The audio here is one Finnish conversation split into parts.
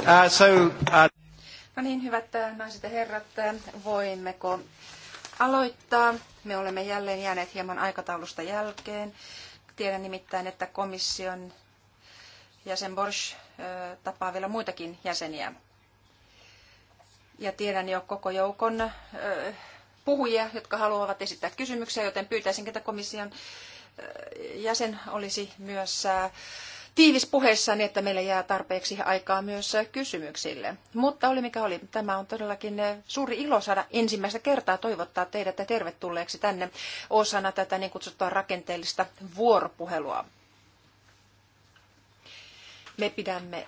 Uh, so, uh... No niin, hyvät naiset ja herrat, voimmeko aloittaa? Me olemme jälleen jääneet hieman aikataulusta jälkeen. Tiedän nimittäin, että komission jäsen Borsch tapaa vielä muitakin jäseniä. Ja tiedän jo koko joukon puhujia, jotka haluavat esittää kysymyksiä, joten pyytäisin, että komission jäsen olisi myös tiivis puheessaan, niin että meillä jää tarpeeksi aikaa myös kysymyksille. Mutta oli mikä oli, tämä on todellakin suuri ilo saada ensimmäistä kertaa toivottaa teidät tervetulleeksi tänne osana tätä niin kutsuttua rakenteellista vuoropuhelua. Me pidämme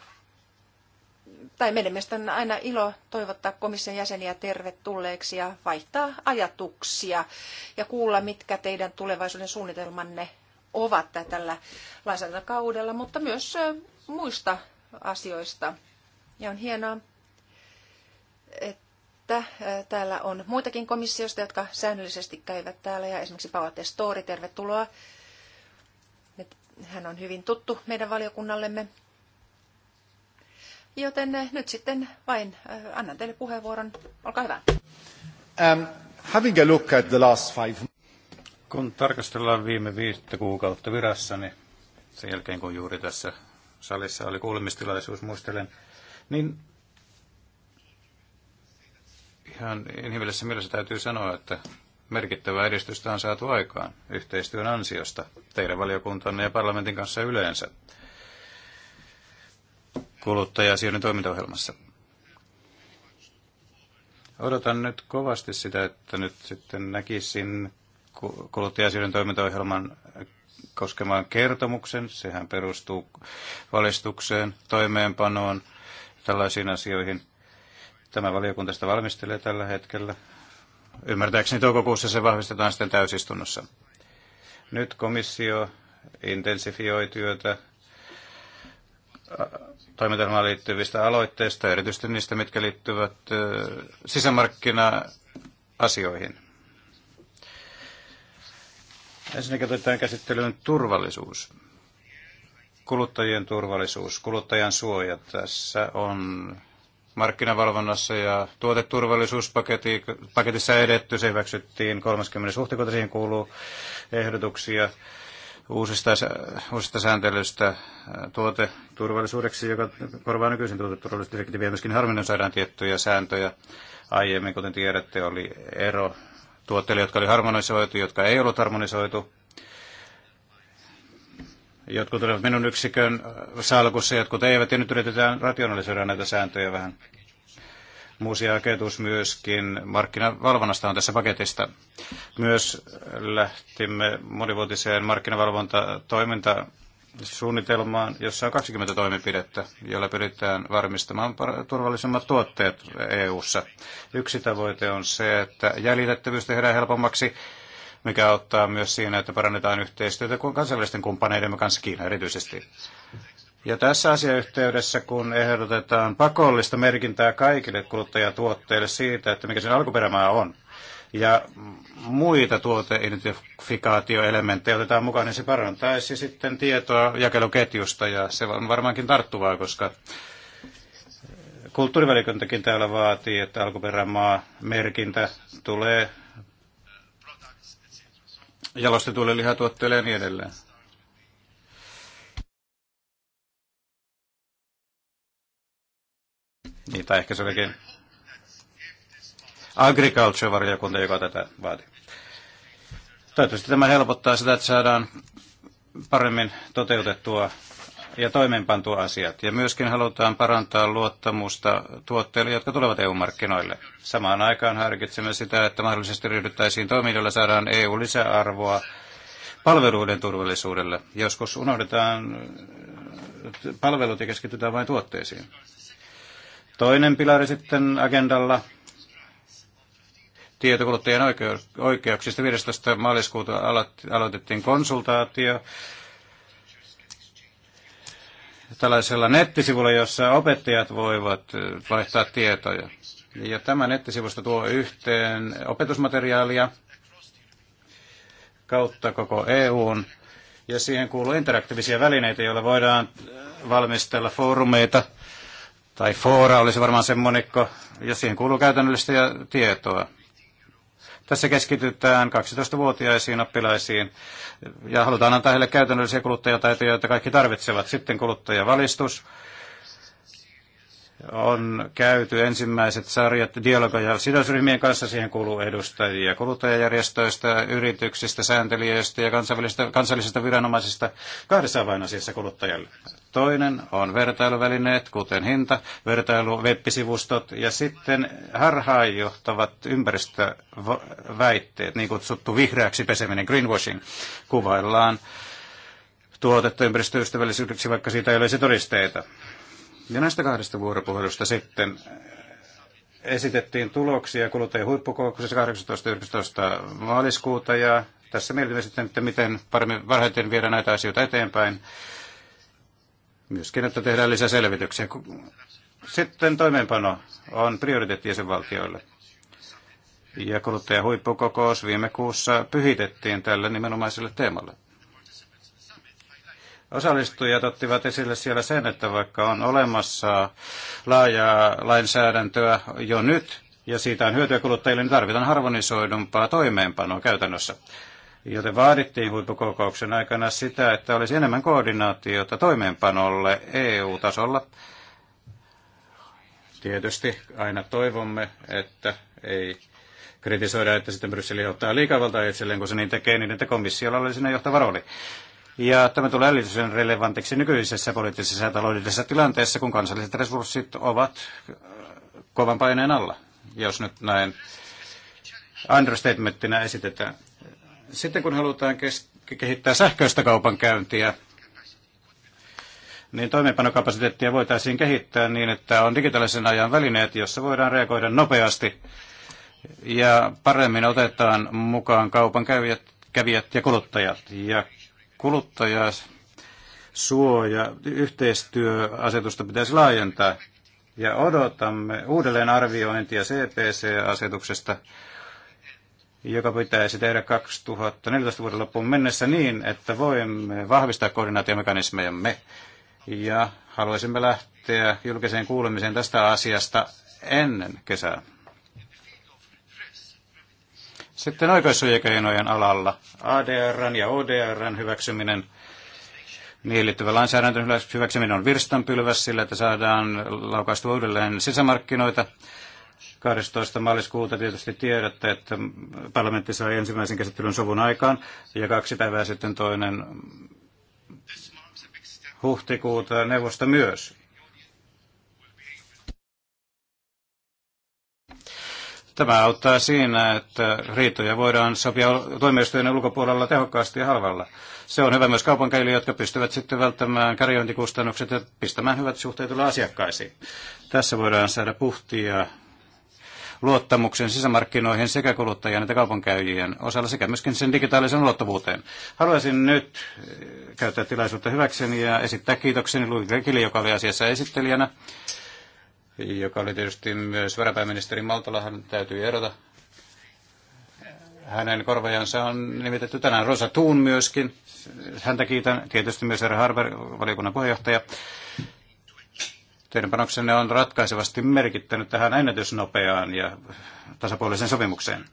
tai meidän mielestä on aina ilo toivottaa komission jäseniä tervetulleeksi ja vaihtaa ajatuksia ja kuulla, mitkä teidän tulevaisuuden suunnitelmanne ovat tällä lainsäädäntökaudella, mutta myös muista asioista. Ja on hienoa, että täällä on muitakin komissiosta, jotka säännöllisesti käyvät täällä, ja esimerkiksi Paula Testori, tervetuloa. Hän on hyvin tuttu meidän valiokunnallemme Joten eh, nyt sitten vain eh, annan teille puheenvuoron. Olkaa hyvä. Um, having a look at the last five... Kun tarkastellaan viime viittä kuukautta virassa, niin sen jälkeen kun juuri tässä salissa oli kuulemistilaisuus, muistelen, niin ihan inhimillisessä mielessä täytyy sanoa, että merkittävää edistystä on saatu aikaan yhteistyön ansiosta teidän valiokuntanne ja parlamentin kanssa yleensä kuluttaja-asioiden toimintaohjelmassa. Odotan nyt kovasti sitä, että nyt sitten näkisin kuluttaja-asioiden toimintaohjelman äh, koskemaan kertomuksen. Sehän perustuu valistukseen, toimeenpanoon, tällaisiin asioihin. Tämä valiokunta sitä valmistelee tällä hetkellä. Ymmärtääkseni toukokuussa se vahvistetaan sitten täysistunnossa. Nyt komissio intensifioi työtä äh, toimintaohjelmaan liittyvistä aloitteista, erityisesti niistä, mitkä liittyvät sisämarkkina-asioihin. Ensinnäkin otetaan käsittelyyn turvallisuus, kuluttajien turvallisuus, kuluttajan suoja. Tässä on markkinavalvonnassa ja tuoteturvallisuuspaketissa edetty. Se hyväksyttiin 30. huhtikuuta, siihen kuuluu ehdotuksia uusista, uusista sääntelystä äh, tuoteturvallisuudeksi, joka korvaa nykyisen tuoteturvallisuusdirektiiviä. Myöskin saadaan tiettyjä sääntöjä. Aiemmin, kuten tiedätte, oli ero tuotteille, jotka oli harmonisoitu, jotka ei ollut harmonisoitu. Jotkut olivat minun yksikön salkussa, jotkut eivät, ja nyt yritetään rationalisoida näitä sääntöjä vähän ketus myöskin markkinavalvonnasta on tässä paketista. Myös lähtimme monivuotiseen markkinavalvontatoimintaan suunnitelmaan, jossa on 20 toimenpidettä, joilla pyritään varmistamaan turvallisemmat tuotteet EU-ssa. Yksi tavoite on se, että jäljitettävyys tehdään helpommaksi, mikä auttaa myös siinä, että parannetaan yhteistyötä kansallisten kumppaneiden kanssa Kiina erityisesti. Ja tässä asiayhteydessä, kun ehdotetaan pakollista merkintää kaikille kuluttajatuotteille siitä, että mikä sen alkuperämaa on, ja muita tuoteidentifikaatioelementtejä otetaan mukaan, niin se parantaisi sitten tietoa jakeluketjusta, ja se on varmaankin tarttuvaa, koska kulttuurivälikuntakin täällä vaatii, että alkuperämaa merkintä tulee jalostetuille lihatuotteille ja niin edelleen. Niin, tai ehkä se olikin agriculture-valiokunta, joka tätä vaati. Toivottavasti tämä helpottaa sitä, että saadaan paremmin toteutettua ja toimeenpantua asiat. Ja myöskin halutaan parantaa luottamusta tuotteille, jotka tulevat EU-markkinoille. Samaan aikaan harkitsemme sitä, että mahdollisesti ryhdyttäisiin toimiin, joilla saadaan EU-lisäarvoa palveluiden turvallisuudelle. Joskus unohdetaan palvelut ja keskitytään vain tuotteisiin. Toinen pilari sitten agendalla tietokuluttajien oikeuksista. 15. maaliskuuta aloitettiin konsultaatio tällaisella nettisivulla, jossa opettajat voivat vaihtaa tietoja. Ja tämä nettisivusto tuo yhteen opetusmateriaalia kautta koko EUn. Ja siihen kuuluu interaktiivisia välineitä, joilla voidaan valmistella foorumeita tai Foora olisi varmaan semmonikko, ja siihen kuuluu käytännöllistä tietoa. Tässä keskitytään 12-vuotiaisiin oppilaisiin ja halutaan antaa heille käytännöllisiä kuluttajataitoja, joita kaikki tarvitsevat. Sitten kuluttajavalistus, on käyty ensimmäiset sarjat dialogoja sidosryhmien kanssa. Siihen kuuluu edustajia kuluttajajärjestöistä, yrityksistä, sääntelijöistä ja kansallisista, kansallisista viranomaisista kahdessa avainasiassa kuluttajalle. Toinen on vertailuvälineet, kuten hinta, vertailu, web-sivustot ja sitten harhaanjohtavat ympäristöväitteet, niin kutsuttu vihreäksi peseminen, greenwashing, kuvaillaan tuotetta ympäristöystävällisyydeksi, vaikka siitä ei olisi todisteita. Ja näistä kahdesta vuoropuhelusta sitten esitettiin tuloksia kuluttajien huippukokouksessa 18.19. maaliskuuta ja tässä mietimme sitten, että miten paremmin varhaiten viedä näitä asioita eteenpäin. Myöskin, että tehdään lisää selvityksiä. Sitten toimeenpano on prioriteetti jäsenvaltioille. Ja kuluttajahuippukokous viime kuussa pyhitettiin tällä nimenomaiselle teemalle. Osallistujat ottivat esille siellä sen, että vaikka on olemassa laajaa lainsäädäntöä jo nyt, ja siitä on hyötyä kuluttajille, niin tarvitaan harmonisoidumpaa toimeenpanoa käytännössä. Joten vaadittiin huippukokouksen aikana sitä, että olisi enemmän koordinaatiota toimeenpanolle EU-tasolla. Tietysti aina toivomme, että ei kritisoida, että sitten Brysseli ottaa liikavaltaa itselleen, kun se niin tekee, niin että komissiolla olisi sinne johtava rooli. Ja tämä tulee erityisen relevantiksi nykyisessä poliittisessa ja taloudellisessa tilanteessa, kun kansalliset resurssit ovat äh, kovan paineen alla, jos nyt näin understatementtina esitetään. Sitten kun halutaan kehittää sähköistä kaupankäyntiä, niin toimeenpanokapasiteettia voitaisiin kehittää niin, että on digitaalisen ajan välineet, joissa voidaan reagoida nopeasti ja paremmin otetaan mukaan kaupan kävijät, kävijät ja kuluttajat. Ja kuluttajaa suoja, yhteistyöasetusta pitäisi laajentaa ja odotamme uudelleen arviointia CPC-asetuksesta, joka pitäisi tehdä 2014 vuoden loppuun mennessä niin, että voimme vahvistaa koordinaatiomekanismejamme ja haluaisimme lähteä julkiseen kuulemiseen tästä asiasta ennen kesää. Sitten oikeussuojakeinojen alalla ADRn ja ODRn hyväksyminen, niihin liittyvä lainsäädäntö hyväksyminen on virstanpylväs sillä, että saadaan laukaistua uudelleen sisämarkkinoita. 12. maaliskuuta tietysti tiedätte, että parlamentti sai ensimmäisen käsittelyn sovun aikaan ja kaksi päivää sitten toinen huhtikuuta neuvosta myös. Tämä auttaa siinä, että riitoja voidaan sopia tuomioistuimen ulkopuolella tehokkaasti ja halvalla. Se on hyvä myös kaupankäyjille, jotka pystyvät sitten välttämään karjointikustannukset ja pistämään hyvät suhteet asiakkaisiin. Tässä voidaan saada puhtia luottamuksen sisämarkkinoihin sekä kuluttajien että kaupankäyjien osalla sekä myöskin sen digitaalisen ulottuvuuteen. Haluaisin nyt eh, käyttää tilaisuutta hyväkseni ja esittää kiitokseni Luikille, joka oli asiassa esittelijänä joka oli tietysti myös varapääministeri Maltola, hän täytyy erota. Hänen korvajansa on nimitetty tänään Rosa Tuun myöskin. Häntä kiitän tietysti myös herra Harber, valiokunnan puheenjohtaja. Teidän panoksenne on ratkaisevasti merkittänyt tähän ennätysnopeaan ja tasapuoliseen sopimukseen.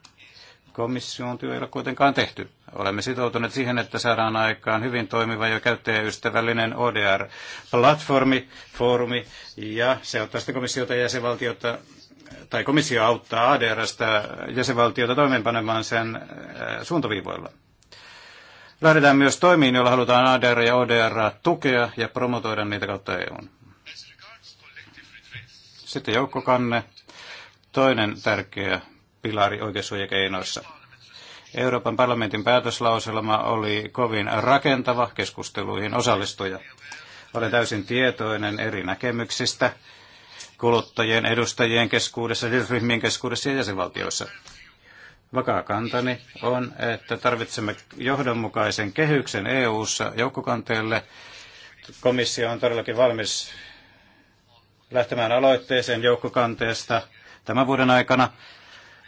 Komission työ ei ole kuitenkaan tehty. Olemme sitoutuneet siihen, että saadaan aikaan hyvin toimiva ja käyttäjäystävällinen ODR-platformi, foorumi, ja se ottaa sitä komissiota jäsenvaltiota tai komissio auttaa ADRstä jäsenvaltiota toimeenpanemaan sen äh, suuntaviivoilla. Lähdetään myös toimiin, joilla halutaan ADR ja ODR tukea ja promotoida niitä kautta EUn. Sitten joukkokanne, toinen tärkeä pilari oikeussuojakeinoissa. Euroopan parlamentin päätöslauselma oli kovin rakentava keskusteluihin osallistuja. Olen täysin tietoinen eri näkemyksistä kuluttajien edustajien keskuudessa, ryhmien keskuudessa ja jäsenvaltioissa. Vakaa kantani on, että tarvitsemme johdonmukaisen kehyksen EU-ssa joukkokanteelle. Komissio on todellakin valmis lähtemään aloitteeseen joukkokanteesta tämän vuoden aikana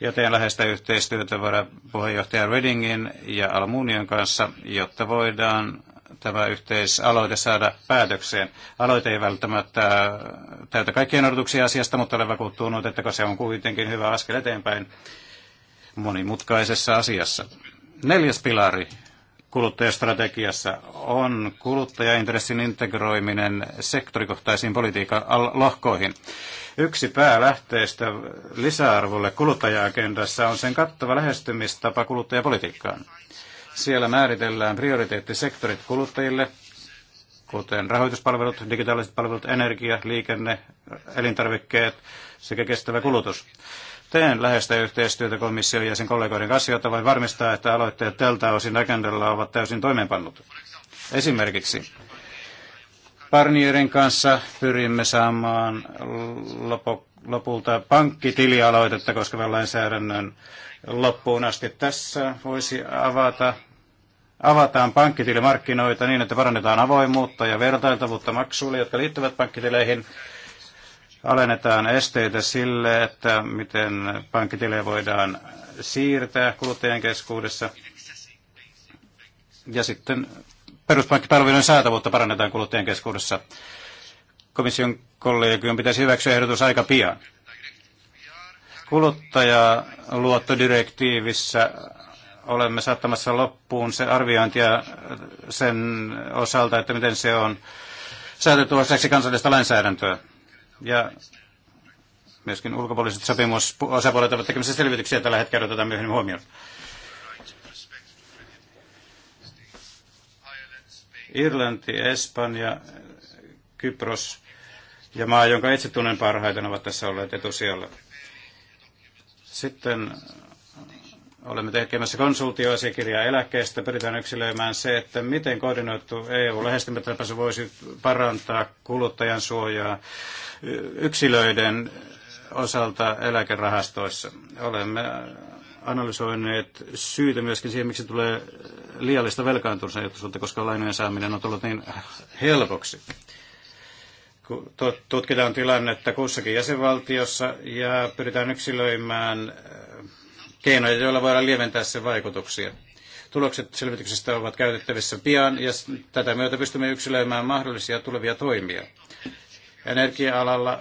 ja teen läheistä yhteistyötä varapuheenjohtaja Readingin ja Almunion kanssa, jotta voidaan tämä yhteisaloite saada päätökseen. Aloite ei välttämättä täytä kaikkien odotuksia asiasta, mutta olen vakuuttunut, että se on kuitenkin hyvä askel eteenpäin monimutkaisessa asiassa. Neljäs pilari kuluttajastrategiassa on kuluttajaintressin integroiminen sektorikohtaisiin politiikan lohkoihin. Yksi päälähteistä lisäarvolle kuluttaja-agendassa on sen kattava lähestymistapa kuluttajapolitiikkaan. Siellä määritellään prioriteettisektorit kuluttajille, kuten rahoituspalvelut, digitaaliset palvelut, energia, liikenne, elintarvikkeet sekä kestävä kulutus teen läheistä yhteistyötä komission ja sen kollegoiden kanssa, jotta voin varmistaa, että aloitteet tältä osin agendalla ovat täysin toimeenpannut. Esimerkiksi Barnierin kanssa pyrimme saamaan lopu, lopulta pankkitilialoitetta koskevan lainsäädännön loppuun asti. Tässä voisi avata, avataan pankkitilimarkkinoita niin, että parannetaan avoimuutta ja vertailtavuutta maksuille, jotka liittyvät pankkitileihin alennetaan esteitä sille, että miten pankkitilejä voidaan siirtää kuluttajien keskuudessa. Ja sitten peruspankkipalvelujen saatavuutta parannetaan kuluttajien keskuudessa. Komission kollegion pitäisi hyväksyä ehdotus aika pian. Kuluttajaluottodirektiivissä olemme saattamassa loppuun se arviointia sen osalta, että miten se on säätetty osaksi kansallista lainsäädäntöä. Ja myöskin ulkopuoliset sopimusosapuolet ovat tekemässä selvityksiä tällä hetkellä, otetaan myöhemmin huomioon. Irlanti, Espanja, Kypros ja maa, jonka itse tunnen parhaiten, ovat tässä olleet etusijalla. Sitten olemme tekemässä konsultioasiakirjaa eläkkeestä. Pyritään yksilöimään se, että miten koordinoitu EU-lähestymätäpä voisi parantaa kuluttajan suojaa yksilöiden osalta eläkerahastoissa. Olemme analysoineet syytä myöskin siihen, miksi tulee liiallista velkaantuneisuutta, koska lainojen saaminen on tullut niin helpoksi. Tutkitaan tilannetta kussakin jäsenvaltiossa ja pyritään yksilöimään äh, keinoja, joilla voidaan lieventää sen vaikutuksia. Tulokset selvityksestä ovat käytettävissä pian ja tätä myötä pystymme yksilöimään mahdollisia tulevia toimia. Energia-alalla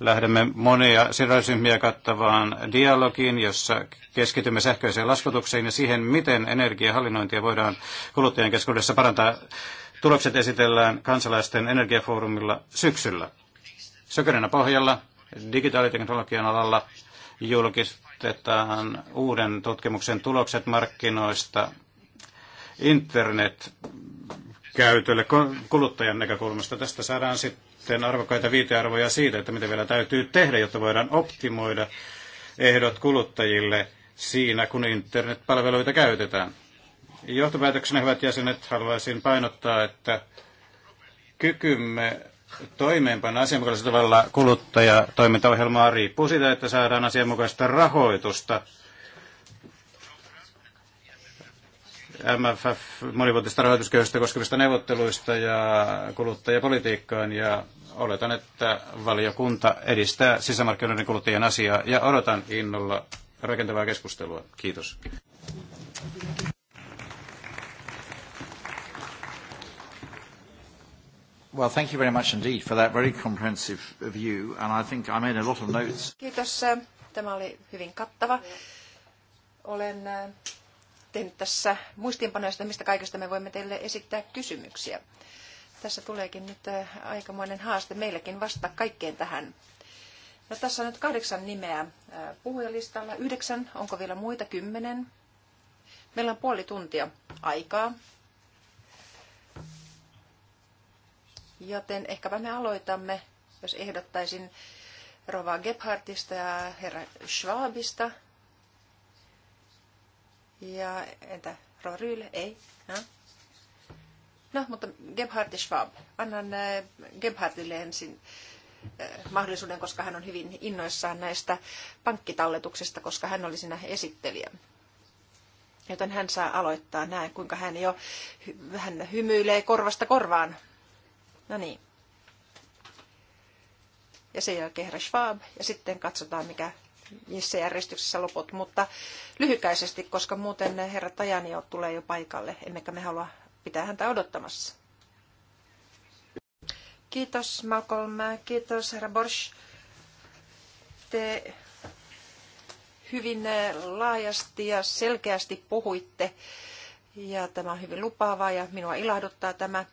lähdemme monia sidosryhmiä kattavaan dialogiin, jossa keskitymme sähköiseen laskutukseen ja siihen, miten energiahallinnointia voidaan kuluttajien keskuudessa parantaa. Tulokset esitellään kansalaisten energiafoorumilla syksyllä. Sökönenä pohjalla, digitaaliteknologian alalla julkistetaan uuden tutkimuksen tulokset markkinoista internet käytölle kuluttajan näkökulmasta. Tästä saadaan sitten arvokkaita viitearvoja siitä, että mitä vielä täytyy tehdä, jotta voidaan optimoida ehdot kuluttajille siinä, kun internetpalveluita käytetään. Johtopäätöksenä, hyvät jäsenet, haluaisin painottaa, että kykymme toimeenpanna asianmukaisella tavalla kuluttajatoimintaohjelmaa riippuu siitä, että saadaan asianmukaista rahoitusta MFF monivuotista rahoituskehystä koskevista neuvotteluista ja kuluttajapolitiikkaan ja oletan, että valiokunta edistää sisämarkkinoiden kuluttajien asiaa ja odotan innolla rakentavaa keskustelua. Kiitos. Well, thank you very much indeed for that very comprehensive view, and I think I made a lot of notes. Kiitos. Tämä oli hyvin kattava. Olen tehnyt tässä muistiinpanoja mistä kaikesta me voimme teille esittää kysymyksiä. Tässä tuleekin nyt äh, aikamoinen haaste meillekin vastata kaikkeen tähän. No, tässä on nyt kahdeksan nimeä äh, puhujalistalla. Yhdeksän, onko vielä muita? Kymmenen. Meillä on puoli tuntia aikaa. Joten ehkäpä me aloitamme, jos ehdottaisin Rova Gebhardista ja herra Schwabista – ja entä Rova Ei. No. no, mutta Gebhardt ja Schwab. Annan äh, Gebhardille ensin äh, mahdollisuuden, koska hän on hyvin innoissaan näistä pankkitalletuksista, koska hän oli siinä esittelijä. Joten hän saa aloittaa näin, kuinka hän jo hän hymyilee korvasta korvaan. No niin. Ja sen jälkeen herra Schwab, ja sitten katsotaan, mikä missä järjestyksessä loput, mutta lyhykäisesti, koska muuten herra Tajani tulee jo paikalle, emmekä me halua pitää häntä odottamassa. Kiitos Malcolm, kiitos herra Borsch. Te hyvin laajasti ja selkeästi puhuitte ja tämä on hyvin lupaavaa ja minua ilahduttaa tämä.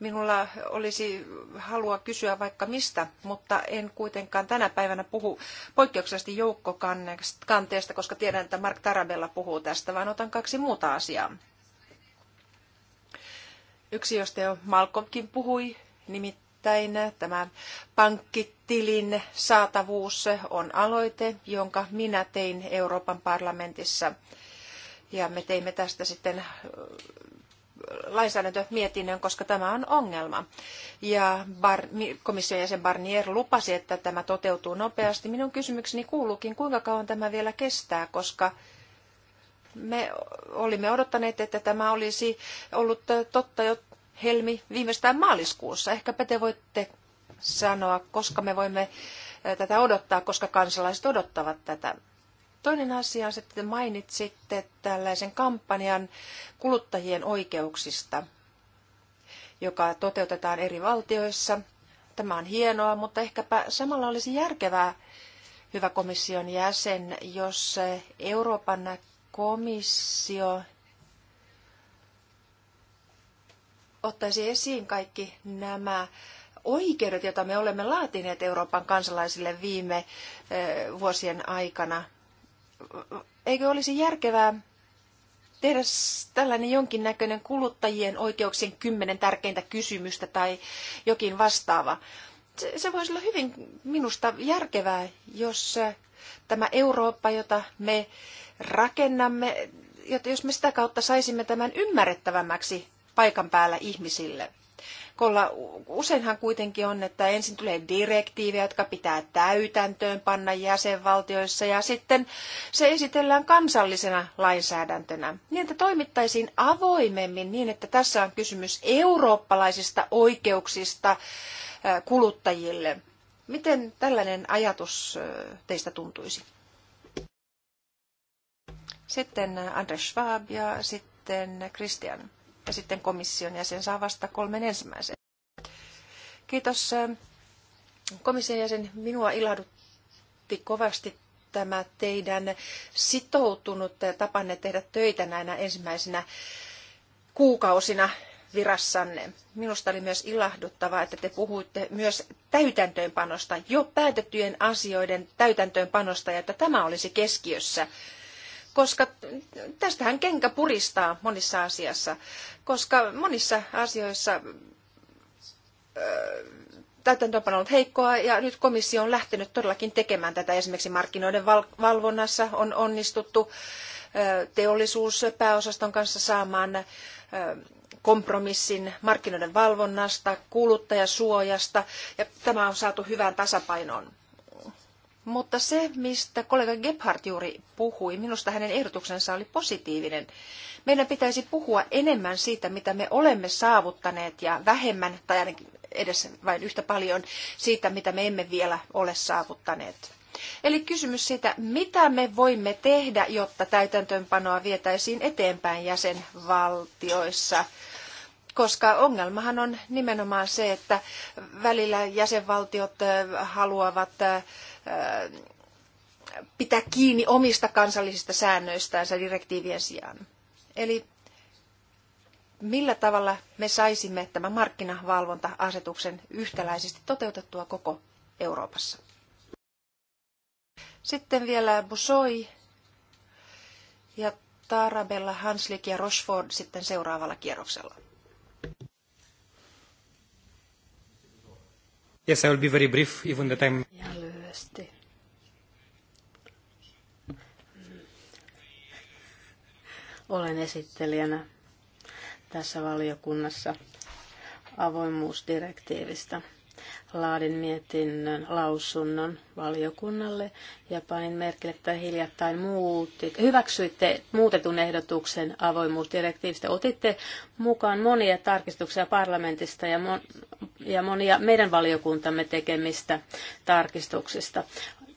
Minulla olisi halua kysyä vaikka mistä, mutta en kuitenkaan tänä päivänä puhu poikkeuksellisesti joukkokanteesta, koska tiedän, että Mark Tarabella puhuu tästä, vaan otan kaksi muuta asiaa. Yksi, josta jo Malcolmkin puhui, nimittäin tämä pankkitilin saatavuus on aloite, jonka minä tein Euroopan parlamentissa – ja me teimme tästä sitten lainsäädäntömietinnön, koska tämä on ongelma. Ja Bar, komission jäsen Barnier lupasi, että tämä toteutuu nopeasti. Minun kysymykseni kuuluukin, kuinka kauan tämä vielä kestää, koska me olimme odottaneet, että tämä olisi ollut totta jo helmi viimeistään maaliskuussa. Ehkäpä te voitte sanoa, koska me voimme tätä odottaa, koska kansalaiset odottavat tätä. Toinen asia on se, että te mainitsitte tällaisen kampanjan kuluttajien oikeuksista, joka toteutetaan eri valtioissa. Tämä on hienoa, mutta ehkäpä samalla olisi järkevää, hyvä komission jäsen, jos Euroopan komissio ottaisi esiin kaikki nämä oikeudet, joita me olemme laatineet Euroopan kansalaisille viime eh, vuosien aikana – eikö olisi järkevää tehdä tällainen jonkinnäköinen kuluttajien oikeuksien kymmenen tärkeintä kysymystä tai jokin vastaava. Se, se voisi olla hyvin minusta järkevää, jos tämä Eurooppa, jota me rakennamme, jos me sitä kautta saisimme tämän ymmärrettävämmäksi paikan päällä ihmisille – kolla useinhan kuitenkin on, että ensin tulee direktiivejä, jotka pitää täytäntöön panna jäsenvaltioissa ja sitten se esitellään kansallisena lainsäädäntönä. Niin, että toimittaisiin avoimemmin niin, että tässä on kysymys eurooppalaisista oikeuksista kuluttajille. Miten tällainen ajatus teistä tuntuisi? Sitten Andres Schwab ja sitten Christian ja sitten komission jäsen saa vasta kolmen ensimmäisen. Kiitos äh, komission jäsen. Minua ilahdutti kovasti tämä teidän sitoutunut tapanne tehdä töitä näinä ensimmäisinä kuukausina virassanne. Minusta oli myös ilahduttavaa, että te puhuitte myös täytäntöönpanosta, jo päätettyjen asioiden täytäntöönpanosta, ja että tämä olisi keskiössä koska tästähän kenkä puristaa monissa asiassa, koska monissa asioissa täytäntöönpano on ollut heikkoa ja nyt komissio on lähtenyt todellakin tekemään tätä. Esimerkiksi markkinoiden valvonnassa on onnistuttu teollisuuspääosaston kanssa saamaan kompromissin markkinoiden valvonnasta, kuluttajasuojasta ja tämä on saatu hyvään tasapainoon. Mutta se, mistä kollega Gebhardt juuri puhui, minusta hänen ehdotuksensa oli positiivinen. Meidän pitäisi puhua enemmän siitä, mitä me olemme saavuttaneet ja vähemmän, tai ainakin edes vain yhtä paljon, siitä, mitä me emme vielä ole saavuttaneet. Eli kysymys siitä, mitä me voimme tehdä, jotta täytäntöönpanoa vietäisiin eteenpäin jäsenvaltioissa koska ongelmahan on nimenomaan se, että välillä jäsenvaltiot äh, haluavat äh, pitää kiinni omista kansallisista säännöistänsä direktiivien sijaan. Eli millä tavalla me saisimme tämän markkinavalvonta-asetuksen yhtäläisesti toteutettua koko Euroopassa? Sitten vielä Busoi ja Tarabella, Hanslik ja Rochford sitten seuraavalla kierroksella. Yes, I will be very brief, even the time lyhyesti. Olen esittelijänä tässä valiokunnassa avoimuusdirektiivistä laadin mietinnön lausunnon valiokunnalle ja panin merkille, että hiljattain muutti hyväksyitte muutetun ehdotuksen avoimuusdirektiivistä. Otitte mukaan monia tarkistuksia parlamentista ja, mon, ja monia meidän valiokuntamme tekemistä tarkistuksista.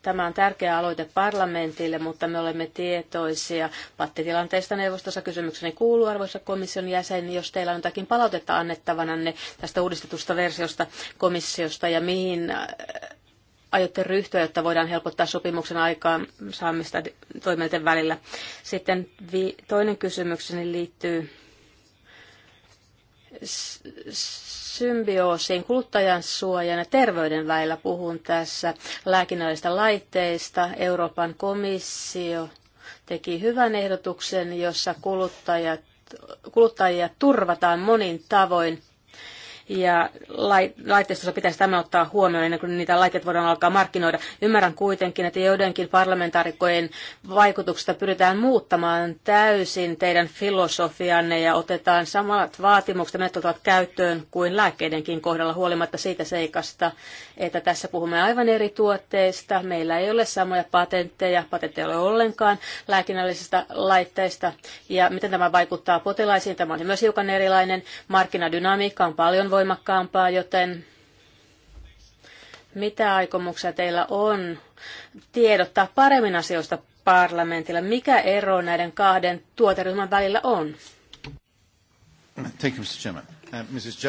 Tämä on tärkeä aloite parlamentille, mutta me olemme tietoisia pattitilanteesta neuvostossa. Kysymykseni kuuluu, arvoisa komission jäsen, jos teillä on jotakin palautetta annettavananne tästä uudistetusta versiosta komissiosta ja mihin äh, aiotte ryhtyä, jotta voidaan helpottaa sopimuksen aikaan saamista toimijoiden välillä. Sitten toinen kysymykseni liittyy symbioosiin kuluttajan suojan ja terveyden välillä. Puhun tässä lääkinnällisistä laitteista. Euroopan komissio teki hyvän ehdotuksen, jossa kuluttajat, kuluttajia turvataan monin tavoin ja laitteistossa pitäisi tämä ottaa huomioon ennen kuin niitä laitteita voidaan alkaa markkinoida. Ymmärrän kuitenkin, että joidenkin parlamentaarikkojen vaikutuksesta pyritään muuttamaan täysin teidän filosofianne ja otetaan samat vaatimukset ja käyttöön kuin lääkkeidenkin kohdalla huolimatta siitä seikasta, että tässä puhumme aivan eri tuotteista. Meillä ei ole samoja patentteja, patentteja ei ole ollenkaan lääkinnällisistä laitteista. Ja miten tämä vaikuttaa potilaisiin, tämä on myös hiukan erilainen. Markkinadynamiikka on paljon voimakkaampaa, joten mitä aikomuksia teillä on tiedottaa paremmin asioista parlamentille? Mikä ero näiden kahden tuoteryhmän välillä on? Thank you, Mr. Chairman. Uh, Mrs.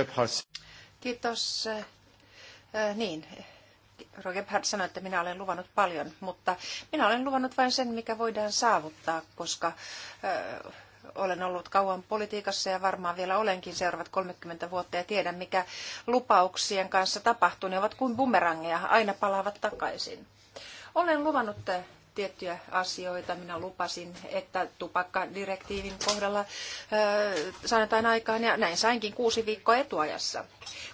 Kiitos, niin, Roger Bard sanoi, että minä olen luvannut paljon, mutta minä olen luvannut vain sen, mikä voidaan saavuttaa, koska ö, olen ollut kauan politiikassa ja varmaan vielä olenkin seuraavat 30 vuotta ja tiedän, mikä lupauksien kanssa tapahtuu. Ne ovat kuin bumerangeja, aina palaavat takaisin. Olen luvannut tiettyjä asioita. Minä lupasin, että tupakkadirektiivin kohdalla sanotaan aikaan, ja näin sainkin kuusi viikkoa etuajassa.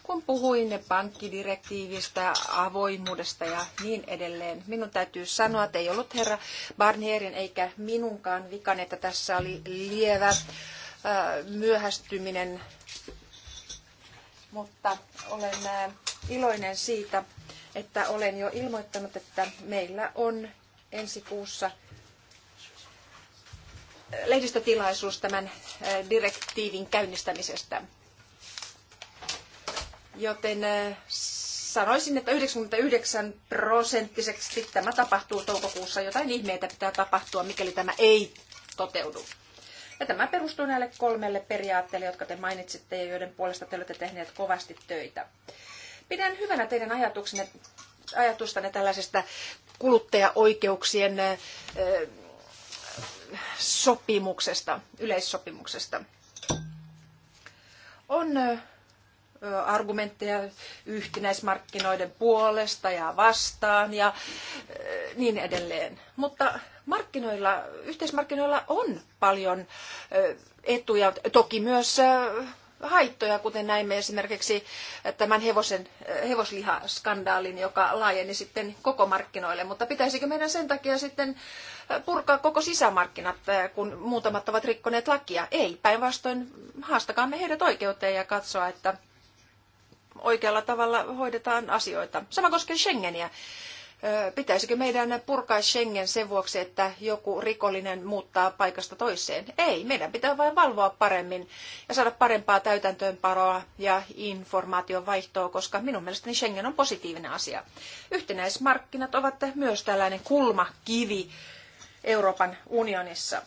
Kun puhuin pankkidirektiivistä, avoimuudesta ja niin edelleen, minun täytyy sanoa, että ei ollut herra Barnierin eikä minunkaan vikan, että tässä oli lievä myöhästyminen, mutta olen iloinen siitä, että olen jo ilmoittanut, että meillä on ensi kuussa lehdistötilaisuus tämän direktiivin käynnistämisestä. Joten sanoisin, että 99 prosenttisesti tämä tapahtuu toukokuussa. Jotain ihmeitä pitää tapahtua, mikäli tämä ei toteudu. Ja tämä perustuu näille kolmelle periaatteelle, jotka te mainitsitte ja joiden puolesta te olette tehneet kovasti töitä. Pidän hyvänä teidän ajatuksenne, ajatustanne tällaisesta kuluttajaoikeuksien sopimuksesta, yleissopimuksesta. On argumentteja yhtenäismarkkinoiden puolesta ja vastaan ja niin edelleen. Mutta markkinoilla, yhteismarkkinoilla on paljon etuja, toki myös haittoja, kuten näimme esimerkiksi tämän hevosen, hevoslihaskandaalin, joka laajeni sitten koko markkinoille. Mutta pitäisikö meidän sen takia sitten purkaa koko sisämarkkinat, kun muutamat ovat rikkoneet lakia? Ei, päinvastoin haastakaamme heidät oikeuteen ja katsoa, että oikealla tavalla hoidetaan asioita. Sama koskee Schengeniä pitäisikö meidän purkaa Schengen sen vuoksi, että joku rikollinen muuttaa paikasta toiseen? Ei, meidän pitää vain valvoa paremmin ja saada parempaa täytäntöönparoa ja informaation vaihtoa, koska minun mielestäni Schengen on positiivinen asia. Yhtenäismarkkinat ovat myös tällainen kulmakivi Euroopan unionissa.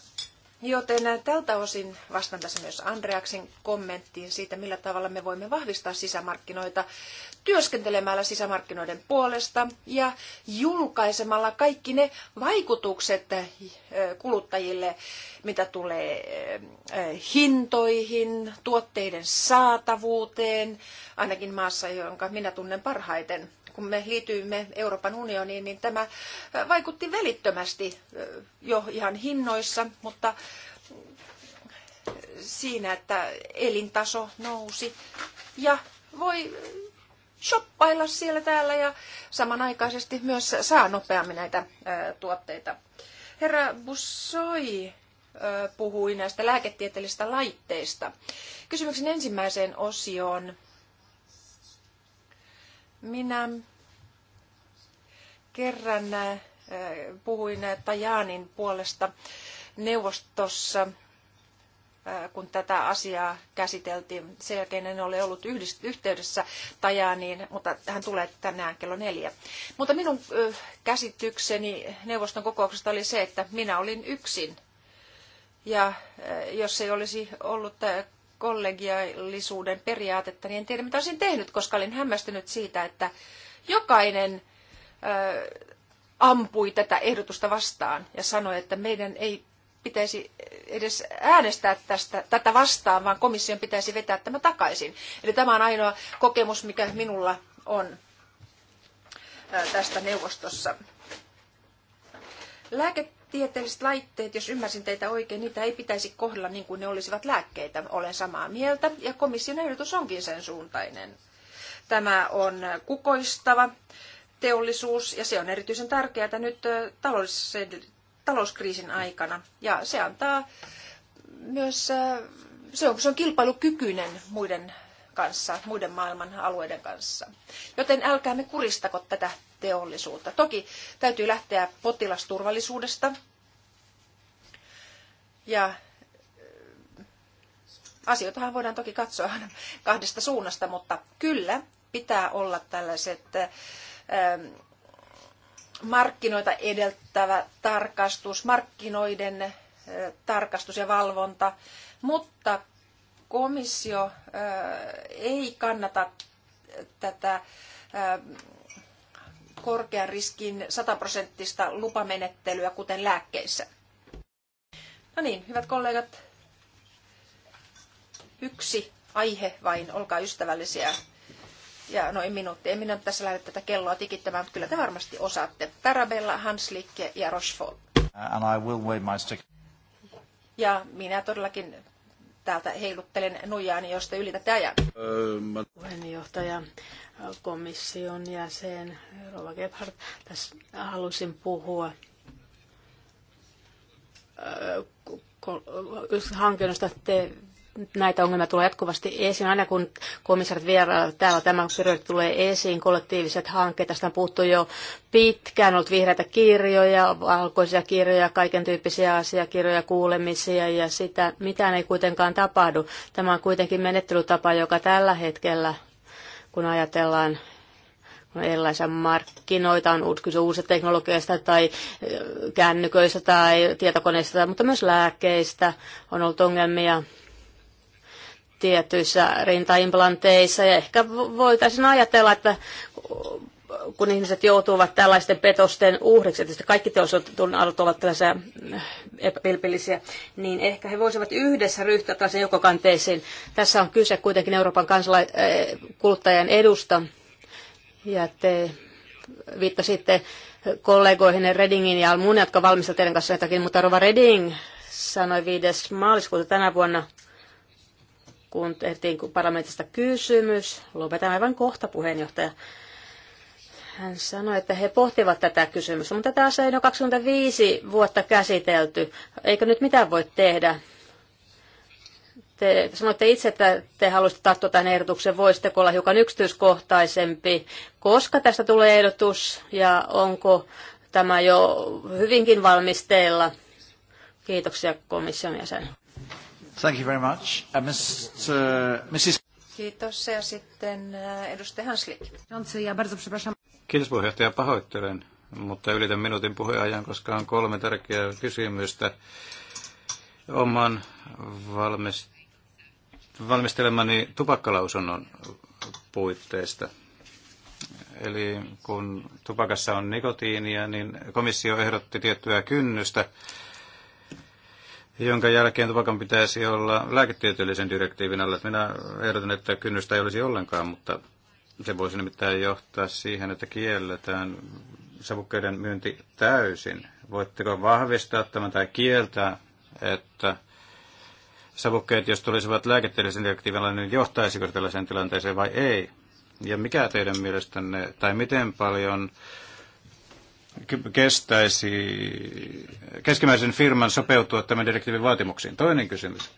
Joten tältä osin vastaan tässä myös Andreaksen kommenttiin siitä, millä tavalla me voimme vahvistaa sisämarkkinoita työskentelemällä sisämarkkinoiden puolesta ja julkaisemalla kaikki ne vaikutukset eh, kuluttajille, mitä tulee eh, hintoihin, tuotteiden saatavuuteen, ainakin maassa, jonka minä tunnen parhaiten. Kun me liityimme Euroopan unioniin, niin tämä eh, vaikutti välittömästi jo ihan hinnoissa, mutta siinä, että elintaso nousi ja voi shoppailla siellä täällä ja samanaikaisesti myös saa nopeammin näitä tuotteita. Herra Bussoi puhui näistä lääketieteellisistä laitteista. Kysymyksen ensimmäiseen osioon. Minä kerran puhuin Tajaanin puolesta neuvostossa Äh, kun tätä asiaa käsiteltiin. Sen jälkeen en ole ollut yhteydessä Tajaniin, mutta hän tulee tänään kello neljä. Mutta minun käsitykseni neuvoston kokouksesta oli se, että minä olin yksin. Ja jos ei olisi ollut kollegiallisuuden periaatetta, niin en tiedä mitä olisin tehnyt, koska olin hämmästynyt siitä, että jokainen ampui tätä ehdotusta vastaan ja sanoi, että meidän ei pitäisi edes äänestää tästä, tätä vastaan, vaan komission pitäisi vetää tämä takaisin. Eli tämä on ainoa kokemus, mikä minulla on tästä neuvostossa. Lääketieteelliset laitteet, jos ymmärsin teitä oikein, niitä ei pitäisi kohdella niin kuin ne olisivat lääkkeitä. Olen samaa mieltä ja komission ehdotus onkin sen suuntainen. Tämä on kukoistava teollisuus ja se on erityisen tärkeää nyt taloudellisessa talouskriisin aikana. Ja se antaa myös, äh, se on, se on kilpailukykyinen muiden kanssa, muiden maailman alueiden kanssa. Joten älkäämme kuristako tätä teollisuutta. Toki täytyy lähteä potilasturvallisuudesta ja äh, asioitahan voidaan toki katsoa aina kahdesta suunnasta, mutta kyllä pitää olla tällaiset äh, markkinoita edeltävä tarkastus, markkinoiden tarkastus ja valvonta, mutta komissio ei kannata tätä korkean riskin sataprosenttista lupamenettelyä, kuten lääkkeissä. No niin, hyvät kollegat, yksi aihe vain, olkaa ystävällisiä ja noin minuutti. En minä tässä lähde tätä kelloa tikittämään, mutta kyllä te varmasti osaatte. Tarabella, Hanslik ja Rochefort. Uh, and I will wave my stick. Ja minä todellakin täältä heiluttelen nujaani, jos te ylitätte ajan. Öö, Puheenjohtaja, komission jäsen Rova Gebhardt, tässä halusin puhua öö, hankinnosta näitä ongelmia tulee jatkuvasti esiin. Aina kun komissarit vierailevat täällä, tämä periaate tulee esiin, kollektiiviset hankkeet, tästä on puhuttu jo pitkään, on ollut vihreitä kirjoja, valkoisia kirjoja, kaiken tyyppisiä asiakirjoja, kuulemisia ja sitä, mitään ei kuitenkaan tapahdu. Tämä on kuitenkin menettelytapa, joka tällä hetkellä, kun ajatellaan on erilaisia markkinoita, on kyse uusista teknologiasta tai äh, kännyköistä tai tietokoneista, mutta myös lääkkeistä on ollut ongelmia tietyissä rintaimplanteissa. Ja ehkä voitaisiin ajatella, että kun ihmiset joutuvat tällaisten petosten uhriksi, että kaikki teollisuuden ovat tällaisia äh, epäpilpillisiä, niin ehkä he voisivat yhdessä ryhtyä tällaisiin jokokanteisiin. Tässä on kyse kuitenkin Euroopan kansala- äh, kuluttajien edusta. Ja te viittasitte kollegoihin Redingin ja Almun, jotka valmistavat teidän kanssa jotakin, mutta Rova Reding sanoi 5. maaliskuuta tänä vuonna – kun tehtiin parlamentista kysymys. Lopetan aivan kohta puheenjohtaja. Hän sanoi, että he pohtivat tätä kysymystä, mutta tätä asiaa on jo 25 vuotta käsitelty. Eikö nyt mitään voi tehdä? Te sanoitte itse, että te haluaisitte tarttua tähän ehdotukseen. Voisitteko olla hiukan yksityiskohtaisempi? Koska tästä tulee ehdotus ja onko tämä jo hyvinkin valmisteilla? Kiitoksia komission jäsen. Thank you very much. Uh, Mrs. Kiitos. Ja sitten uh, edustaja Hanslik. Kiitos puheenjohtaja. Pahoittelen, mutta ylitän minuutin puheajan, koska on kolme tärkeää kysymystä oman valmistelemani tupakkalausunnon puitteista. Eli kun tupakassa on nikotiinia, niin komissio ehdotti tiettyä kynnystä jonka jälkeen tupakan pitäisi olla lääketieteellisen direktiivin alle. Minä ehdotan, että kynnystä ei olisi ollenkaan, mutta se voisi nimittäin johtaa siihen, että kielletään savukkeiden myynti täysin. Voitteko vahvistaa tämän tai kieltää, että savukkeet, jos tulisivat lääketieteellisen direktiivin alle, niin johtaisiko tällaiseen tilanteeseen vai ei? Ja mikä teidän mielestänne, tai miten paljon kestäisi keskimmäisen firman sopeutua tämän direktiivin vaatimuksiin? Toinen kysymys.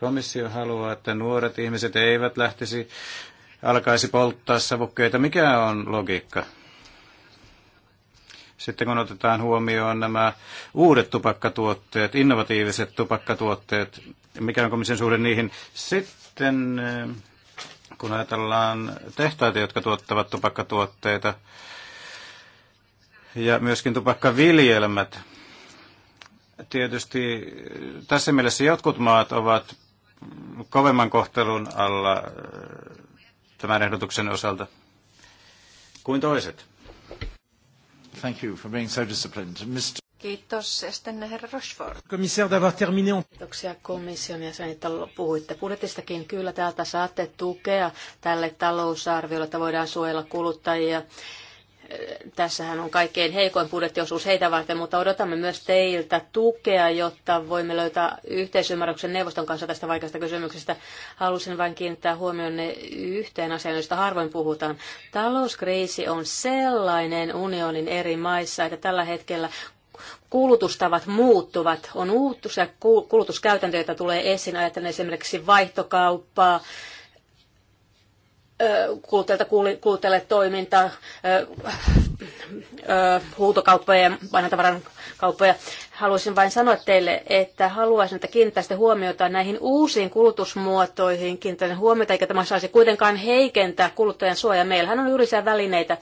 Komissio haluaa, että nuoret ihmiset eivät lähtisi, alkaisi polttaa savukkeita. Mikä on logiikka? Sitten kun otetaan huomioon nämä uudet tupakkatuotteet, innovatiiviset tupakkatuotteet, mikä on komission suhde niihin? Sitten eh, kun ajatellaan tehtaita, jotka tuottavat tupakkatuotteita, ja myöskin tupakkaviljelmät. Tietysti tässä mielessä jotkut maat ovat kovemman kohtelun alla eh, tämän ehdotuksen osalta kuin toiset. Thank you for being so disciplined. Mr. Kiitos. Estenne, herra Rochefort. Komissaire d'avoir terminé. Kiitoksia komission jäsen, että puhuitte budjetistakin. Kyllä täältä saatte tukea tälle talousarviolle, että voidaan suojella kuluttajia Tässähän on kaikkein heikoin budjettiosuus heitä varten, mutta odotamme myös teiltä tukea, jotta voimme löytää yhteisymmärryksen neuvoston kanssa tästä vaikeasta kysymyksestä. Halusin vain kiinnittää huomioon yhteen asiaan, josta harvoin puhutaan. Talouskriisi on sellainen unionin eri maissa, että tällä hetkellä kulutustavat muuttuvat. On uutuisia kulutuskäytäntöjä, joita tulee esiin. ajatellen esimerkiksi vaihtokauppaa, kuluttajilta kuluttajille toiminta, huutokauppoja ja kauppoja. Haluaisin vain sanoa teille, että haluaisin, että kiinnittäisitte huomiota näihin uusiin kulutusmuotoihin, kiinnittäisiin huomiota, eikä tämä saisi kuitenkaan heikentää kuluttajan suojaa. Meillähän on juuri välineitä,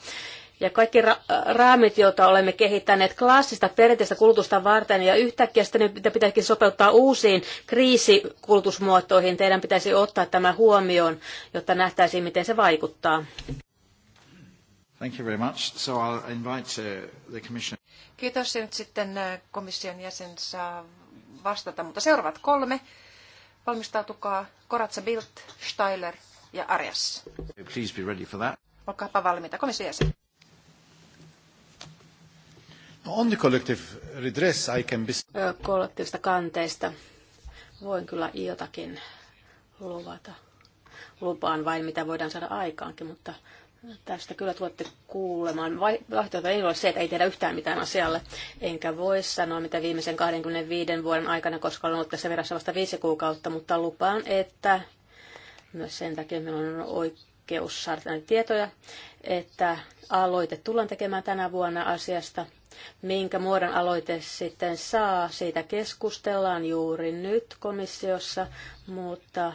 ja kaikki ra- raamit, joita olemme kehittäneet klassista perinteistä kulutusta varten, ja yhtäkkiä sitten niitä pitäisikin sopeuttaa uusiin kriisikulutusmuotoihin. Teidän pitäisi ottaa tämä huomioon, jotta nähtäisiin, miten se vaikuttaa. Thank you very much. So I'll invite uh, the commission. Kiitos. Ja nyt sitten uh, komission jäsen saa vastata, mutta seuraavat kolme. Valmistautukaa Koratsa Bildt, Steiler ja Arias. Please be ready for that. Olkaapa valmiita, komission jäsen. On the collective redress I can be... Kollektiivista kanteista voin kyllä jotakin luvata. Lupaan vain, mitä voidaan saada aikaankin, mutta tästä kyllä tuotte kuulemaan. Vaihtoehto ei ole se, että ei tehdä yhtään mitään asialle. Enkä voi sanoa, mitä viimeisen 25 vuoden aikana, koska olen ollut tässä virassa vasta viisi kuukautta, mutta lupaan, että myös sen takia meillä on oikeus saada tietoja, että aloite tullaan tekemään tänä vuonna asiasta – Minkä muodon aloite sitten saa, siitä keskustellaan juuri nyt komissiossa, mutta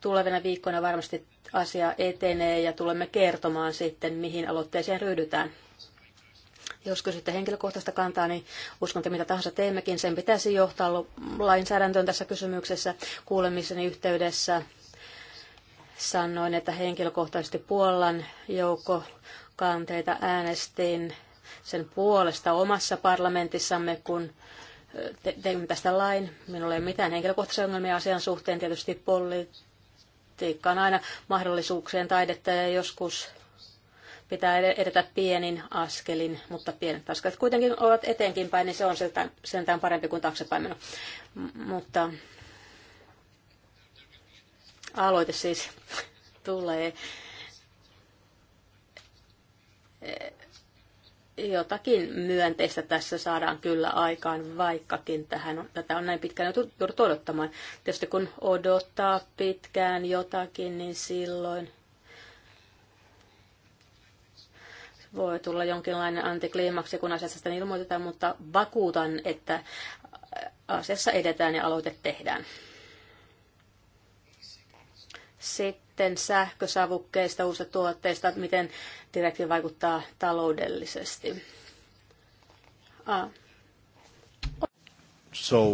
tulevina viikkoina varmasti asia etenee ja tulemme kertomaan sitten, mihin aloitteeseen ryhdytään. Jos kysytte henkilökohtaista kantaa, niin uskon, että mitä tahansa teemmekin, sen pitäisi johtaa lainsäädäntöön tässä kysymyksessä kuulemisen yhteydessä. Sanoin, että henkilökohtaisesti Puolan joukko kanteita äänestin sen puolesta omassa parlamentissamme, kun teimme tästä lain. Minulla ei ole mitään henkilökohtaisia ongelmia asian suhteen. Tietysti politiikka on aina mahdollisuuksien taidetta ja joskus pitää edetä pienin askelin, mutta pienet askelet kuitenkin ovat eteenkin päin, niin se on sentään, sentään parempi kuin taaksepäin meno. mutta aloite siis tulee jotakin myönteistä tässä saadaan kyllä aikaan, vaikkakin tähän on, tätä on näin pitkään joutunut odottamaan. Tietysti kun odottaa pitkään jotakin, niin silloin voi tulla jonkinlainen antikliimaksi, kun asiasta sitä ilmoitetaan, mutta vakuutan, että asiassa edetään ja aloite tehdään. Sitten sähkösavukkeista, uusista tuotteista, miten direktiivi vaikuttaa taloudellisesti. Ah. So,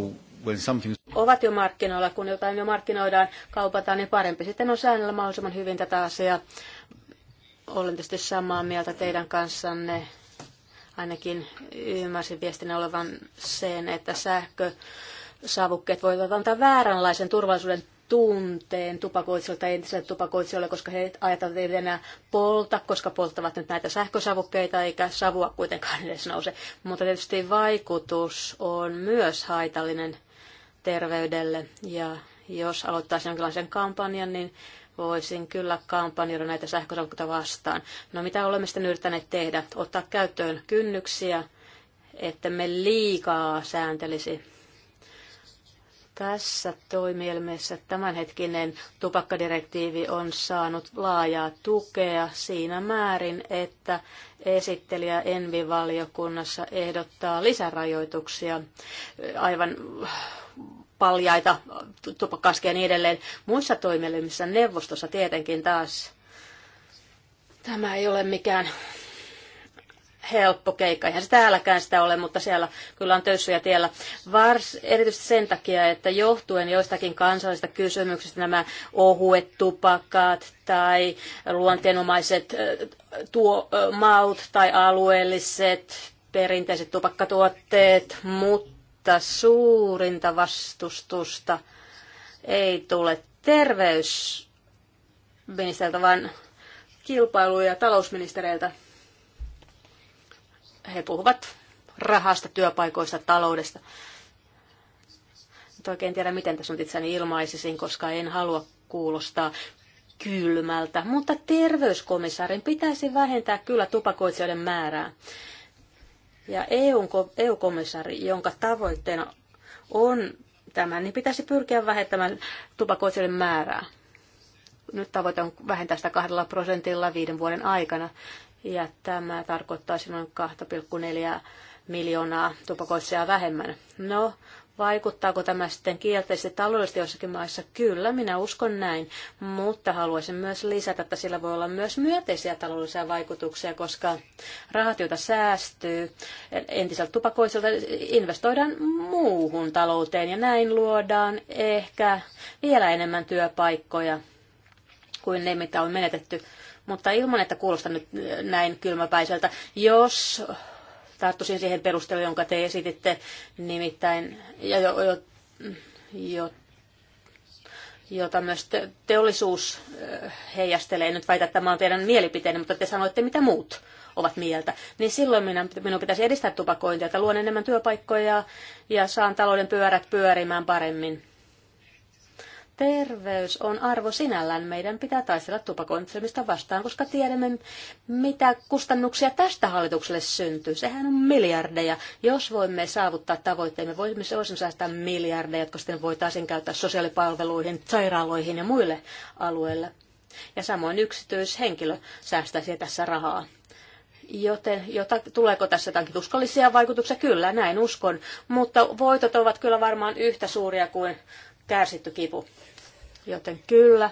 when something... Ovat jo markkinoilla, kun jotain jo markkinoidaan, kaupataan, niin parempi. Sitten on säännellä mahdollisimman hyvin tätä asiaa. Olen tietysti samaa mieltä teidän kanssanne. Ainakin ymmärsin viestinä olevan sen, että sähkösavukkeet voivat antaa vääränlaisen turvallisuuden tunteen tupakoitsijoilta entiselle tupakoitsijoille, koska he ajatavat että enää polta, koska polttavat nyt näitä sähkösavukkeita, eikä savua kuitenkaan edes nouse. Mutta tietysti vaikutus on myös haitallinen terveydelle. Ja jos aloittaisi jonkinlaisen kampanjan, niin voisin kyllä kampanjoida näitä sähkösavukkeita vastaan. No mitä olemme sitten yrittäneet tehdä? Ottaa käyttöön kynnyksiä, että me liikaa sääntelisi tässä toimielmessä tämänhetkinen tupakkadirektiivi on saanut laajaa tukea siinä määrin, että esittelijä Envi-valiokunnassa ehdottaa lisärajoituksia aivan paljaita tupakkaskia ja niin edelleen. Muissa toimielimissä neuvostossa tietenkin taas tämä ei ole mikään helppo keikka. Eihän se täälläkään sitä ole, mutta siellä kyllä on töyssyjä tiellä. Vars, erityisesti sen takia, että johtuen joistakin kansallisista kysymyksistä nämä ohuet tupakat tai luonteenomaiset tuo, maut tai alueelliset perinteiset tupakkatuotteet, mutta suurinta vastustusta ei tule terveysministeriltä, vaan kilpailu- ja talousministereiltä he puhuvat rahasta, työpaikoista, taloudesta. Nyt oikein tiedä, miten tässä nyt itseäni ilmaisisin, koska en halua kuulostaa kylmältä, mutta terveyskomissaarin pitäisi vähentää kyllä tupakoitsijoiden määrää. Ja EU-komissaari, jonka tavoitteena on tämä, niin pitäisi pyrkiä vähentämään tupakoitsijoiden määrää. Nyt tavoite on vähentää sitä kahdella prosentilla viiden vuoden aikana ja tämä tarkoittaisi noin 2,4 miljoonaa tupakoitsijaa vähemmän. No, vaikuttaako tämä sitten kielteisesti taloudellisesti jossakin maissa? Kyllä, minä uskon näin, mutta haluaisin myös lisätä, että sillä voi olla myös myönteisiä taloudellisia vaikutuksia, koska rahat, joita säästyy entiseltä tupakoisilta, investoidaan muuhun talouteen ja näin luodaan ehkä vielä enemmän työpaikkoja kuin ne, mitä on menetetty mutta ilman, että kuulostan nyt äh, näin kylmäpäiseltä, jos tarttuisin siihen perusteluun, jonka te esititte, nimittäin, ja jo, jo, jo, jota myös teollisuus äh, heijastelee, en nyt väitä, että tämä on teidän mielipiteenne, mutta te sanoitte, mitä muut ovat mieltä, niin silloin minä, minun pitäisi edistää tupakointia, että luon enemmän työpaikkoja ja saan talouden pyörät pyörimään paremmin. Terveys on arvo sinällään. Meidän pitää taistella tupakoitsemista vastaan, koska tiedämme, mitä kustannuksia tästä hallitukselle syntyy. Sehän on miljardeja. Jos voimme saavuttaa tavoitteemme, voimme säästää miljardeja, jotka sitten voitaisiin käyttää sosiaalipalveluihin, sairaaloihin ja muille alueille. Ja samoin yksityishenkilö säästäisi tässä rahaa. Joten jota, tuleeko tässä jotakin tuskallisia vaikutuksia? Kyllä, näin uskon. Mutta voitot ovat kyllä varmaan yhtä suuria kuin kärsitty kipu. Joten kyllä,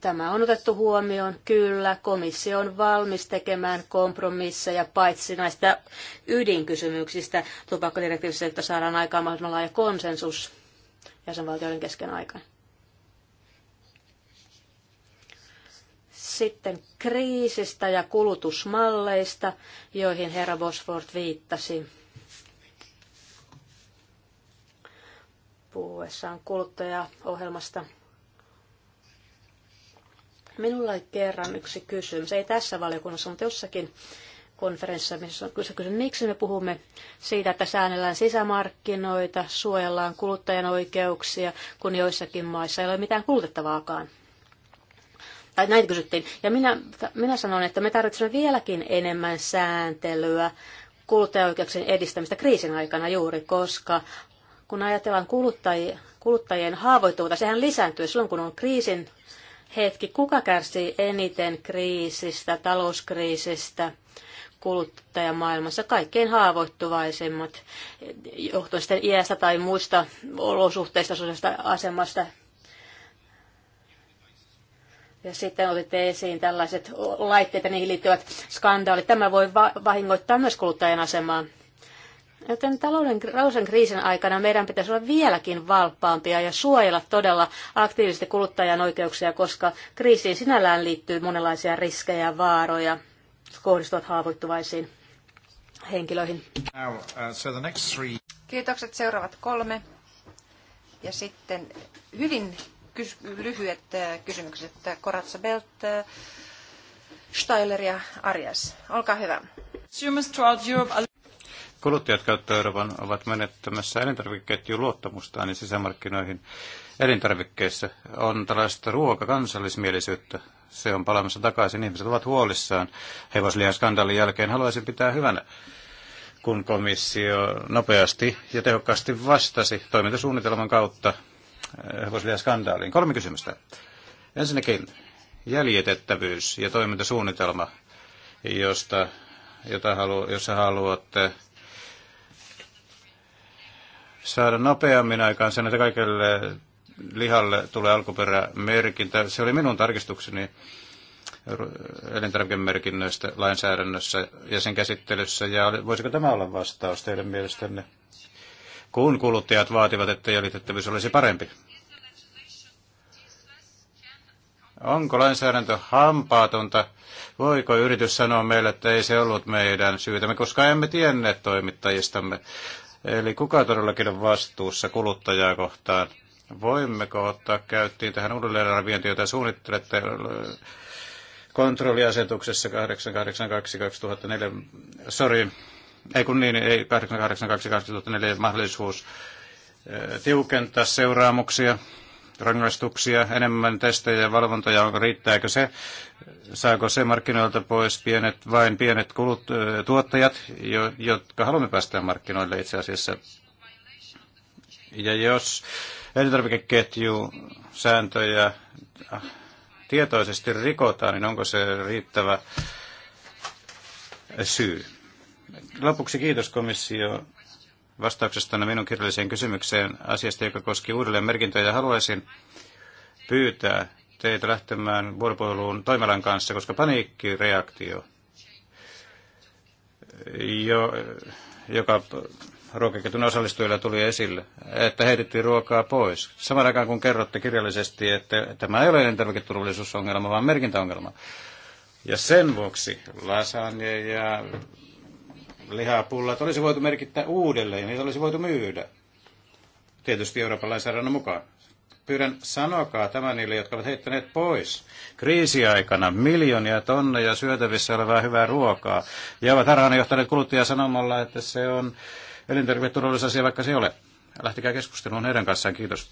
tämä on otettu huomioon. Kyllä, komissio on valmis tekemään kompromisseja paitsi näistä ydinkysymyksistä tupakkadirektiivissä, että saadaan aikaan mahdollisimman laaja konsensus jäsenvaltioiden kesken aikaan. Sitten kriisistä ja kulutusmalleista, joihin herra Bosford viittasi. puhuessaan kuluttajaohjelmasta. Minulla oli kerran yksi kysymys, ei tässä valiokunnassa, mutta jossakin konferenssissa, missä on kyse, kyse, miksi me puhumme siitä, että säännellään sisämarkkinoita, suojellaan kuluttajan oikeuksia, kun joissakin maissa ei ole mitään kulutettavaakaan. Tai näitä kysyttiin. Ja minä, minä sanon, että me tarvitsemme vieläkin enemmän sääntelyä kuluttajaoikeuksien edistämistä kriisin aikana juuri, koska kun ajatellaan kuluttajien haavoittuvuutta, sehän lisääntyy silloin, kun on kriisin hetki, kuka kärsii eniten kriisistä, talouskriisistä, kuluttajamaailmassa kaikkein haavoittuvaisemmat, johtuen sitten iästä tai muista olosuhteista, sosiaalista asemasta. Ja sitten otitte esiin tällaiset laitteet ja niihin liittyvät skandaalit. Tämä voi vahingoittaa myös kuluttajan asemaa. Joten talouden rausen kriisin aikana meidän pitäisi olla vieläkin valppaampia ja suojella todella aktiivisesti kuluttajan oikeuksia, koska kriisiin sinällään liittyy monenlaisia riskejä ja vaaroja kohdistuvat haavoittuvaisiin henkilöihin. Now, uh, so the next three. Kiitokset seuraavat kolme. Ja sitten hyvin kys- lyhyet uh, kysymykset. Koratsa Belt, uh, Steiler ja Arias. Olkaa hyvä kuluttajat kautta Euroopan ovat menettämässä elintarvikeketjun luottamustaan niin sisämarkkinoihin elintarvikkeissa. On tällaista ruokakansallismielisyyttä. Se on palaamassa takaisin. Ihmiset ovat huolissaan. Hevoslihan skandaalin jälkeen haluaisin pitää hyvänä kun komissio nopeasti ja tehokkaasti vastasi toimintasuunnitelman kautta eh, hevoslihan skandaaliin Kolme kysymystä. Ensinnäkin jäljitettävyys ja toimintasuunnitelma, josta, jota halu, jossa haluatte saada nopeammin aikaan sen, että kaikille lihalle tulee alkuperämerkintä. Se oli minun tarkistukseni elintarvikemerkinnöistä lainsäädännössä ja sen käsittelyssä. Ja voisiko tämä olla vastaus teidän mielestänne, kun kuluttajat vaativat, että jäljitettävyys olisi parempi? Onko lainsäädäntö hampaatonta? Voiko yritys sanoa meille, että ei se ollut meidän syytämme, koska emme tienneet toimittajistamme Eli kuka todellakin on vastuussa kuluttajaa kohtaan? Voimmeko ottaa käyttiin tähän uudelleenarviointiin, jota suunnittelette äh, kontrolliasetuksessa 882-2004, sorry, ei kun niin, ei 882-2004 mahdollisuus äh, tiukentaa seuraamuksia rangaistuksia, enemmän testejä ja valvontoja, riittääkö se, saako se markkinoilta pois pienet, vain pienet kulut, tuottajat, jo, jotka haluamme päästä markkinoille itse asiassa. Ja jos elintarvikeketju sääntöjä tietoisesti rikotaan, niin onko se riittävä syy? Lopuksi kiitos komissio vastauksestanne minun kirjalliseen kysymykseen asiasta, joka koski uudelleen merkintöjä. Haluaisin pyytää teitä lähtemään vuoropuheluun toimialan kanssa, koska paniikkireaktio, jo, joka ruokaketun osallistujilla tuli esille, että heitettiin ruokaa pois. Samaan aikaan kun kerrotte kirjallisesti, että tämä ei ole elintarviketurvallisuusongelma, vaan merkintäongelma. Ja sen vuoksi lasagne ja lihapullat olisi voitu merkittää uudelleen ja niitä olisi voitu myydä. Tietysti Euroopan lainsäädännön mukaan. Pyydän sanokaa tämä niille, jotka ovat heittäneet pois kriisiaikana miljoonia tonneja syötävissä olevaa hyvää ruokaa ja ovat johtaneet kuluttajia sanomalla, että se on elintarviketurvallisuusasia, vaikka se ei ole. Lähtikää keskusteluun heidän kanssaan. Kiitos.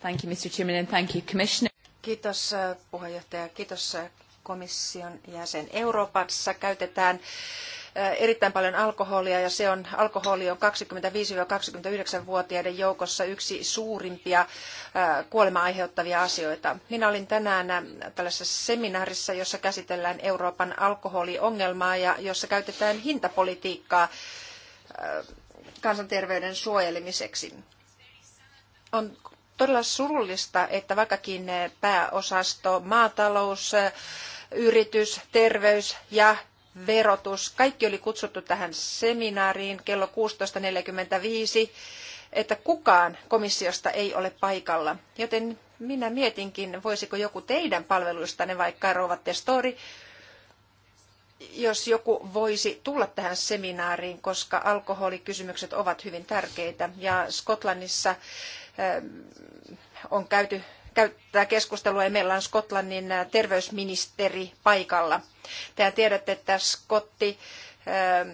Thank you, Mr. Chairman, and thank you, Commissioner. Kiitos äh, puheenjohtaja, kiitos äh, komission jäsen. Euroopassa käytetään erittäin paljon alkoholia ja se on, alkoholi on 25-29-vuotiaiden joukossa yksi suurimpia kuolema aiheuttavia asioita. Minä olin tänään tällaisessa seminaarissa, jossa käsitellään Euroopan alkoholiongelmaa ja jossa käytetään hintapolitiikkaa kansanterveyden suojelemiseksi. On todella surullista, että vaikkakin pääosasto maatalous yritys, terveys ja verotus. Kaikki oli kutsuttu tähän seminaariin kello 16.45, että kukaan komissiosta ei ole paikalla. Joten minä mietinkin, voisiko joku teidän palveluistanne, vaikka Rova Testori, jos joku voisi tulla tähän seminaariin, koska alkoholikysymykset ovat hyvin tärkeitä. Ja Skotlannissa eh, on käyty käyttää keskustelua ja meillä on Skotlannin äh, terveysministeri paikalla. Tehän tiedätte, että Skotti ähm,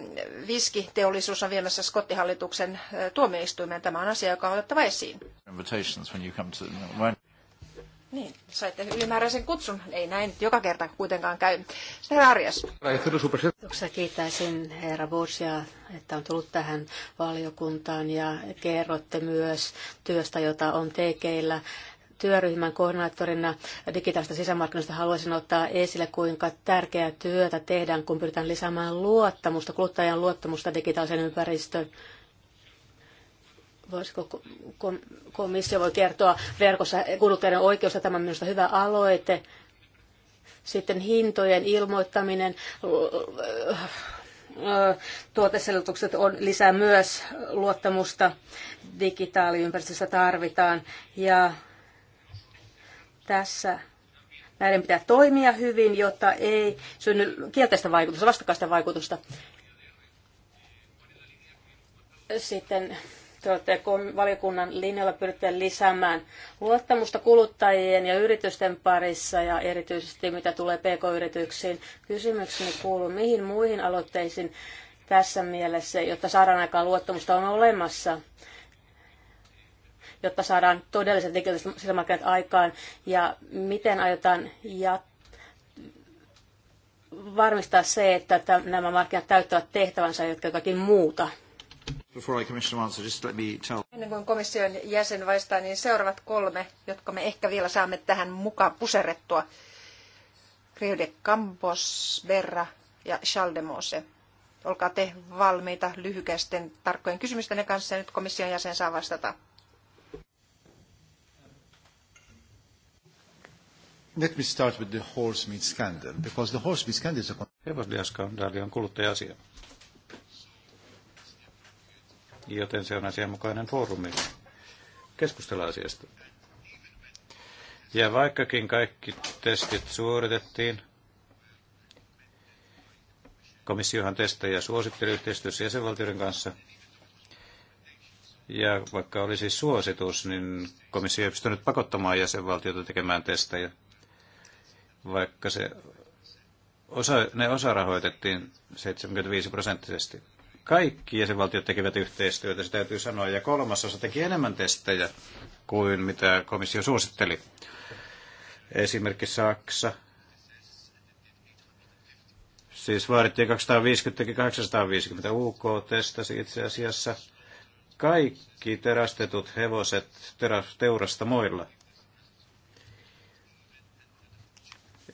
viskiteollisuus on viemässä skottihallituksen äh, tuomioistuimeen. Tämä on asia, joka on otettava esiin. Niin, saitte ylimääräisen kutsun. Ei näin joka kerta kuitenkaan käy. Herra Arjas. Kiitoksia. Kiitäisin herra Bushia, että on tullut tähän valiokuntaan ja kerrotte myös työstä, jota on tekeillä työryhmän koordinaattorina digitaalista sisämarkkinoista haluaisin ottaa esille, kuinka tärkeää työtä tehdään, kun pyritään lisäämään luottamusta, kuluttajan luottamusta digitaaliseen ympäristöön. Voisiko komissio voi kertoa verkossa kuluttajien oikeusta, tämä on minusta hyvä aloite. Sitten hintojen ilmoittaminen, tuoteselitukset on lisää myös luottamusta digitaaliympäristössä tarvitaan ja tässä näiden pitää toimia hyvin, jotta ei synny kielteistä vaikutusta, vastakkaista vaikutusta. Sitten te valiokunnan linjalla pyritte lisäämään luottamusta kuluttajien ja yritysten parissa ja erityisesti mitä tulee pk-yrityksiin. Kysymykseni kuuluu, mihin muihin aloitteisiin tässä mielessä, jotta saadaan aikaan luottamusta on olemassa jotta saadaan todelliset digitaaliset sisämarkkinat aikaan ja miten aiotaan ja varmistaa se, että nämä markkinat täyttävät tehtävänsä, jotka jotakin muuta. Ennen kuin komission jäsen vaistaa, niin seuraavat kolme, jotka me ehkä vielä saamme tähän mukaan Rio de Campos, Berra ja Charles de Mose. Olkaa te valmiita lyhykäisten tarkkojen kysymysten kanssa ja nyt komission jäsen saa vastata. Let me start with the horse meat scandal, because the horse meat scandal is a... Hevosliaskandaali on kuluttaja-asia. Joten se on asianmukainen foorumi keskustella asiasta. Ja vaikkakin kaikki testit suoritettiin, komissiohan testejä suositteli yhteistyössä jäsenvaltioiden kanssa, ja vaikka olisi suositus, niin komissio ei pystynyt pakottamaan jäsenvaltiota tekemään testejä vaikka se osa, ne osa rahoitettiin 75 prosenttisesti. Kaikki jäsenvaltiot tekevät yhteistyötä, se täytyy sanoa, ja kolmas osa teki enemmän testejä kuin mitä komissio suositteli. Esimerkki Saksa, Siis vaadittiin 250 teki 850 UK testasi itse asiassa kaikki terastetut hevoset teurastamoilla.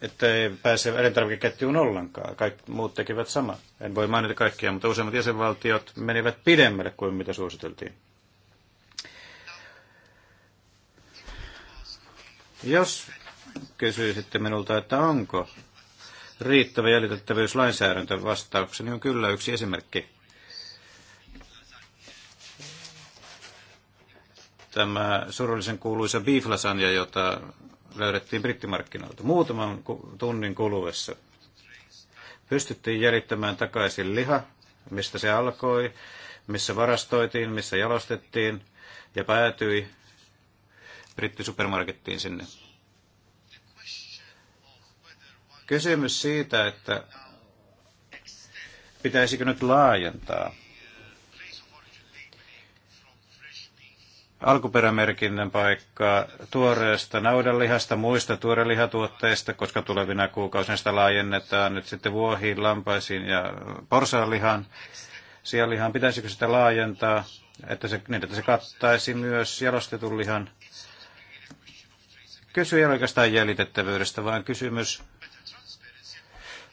että ei pääse elintarvikeketjuun ollenkaan. Kaikki muut tekivät sama. En voi mainita kaikkia, mutta useimmat jäsenvaltiot menivät pidemmälle kuin mitä suositeltiin. Jos kysyisitte minulta, että onko riittävä jäljitettävyys lainsäädäntö vastaukseni niin on kyllä yksi esimerkki. Tämä surullisen kuuluisa biiflasanja, jota löydettiin brittimarkkinoilta. Muutaman tunnin kuluessa pystyttiin jäljittämään takaisin liha, mistä se alkoi, missä varastoitiin, missä jalostettiin ja päätyi brittisupermarkettiin sinne. Kysymys siitä, että pitäisikö nyt laajentaa alkuperämerkinnän paikkaa tuoreesta naudanlihasta, muista tuorelihatuotteista, koska tulevina kuukausina sitä laajennetaan nyt sitten vuohiin, lampaisiin ja porsaanlihan. Sianlihan pitäisikö sitä laajentaa, että se, niin että se kattaisi myös jalostetun lihan? Kysy ei oikeastaan jäljitettävyydestä, vaan kysymys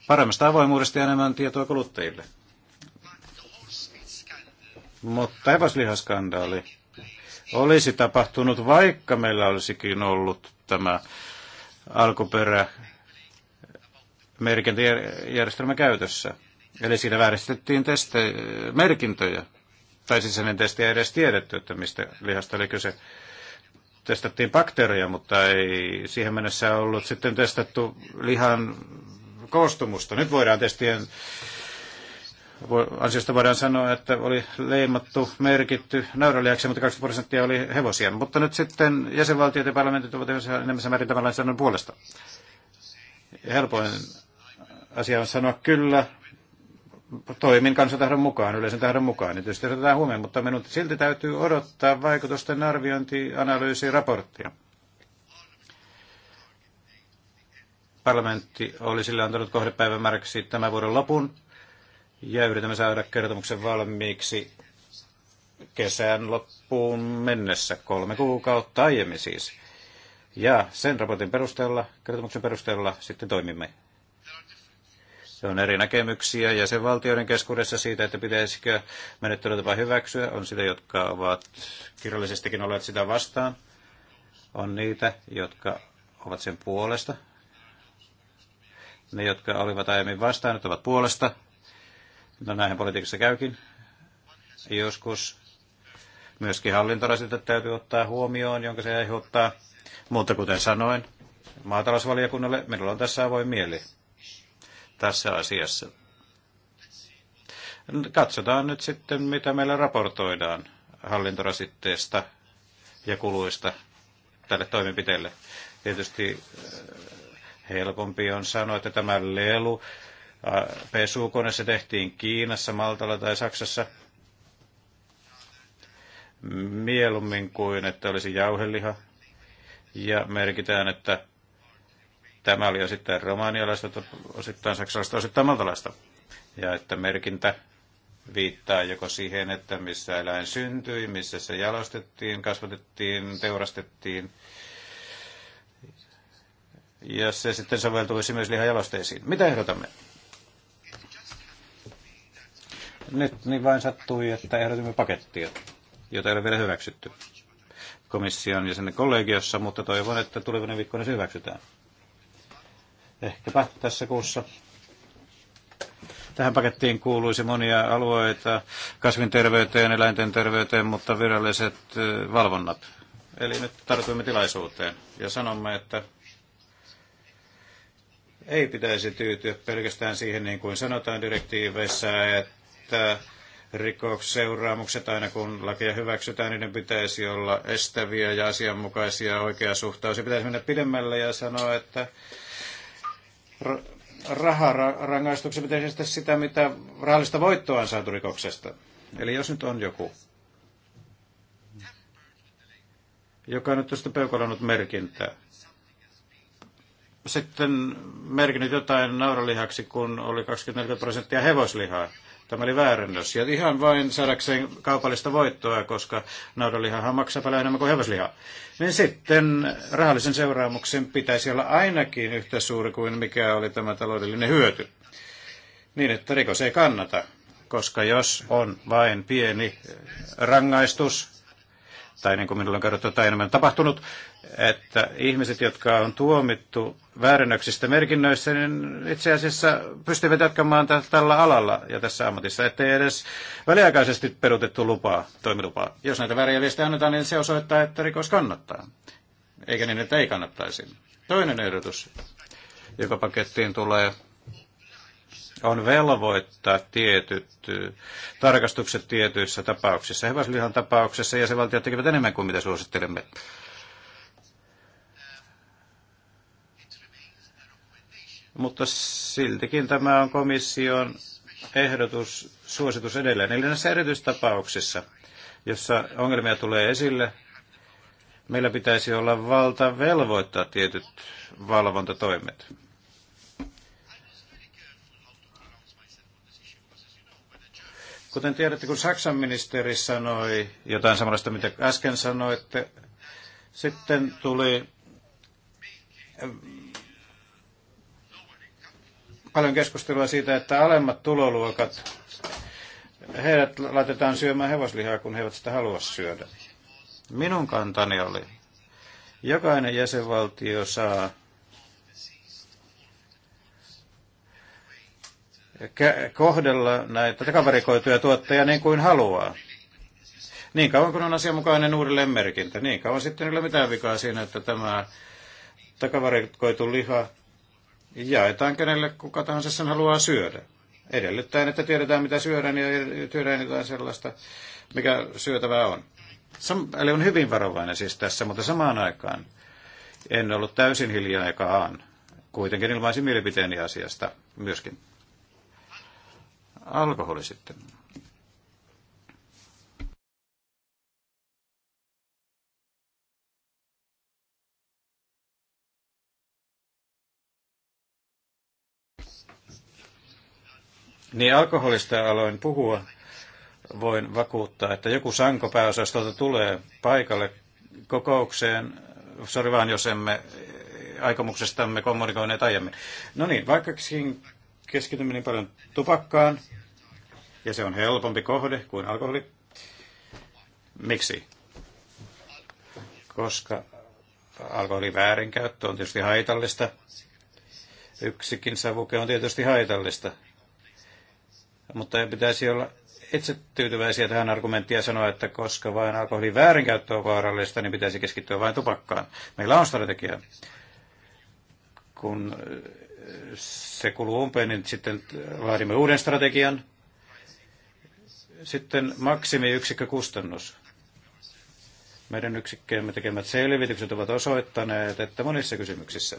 paremmasta avoimuudesta ja enemmän tietoa kuluttajille. Mutta epäslihaskandaali olisi tapahtunut, vaikka meillä olisikin ollut tämä alkuperä merkintäjärjestelmä käytössä. Eli siinä vääristettiin teste, merkintöjä, tai siis ennen testiä ei edes tiedetty, että mistä lihasta oli kyse. Testattiin bakteereja, mutta ei siihen mennessä ollut sitten testattu lihan koostumusta. Nyt voidaan testien ansiosta voidaan sanoa, että oli leimattu, merkitty nauraliaksi, mutta 20 prosenttia oli hevosia. Mutta nyt sitten jäsenvaltiot ja parlamentit ovat enemmän määrin tämän lainsäädännön puolesta. Helpoin asia on sanoa kyllä, toimin kansantahdon mukaan, yleisen tahdon mukaan, niin tietysti otetaan huomioon, mutta minun silti täytyy odottaa vaikutusten arviointi, analyysi, raporttia. Parlamentti oli sille antanut kohdepäivämääräksi tämän vuoden lopun ja yritämme saada kertomuksen valmiiksi kesän loppuun mennessä, kolme kuukautta aiemmin siis. Ja sen raportin perusteella, kertomuksen perusteella sitten toimimme. Se on eri näkemyksiä ja valtioiden keskuudessa siitä, että pitäisikö menettelytapa hyväksyä. On sitä, jotka ovat kirjallisestikin olleet sitä vastaan. On niitä, jotka ovat sen puolesta. Ne, jotka olivat aiemmin vastaan, ovat puolesta. No näinhän politiikassa käykin. Joskus myöskin hallintorasitteet täytyy ottaa huomioon, jonka se aiheuttaa. Mutta kuten sanoin, maatalousvaliokunnalle minulla on tässä avoin mieli tässä asiassa. Katsotaan nyt sitten, mitä meillä raportoidaan hallintorasitteesta ja kuluista tälle toimenpiteelle. Tietysti äh, helpompi on sanoa, että tämä lelu PSU-kone se tehtiin Kiinassa, Maltalla tai Saksassa mieluummin kuin että olisi jauheliha. Ja merkitään, että tämä oli osittain romanialaista, osittain saksalaista, osittain maltalaista. Ja että merkintä viittaa joko siihen, että missä eläin syntyi, missä se jalostettiin, kasvatettiin, teurastettiin. Ja se sitten soveltuisi myös lihajalosteisiin. Mitä ehdotamme? Nyt niin vain sattui, että ehdotimme pakettia, jota ei ole vielä hyväksytty komission sen kollegiossa, mutta toivon, että tulevina viikkoina se hyväksytään. Ehkäpä tässä kuussa. Tähän pakettiin kuuluisi monia alueita, terveyteen, eläinten terveyteen, mutta viralliset valvonnat. Eli nyt tartuimme tilaisuuteen ja sanomme, että ei pitäisi tyytyä pelkästään siihen, niin kuin sanotaan direktiiveissä, että että rikosseuraamukset, aina kun lakia hyväksytään, ne pitäisi olla estäviä ja asianmukaisia oikeasuhtaisia. Pitäisi mennä pidemmälle ja sanoa, että raharangaistuksen pitäisi estää sitä, mitä rahallista voittoa on saatu rikoksesta. Eli jos nyt on joku, joka nyt tuosta peukalannut merkintää, sitten merkinnyt jotain nauralihaksi, kun oli 24 prosenttia hevoslihaa. Tämä oli väärennös. Ja ihan vain saadakseen kaupallista voittoa, koska naudanlihahan maksaa paljon enemmän kuin hevoslihaa. Niin sitten rahallisen seuraamuksen pitäisi olla ainakin yhtä suuri kuin mikä oli tämä taloudellinen hyöty. Niin, että rikos ei kannata koska jos on vain pieni rangaistus, tai niin kuin minulle on kerrottu, tai enemmän tapahtunut, että ihmiset, jotka on tuomittu väärännöksistä merkinnöissä, niin itse asiassa pystyvät jatkamaan tällä alalla ja tässä ammatissa, ettei edes väliaikaisesti peruutettu lupaa, toimilupaa. Jos näitä vääriä viestejä annetaan, niin se osoittaa, että rikos kannattaa, eikä niin, että ei kannattaisi. Toinen ehdotus, joka pakettiin tulee, on velvoittaa tietyt tarkastukset tietyissä tapauksissa. Hevaslihan tapauksessa jäsenvaltiot tekevät enemmän kuin mitä suosittelemme. Mutta siltikin tämä on komission ehdotus, suositus edelleen. Eli näissä erityistapauksissa, jossa ongelmia tulee esille, meillä pitäisi olla valta velvoittaa tietyt valvontatoimet. Kuten tiedätte, kun Saksan ministeri sanoi jotain samanlaista, mitä äsken sanoitte, sitten tuli eh, paljon keskustelua siitä, että alemmat tuloluokat, heidät laitetaan syömään hevoslihaa, kun he eivät sitä halua syödä. Minun kantani oli, jokainen jäsenvaltio saa kohdella näitä takavarikoituja tuotteja niin kuin haluaa. Niin kauan kun on asianmukainen merkintä, niin kauan sitten ei ole mitään vikaa siinä, että tämä takavarikoitu liha jaetaan kenelle kuka tahansa sen haluaa syödä. Edellyttäen, että tiedetään mitä syödään ja tiedetään jotain sellaista, mikä syötävää on. Sam- eli on hyvin varovainen siis tässä, mutta samaan aikaan en ollut täysin hiljaa eikä aan. Kuitenkin ilmaisin mielipiteeni asiasta myöskin alkoholi sitten. Niin alkoholista aloin puhua. Voin vakuuttaa, että joku sanko pääosastolta tulee paikalle kokoukseen. Sori vaan, jos emme aikomuksestamme kommunikoineet aiemmin. No niin, vaikkakin keskitymme niin paljon tupakkaan, ja se on helpompi kohde kuin alkoholi. Miksi? Koska alkoholin väärinkäyttö on tietysti haitallista. Yksikin savuke on tietysti haitallista. Mutta ei pitäisi olla itse tyytyväisiä tähän argumenttiin ja sanoa, että koska vain alkoholin väärinkäyttö on vaarallista, niin pitäisi keskittyä vain tupakkaan. Meillä on strategia. Kun se kuluu umpeen, niin sitten laadimme uuden strategian. Sitten maksimiyksikkökustannus. Meidän yksikkeemme tekemät selvitykset ovat osoittaneet, että monissa kysymyksissä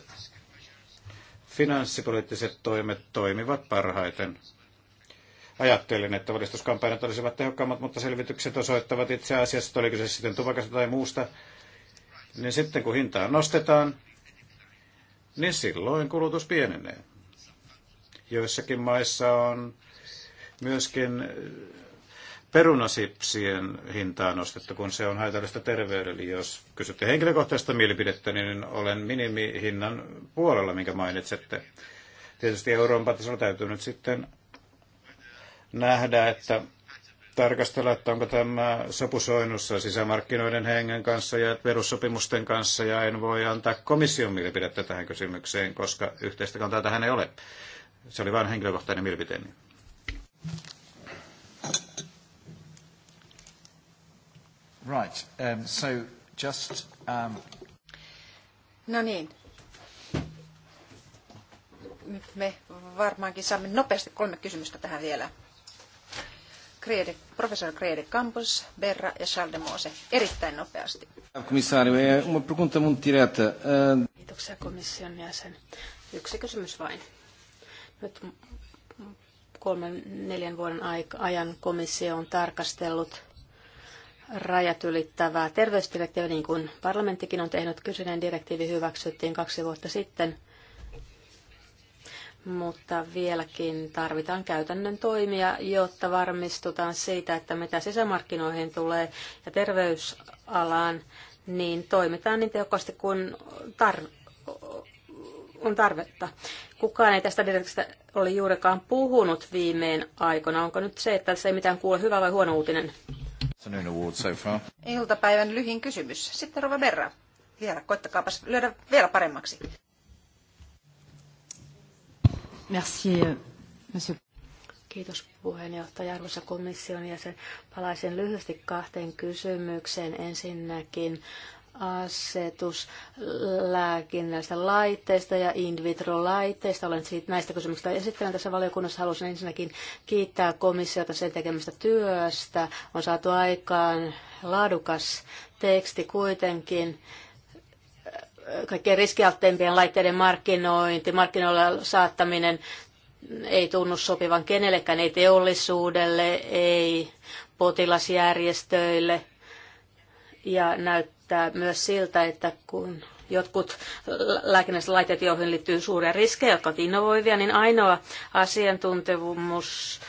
finanssipoliittiset toimet toimivat parhaiten. Ajattelin, että valistuskampanjat olisivat tehokkaammat, mutta selvitykset osoittavat itse asiassa, että oli kyse sitten tupakasta tai muusta, niin sitten kun hintaa nostetaan, niin silloin kulutus pienenee. Joissakin maissa on myöskin äh, perunasipsien hintaa nostettu, kun se on haitallista terveydelle. Jos kysytte henkilökohtaista mielipidettä, niin olen minimihinnan puolella, minkä mainitsette. Tietysti Euroopan tasolla täytyy nyt sitten nähdä, että tarkastella, että onko tämä sopusoinnussa sisämarkkinoiden hengen kanssa ja perussopimusten kanssa, ja en voi antaa komission mielipidettä tähän kysymykseen, koska yhteistä kantaa tähän ei ole. Se oli vain henkilökohtainen mielipiteeni. Right, um, so just... Um... No niin. Me varmaankin saamme nopeasti kolme kysymystä tähän vielä. Kreede, professori Kreede Campos, Berra ja Charles de Mose erittäin nopeasti. Äh, Kiitoksia komission jäsen. Yksi kysymys vain. Nyt kolmen, neljän vuoden ajan komissio on tarkastellut rajat ylittävää terveysdirektiiviä, niin kuin parlamenttikin on tehnyt. Kyseinen direktiivi hyväksyttiin kaksi vuotta sitten – mutta vieläkin tarvitaan käytännön toimia, jotta varmistutaan siitä, että mitä sisämarkkinoihin tulee ja terveysalaan, niin toimitaan niin tehokkaasti kuin tar- on tarvetta. Kukaan ei tästä direktiivistä ole juurikaan puhunut viimein aikoina. Onko nyt se, että se ei mitään kuule hyvä vai huono uutinen? Iltapäivän lyhin kysymys. Sitten Rova Berra. Vielä, koittakaapas löydä vielä paremmaksi. Merci, euh, monsieur. Kiitos puheenjohtaja, arvoisa komission jäsen. Palaisin lyhyesti kahteen kysymykseen. Ensinnäkin asetus lääkinnäistä laitteista ja in vitro laitteista. Olen siitä, näistä kysymyksistä esittelen tässä valiokunnassa. Haluaisin ensinnäkin kiittää komissiota sen tekemästä työstä. On saatu aikaan laadukas teksti kuitenkin kaikkein riskialtteimpien laitteiden markkinointi, markkinoilla saattaminen ei tunnu sopivan kenellekään, ei teollisuudelle, ei potilasjärjestöille. Ja näyttää myös siltä, että kun jotkut lääkinnälliset laitteet, joihin liittyy suuria riskejä, jotka ovat innovoivia, niin ainoa asiantuntemus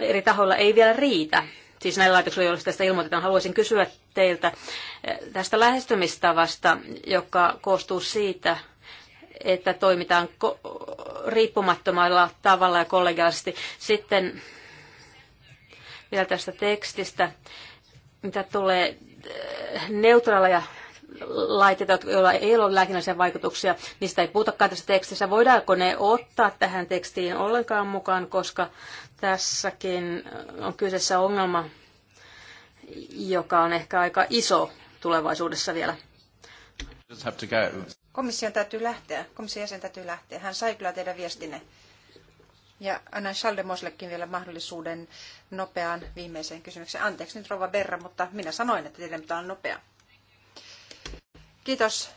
eri tahoilla ei vielä riitä siis näillä laitoksilla, joilla tästä ilmoitetaan, haluaisin kysyä teiltä eh, tästä lähestymistavasta, joka koostuu siitä, että toimitaan riippumattomalla tavalla ja kollegiaalisesti. Sitten vielä tästä tekstistä, mitä tulee eh, neutraaleja laitteita, joilla ei ole lääkinnällisiä vaikutuksia, niistä ei puhutakaan tässä tekstissä. Voidaanko ne ottaa tähän tekstiin ollenkaan mukaan, koska Tässäkin on kyseessä ongelma, joka on ehkä aika iso tulevaisuudessa vielä. Komission täytyy lähteä. Komission jäsen täytyy lähteä. Hän sai kyllä teidän viestinne. Ja annan Charles Moslekin vielä mahdollisuuden nopeaan viimeiseen kysymykseen. Anteeksi nyt Rova Berra, mutta minä sanoin, että teidän pitää olla nopea. Kiitos.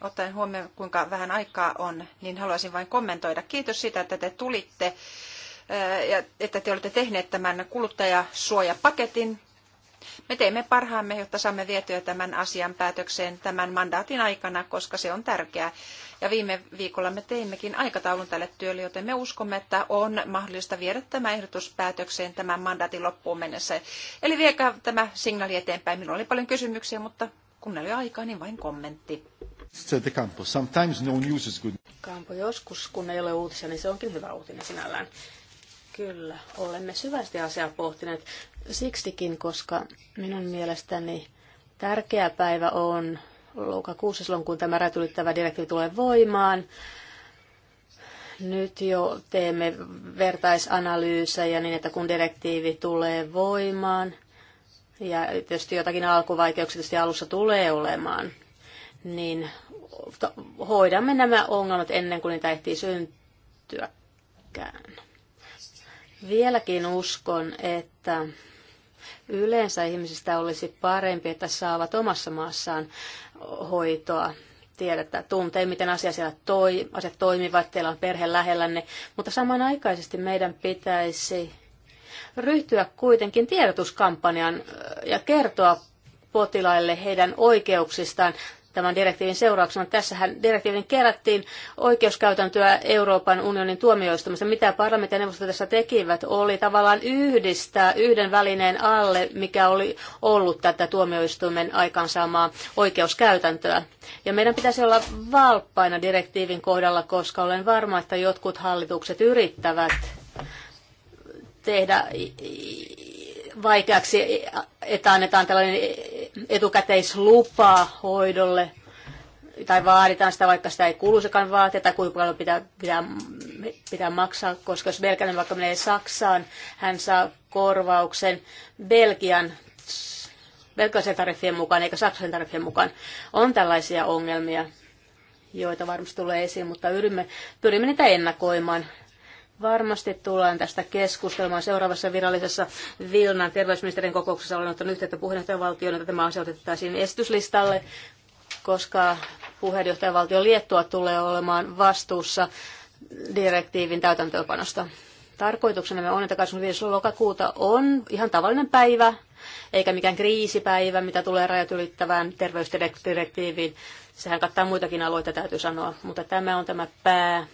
Ottaen huomioon, kuinka vähän aikaa on, niin haluaisin vain kommentoida. Kiitos siitä, että te tulitte että te olette tehneet tämän kuluttajasuojapaketin. Me teemme parhaamme, jotta saamme vietyä tämän asian päätökseen tämän mandaatin aikana, koska se on tärkeää. Ja viime viikolla me teimmekin aikataulun tälle työlle, joten me uskomme, että on mahdollista viedä tämä ehdotus päätökseen tämän mandaatin loppuun mennessä. Eli viekää tämä signaali eteenpäin. Minulla oli paljon kysymyksiä, mutta kun oli aikaa, niin vain kommentti. No Campo, joskus kun ei ole uutisia, niin se onkin hyvä uutinen sinällään. Kyllä, olemme syvästi asiaa pohtineet siksikin, koska minun mielestäni tärkeä päivä on lokakuussa silloin, kun tämä rätylittävä direktiivi tulee voimaan. Nyt jo teemme vertaisanalyysejä niin, että kun direktiivi tulee voimaan, ja tietysti jotakin alkuvaikeuksia tietysti alussa tulee olemaan, niin hoidamme nämä ongelmat ennen kuin niitä ehtii syntyäkään. Vieläkin uskon, että yleensä ihmisistä olisi parempi, että saavat omassa maassaan hoitoa tiedettä, tuntee, miten asia siellä toi, asiat toimivat, teillä on perhe lähellänne, mutta samanaikaisesti meidän pitäisi ryhtyä kuitenkin tiedotuskampanjan ja kertoa potilaille heidän oikeuksistaan tämän direktiivin seurauksena. Tässähän direktiivin kerättiin oikeuskäytäntöä Euroopan unionin tuomioistumista. Mitä parlamentin ja neuvosto tässä tekivät, oli tavallaan yhdistää yhden välineen alle, mikä oli ollut tätä tuomioistuimen aikaansaamaa oikeuskäytäntöä. Ja meidän pitäisi olla valppaina direktiivin kohdalla, koska olen varma, että jotkut hallitukset yrittävät tehdä vaikeaksi, että annetaan tällainen etukäteislupa hoidolle, tai vaaditaan sitä, vaikka sitä ei kuuluisikaan vaatia, tai kuinka paljon pitää, pitää, pitää maksaa, koska jos Belgian vaikka menee Saksaan, hän saa korvauksen Belgian belgian tariffien mukaan eikä Saksan tariffien mukaan. On tällaisia ongelmia, joita varmasti tulee esiin, mutta yrimme, pyrimme niitä ennakoimaan Varmasti tullaan tästä keskustelemaan seuraavassa virallisessa Vilnan terveysministerin kokouksessa. Olen ottanut yhteyttä puheenjohtajavaltioon, että tämä asia otettaisiin esityslistalle, koska puheenjohtajavaltio Liettua tulee olemaan vastuussa direktiivin täytäntöönpanosta. Tarkoituksena on, että 25. lokakuuta on ihan tavallinen päivä, eikä mikään kriisipäivä, mitä tulee rajat ylittävään terveysdirektiiviin. Sehän kattaa muitakin aloita, täytyy sanoa, mutta tämä on tämä pää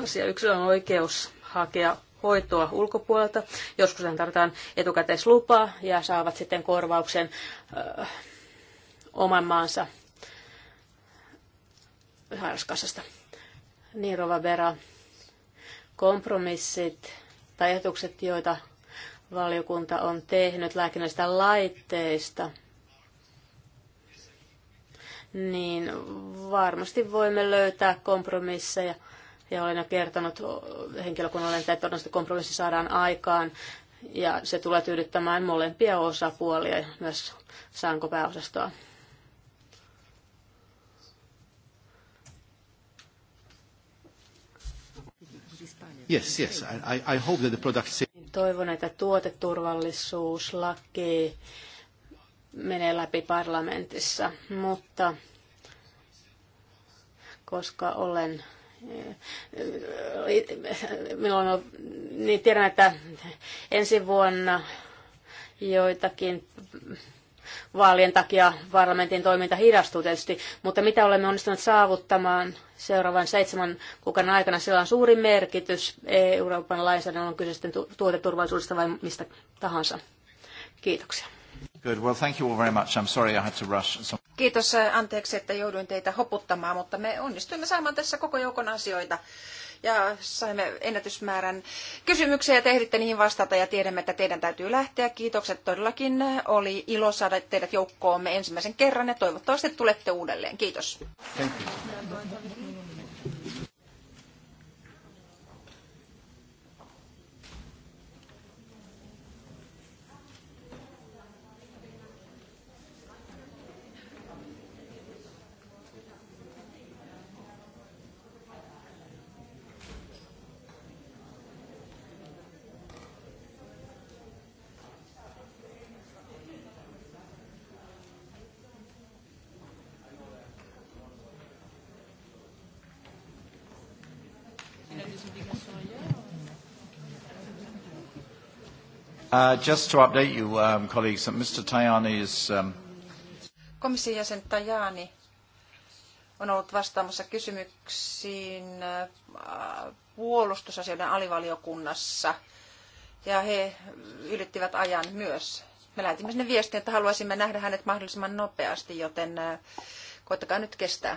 asia. Yksilön oikeus hakea hoitoa ulkopuolelta. Joskus hän tarvitaan etukäteislupaa ja saavat sitten korvauksen ö, oman maansa sairauskassasta. Niin Rova Vera, kompromissit tai etukset, joita valiokunta on tehnyt lääkinnällisistä laitteista, niin varmasti voimme löytää kompromisseja – ja olen jo kertonut henkilökunnalle, että todennäköisesti kompromissi saadaan aikaan ja se tulee tyydyttämään molempia osapuolia, myös saanko pääosastoa. Yes, yes. I, I hope that the product... Toivon, että tuoteturvallisuuslaki menee läpi parlamentissa, mutta koska olen Milloin on, niin tiedän, että ensi vuonna joitakin vaalien takia parlamentin toiminta hidastuu tietysti, mutta mitä olemme onnistuneet saavuttamaan seuraavan seitsemän kuukauden aikana, sillä on suuri merkitys Euroopan lainsäädännön on kyse sitten tuoteturvallisuudesta vai mistä tahansa. Kiitoksia. Good. Well, thank you all very much. I'm sorry I had to rush. So... Kiitos anteeksi, että jouduin teitä hoputtamaan, mutta me onnistuimme saamaan tässä koko joukon asioita ja saimme ennätysmäärän kysymyksiä ja te ehditte niihin vastata ja tiedämme, että teidän täytyy lähteä. Kiitokset todellakin. Oli ilo saada teidät joukkoomme ensimmäisen kerran ja toivottavasti tulette uudelleen. Kiitos. Uh, just to update you, um, colleagues, that Mr. Tajani is... Um... Komission jäsen Tajani on ollut vastaamassa kysymyksiin uh, puolustusasioiden alivaliokunnassa. Ja he ylittivät ajan myös. Me lähetimme sinne viestin, että haluaisimme nähdä hänet mahdollisimman nopeasti, joten uh, koittakaa nyt kestää.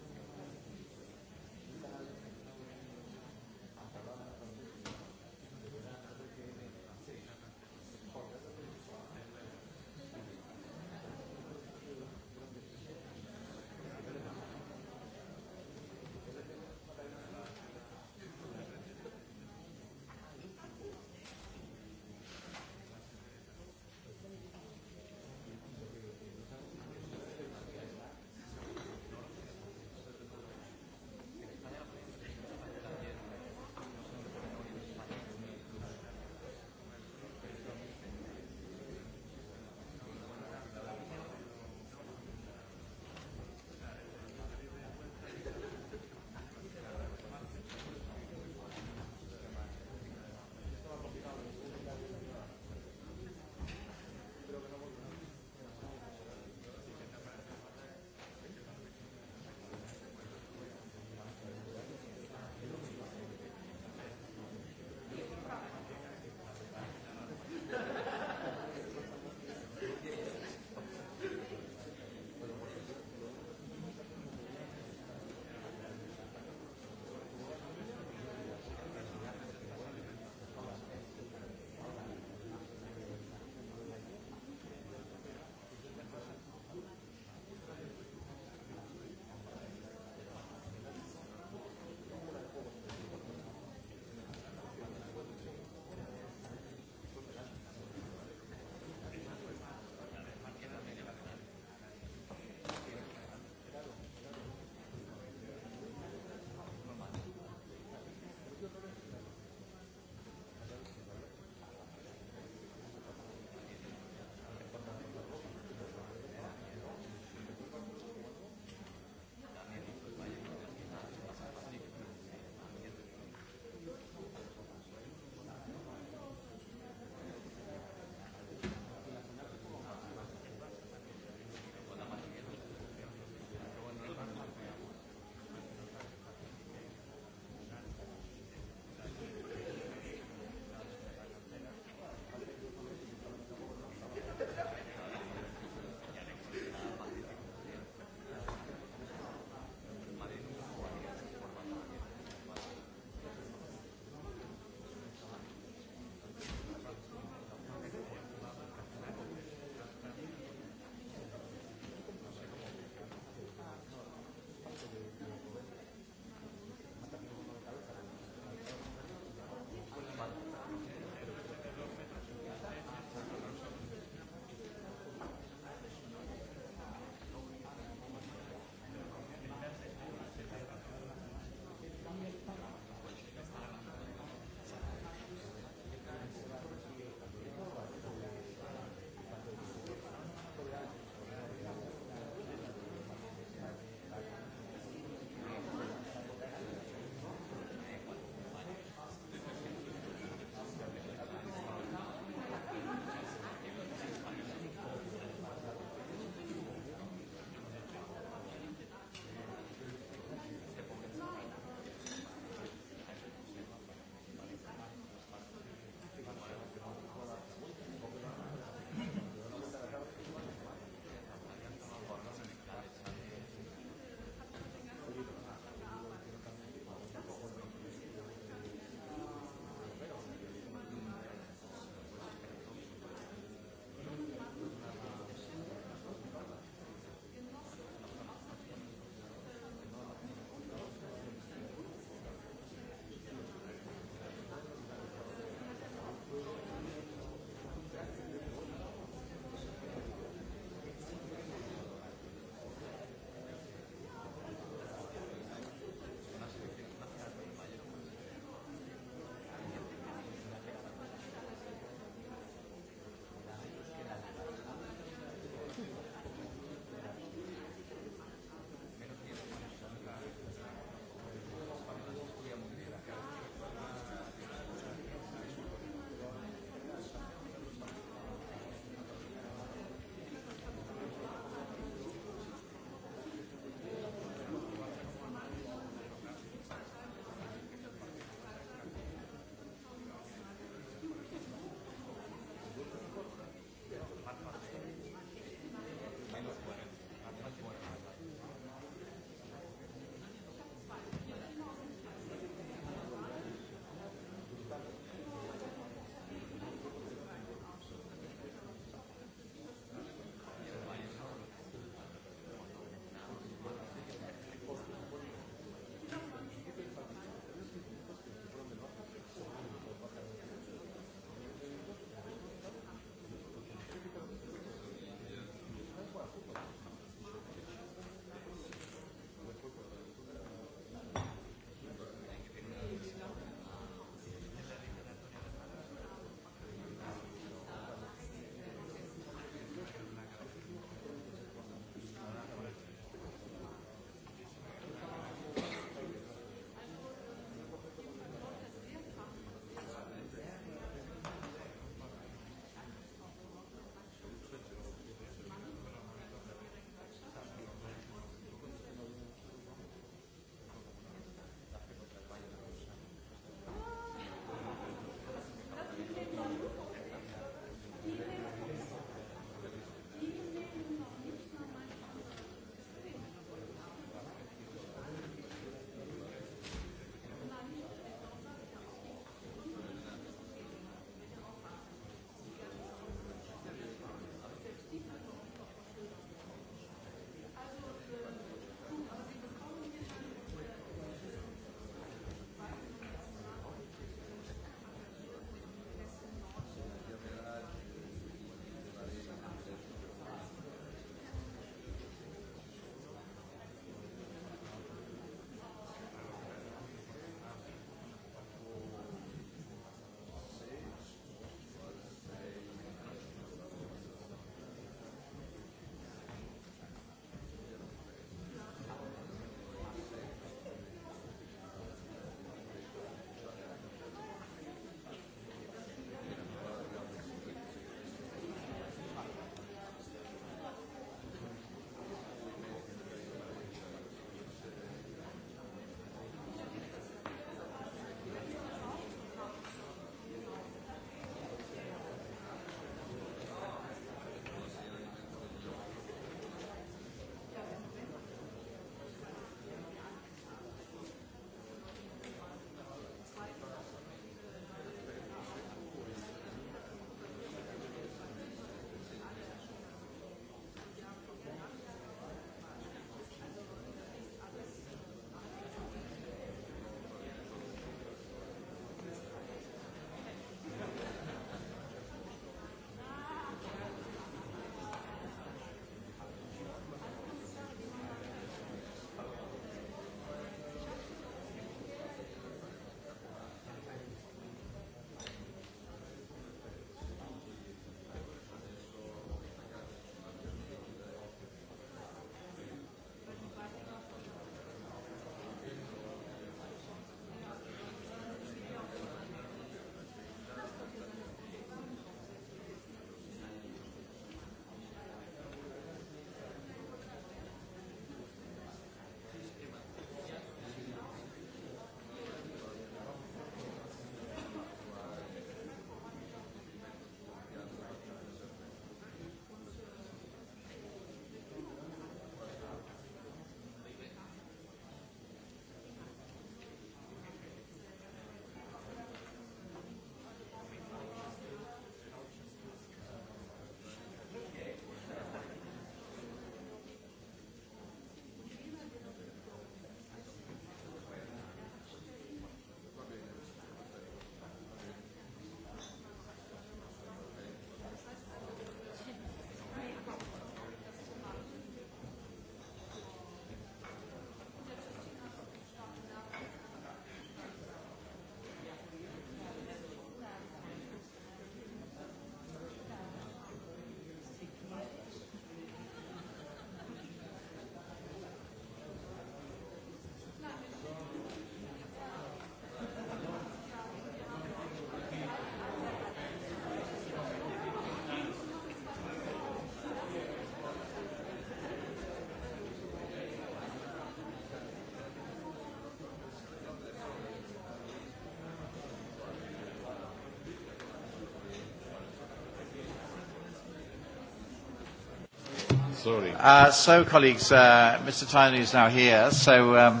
Uh, so, colleagues, uh, Mr. is now here, so um,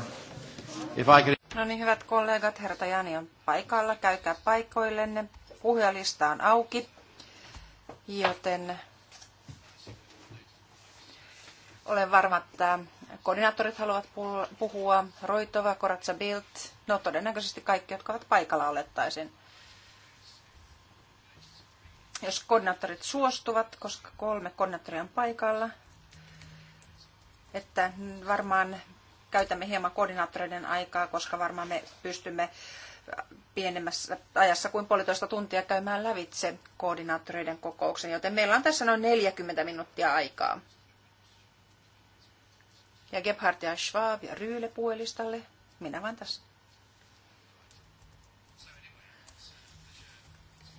if I could... No niin, hyvät kollegat, herra Tajani on paikalla, käykää paikoillenne. Puhujalista on auki, joten olen varma, että koordinaattorit haluavat puhua, Roitova, Koratsa Bilt, no todennäköisesti kaikki, jotka ovat paikalla olettaisin jos koordinaattorit suostuvat, koska kolme koordinaattoria on paikalla, että varmaan käytämme hieman koordinaattoreiden aikaa, koska varmaan me pystymme pienemmässä ajassa kuin puolitoista tuntia käymään lävitse koordinaattoreiden kokouksen, joten meillä on tässä noin 40 minuuttia aikaa. Ja Gebhardt ja Schwab ja Ryyle puolistalle. Minä vain tässä.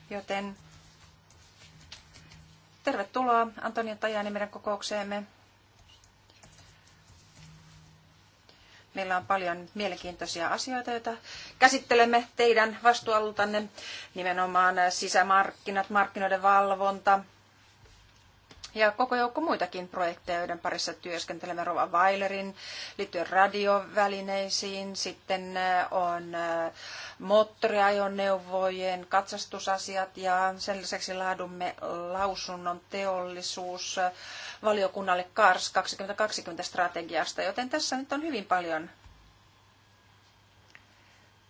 Joten tervetuloa Antonia Tajani meidän kokoukseemme. Meillä on paljon mielenkiintoisia asioita, joita käsittelemme teidän vastuualutanne, nimenomaan sisämarkkinat, markkinoiden valvonta, ja koko joukko muitakin projekteja, joiden parissa työskentelemme Rova Weilerin liittyen radiovälineisiin. Sitten äh, on äh, moottoriajoneuvojen katsastusasiat ja sen lisäksi laadumme lausunnon teollisuus äh, valiokunnalle KARS 2020 strategiasta, joten tässä nyt on hyvin paljon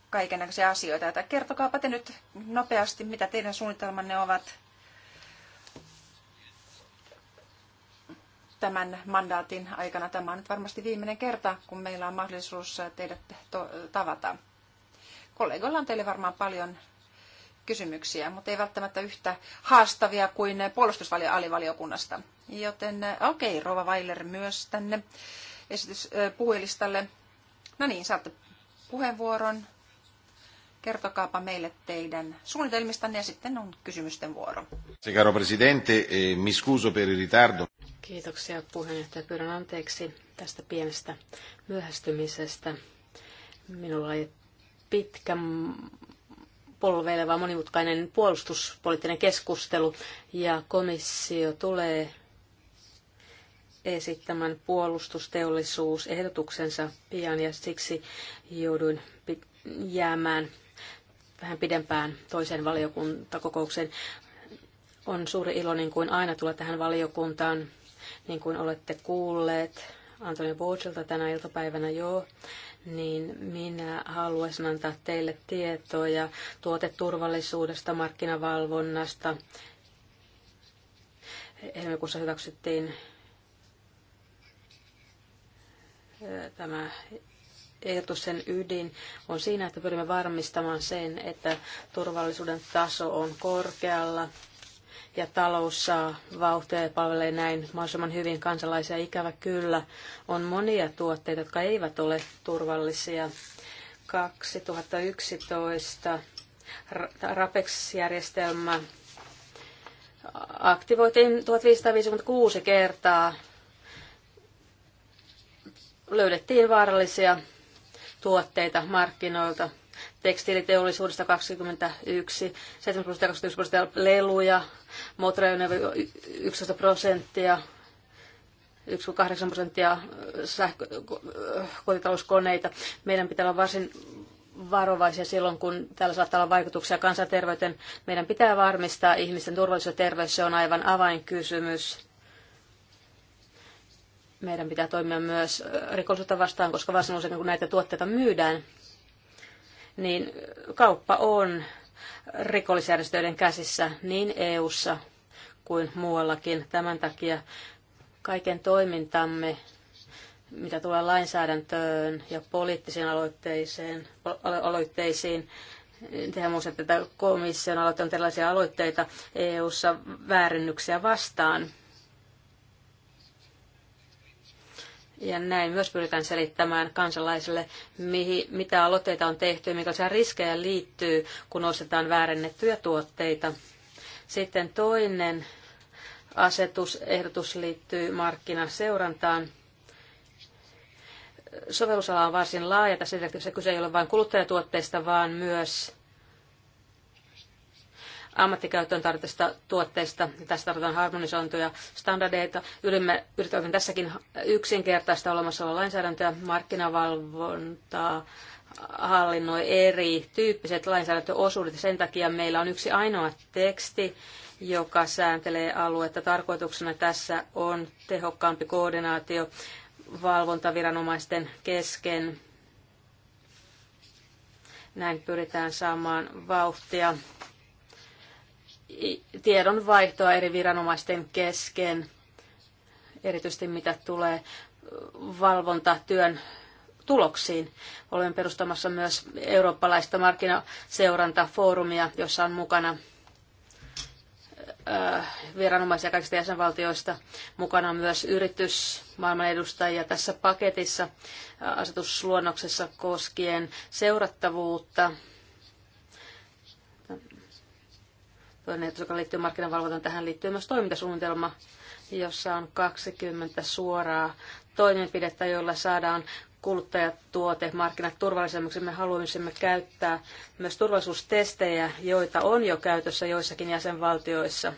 kaikenlaisia asioita. kertokaapa te nyt nopeasti, mitä teidän suunnitelmanne ovat tämän mandaatin aikana. Tämä on nyt varmasti viimeinen kerta, kun meillä on mahdollisuus teidät tavata. Kollegoilla on teille varmaan paljon kysymyksiä, mutta ei välttämättä yhtä haastavia kuin alivaliokunnasta. Joten okei, okay, Rova Weiler myös tänne esityspuhelistalle. No niin, saatte puheenvuoron. Kertokaapa meille teidän suunnitelmistanne ja sitten on kysymysten vuoro. Caro Presidente, e mi scuso per il ritardo. Kiitoksia puheenjohtaja. Pyydän anteeksi tästä pienestä myöhästymisestä. Minulla oli pitkä polveileva monimutkainen puolustuspoliittinen keskustelu ja komissio tulee esittämään puolustusteollisuusehdotuksensa pian ja siksi jouduin jäämään vähän pidempään toiseen valiokuntakokoukseen. On suuri ilo niin kuin aina tulla tähän valiokuntaan niin kuin olette kuulleet Antonio Borgilta tänä iltapäivänä jo, niin minä haluaisin antaa teille tietoja tuoteturvallisuudesta, markkinavalvonnasta. Helmikuussa hyväksyttiin tämä ehdotus sen ydin on siinä, että pyrimme varmistamaan sen, että turvallisuuden taso on korkealla ja talous saa vauhtia ja palvelee näin mahdollisimman hyvin kansalaisia. Ikävä kyllä on monia tuotteita, jotka eivät ole turvallisia. 2011 RAPEX-järjestelmä aktivoitiin 1556 kertaa. Löydettiin vaarallisia tuotteita markkinoilta tekstiiliteollisuudesta 21, 7 prosenttia, prosenttia leluja, moottoriajoneuvo 11 prosenttia, 1,8 prosenttia sähkö, kotitalouskoneita. Meidän pitää olla varsin varovaisia silloin, kun täällä saattaa olla vaikutuksia kansanterveyteen. Meidän pitää varmistaa ihmisten turvallisuus ja terveys, se on aivan avainkysymys. Meidän pitää toimia myös rikollisuutta vastaan, koska varsin usein kun näitä tuotteita myydään, niin kauppa on rikollisjärjestöiden käsissä niin EU:ssa kuin muuallakin. Tämän takia kaiken toimintamme, mitä tulee lainsäädäntöön ja poliittisiin aloitteisiin, aloitteisiin niin tehän muistatte, että komissio on tällaisia aloitteita EU-ssa väärennyksiä vastaan. Ja näin myös pyritään selittämään kansalaisille, mihin, mitä aloitteita on tehty ja minkälaisia riskejä liittyy, kun ostetaan väärennettyjä tuotteita. Sitten toinen asetusehdotus liittyy markkinaseurantaan. Sovellusala on varsin laaja. Tässä kyse ei ole vain kuluttajatuotteista, vaan myös ammattikäyttöön tarvittavista tuotteista. Tässä tarvitaan harmonisointuja standardeita. Yrimme, yritämme tässäkin yksinkertaista olemassa olevaa lainsäädäntöä, markkinavalvontaa, hallinnoi eri tyyppiset lainsäädäntöosuudet. Sen takia meillä on yksi ainoa teksti, joka sääntelee aluetta. Tarkoituksena tässä on tehokkaampi koordinaatio valvontaviranomaisten kesken. Näin pyritään saamaan vauhtia tiedonvaihtoa eri viranomaisten kesken, erityisesti mitä tulee valvontatyön tuloksiin. Olen perustamassa myös eurooppalaista markkinaseurantafoorumia, jossa on mukana viranomaisia kaikista jäsenvaltioista. Mukana on myös maailman edustajia tässä paketissa asetusluonnoksessa koskien seurattavuutta toinen, joka liittyy markkinavalvontaan. Tähän liittyy myös toimintasuunnitelma, jossa on 20 suoraa toimenpidettä, joilla saadaan kuluttajatuote, markkinat turvallisemmiksi. Me haluaisimme käyttää myös turvallisuustestejä, joita on jo käytössä joissakin jäsenvaltioissa.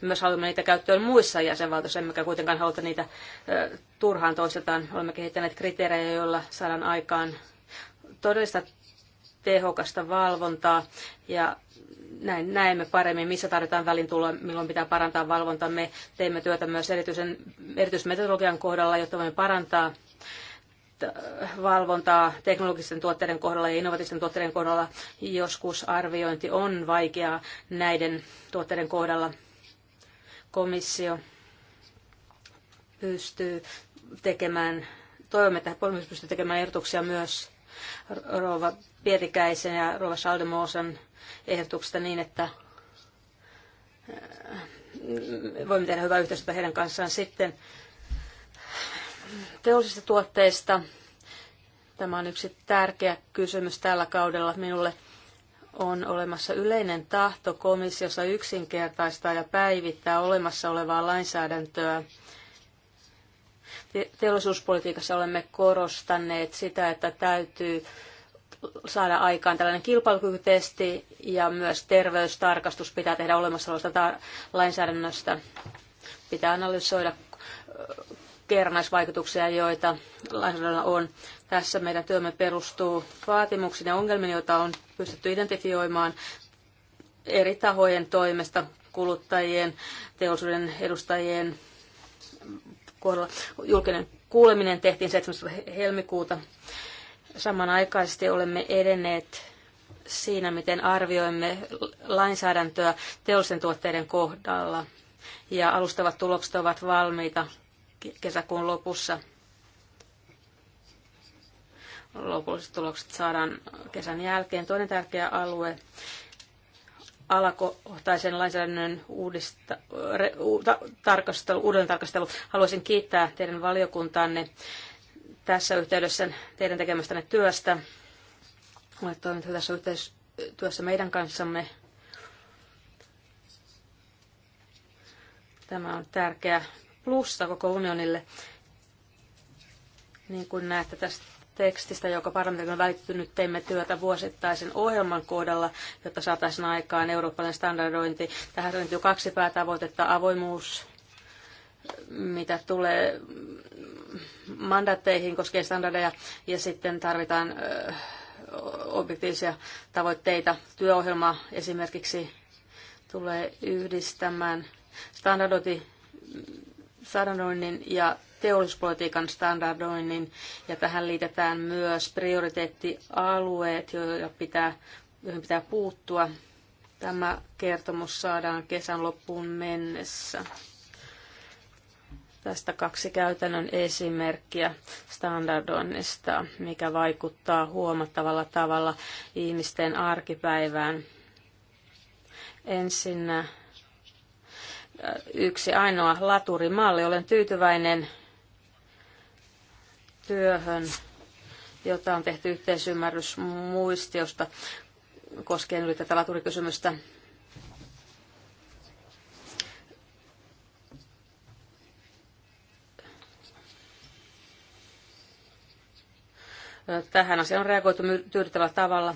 Me myös haluamme niitä käyttöön muissa jäsenvaltioissa, emmekä kuitenkaan haluta niitä ö, turhaan toistetaan. Olemme kehittäneet kriteerejä, joilla saadaan aikaan todellista tehokasta valvontaa ja näin näemme paremmin, missä tarvitaan välintuloa, milloin pitää parantaa valvontaa. Me teemme työtä myös erityisen, erityismetodologian kohdalla, jotta voimme parantaa valvontaa teknologisten tuotteiden kohdalla ja innovatiivisten tuotteiden kohdalla. Joskus arviointi on vaikeaa näiden tuotteiden kohdalla. Komissio pystyy tekemään, toivomme, että pystyy tekemään ehdotuksia myös Rova Pietikäisen ja Rova Schaldemosen ehdotuksesta niin, että äh, voimme tehdä hyvää yhteistyötä heidän kanssaan sitten teollisista tuotteista. Tämä on yksi tärkeä kysymys tällä kaudella minulle. On olemassa yleinen tahto komissiossa yksinkertaistaa ja päivittää olemassa olevaa lainsäädäntöä teollisuuspolitiikassa olemme korostaneet sitä, että täytyy saada aikaan tällainen kilpailukykytesti ja myös terveystarkastus pitää tehdä olemassa olevasta lainsäädännöstä. Pitää analysoida kerrannaisvaikutuksia, joita lainsäädännöllä on. Tässä meidän työmme perustuu vaatimuksiin ja ongelmiin, joita on pystytty identifioimaan eri tahojen toimesta, kuluttajien, teollisuuden edustajien, kohdalla. Julkinen kuuleminen tehtiin 7. helmikuuta. Samanaikaisesti olemme edenneet siinä, miten arvioimme lainsäädäntöä teollisten tuotteiden kohdalla. Ja alustavat tulokset ovat valmiita kesäkuun lopussa. Lopulliset tulokset saadaan kesän jälkeen. Toinen tärkeä alue alakohtaisen lainsäädännön uudista, re, u, ta, tarkastelu, uuden tarkastelu. Haluaisin kiittää teidän valiokuntaanne tässä yhteydessä teidän tekemästänne työstä. Olet toiminut tässä yhteistyössä meidän kanssamme. Tämä on tärkeä plussa koko unionille. Niin kuin näette tästä tekstistä, joka parlamentin on nyt Teimme työtä vuosittaisen ohjelman kohdalla, jotta saataisiin aikaan eurooppalainen standardointi. Tähän on kaksi päätavoitetta, avoimuus mitä tulee mandaatteihin koskien standardeja ja sitten tarvitaan objektiivisia tavoitteita. Työohjelma esimerkiksi tulee yhdistämään standardointi, standardoinnin ja teollisuuspolitiikan standardoinnin ja tähän liitetään myös prioriteettialueet, joilla pitää, joihin pitää puuttua. Tämä kertomus saadaan kesän loppuun mennessä. Tästä kaksi käytännön esimerkkiä standardoinnista, mikä vaikuttaa huomattavalla tavalla ihmisten arkipäivään. Ensinnä äh, yksi ainoa laturimalli. Olen tyytyväinen työhön, jota on tehty yhteisymmärrys muistiosta koskien yli tätä laturikysymystä. Tähän asiaan on reagoitu tyydyttävällä tavalla.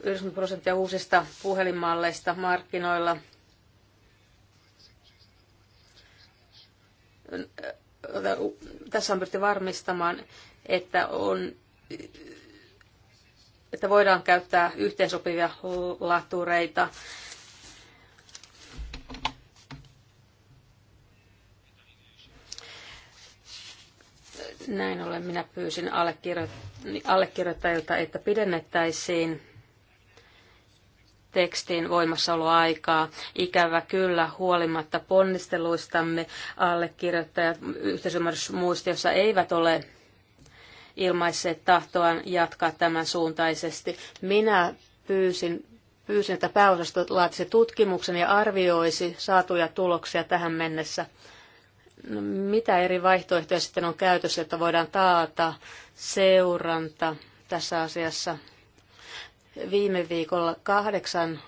90 prosenttia uusista puhelinmalleista markkinoilla – tässä on pyritty varmistamaan, että on että voidaan käyttää yhteensopivia latureita. Näin ollen minä pyysin allekirjoittajilta, että pidennettäisiin tekstin voimassaoloaikaa. Ikävä kyllä, huolimatta ponnisteluistamme allekirjoittajat yhteisymmärrysmuistiossa eivät ole ilmaisseet tahtoaan jatkaa tämän suuntaisesti. Minä pyysin, pyysin että pääosasto laatisi tutkimuksen ja arvioisi saatuja tuloksia tähän mennessä. No, mitä eri vaihtoehtoja sitten on käytössä, että voidaan taata seuranta tässä asiassa? viime viikolla kahdeksan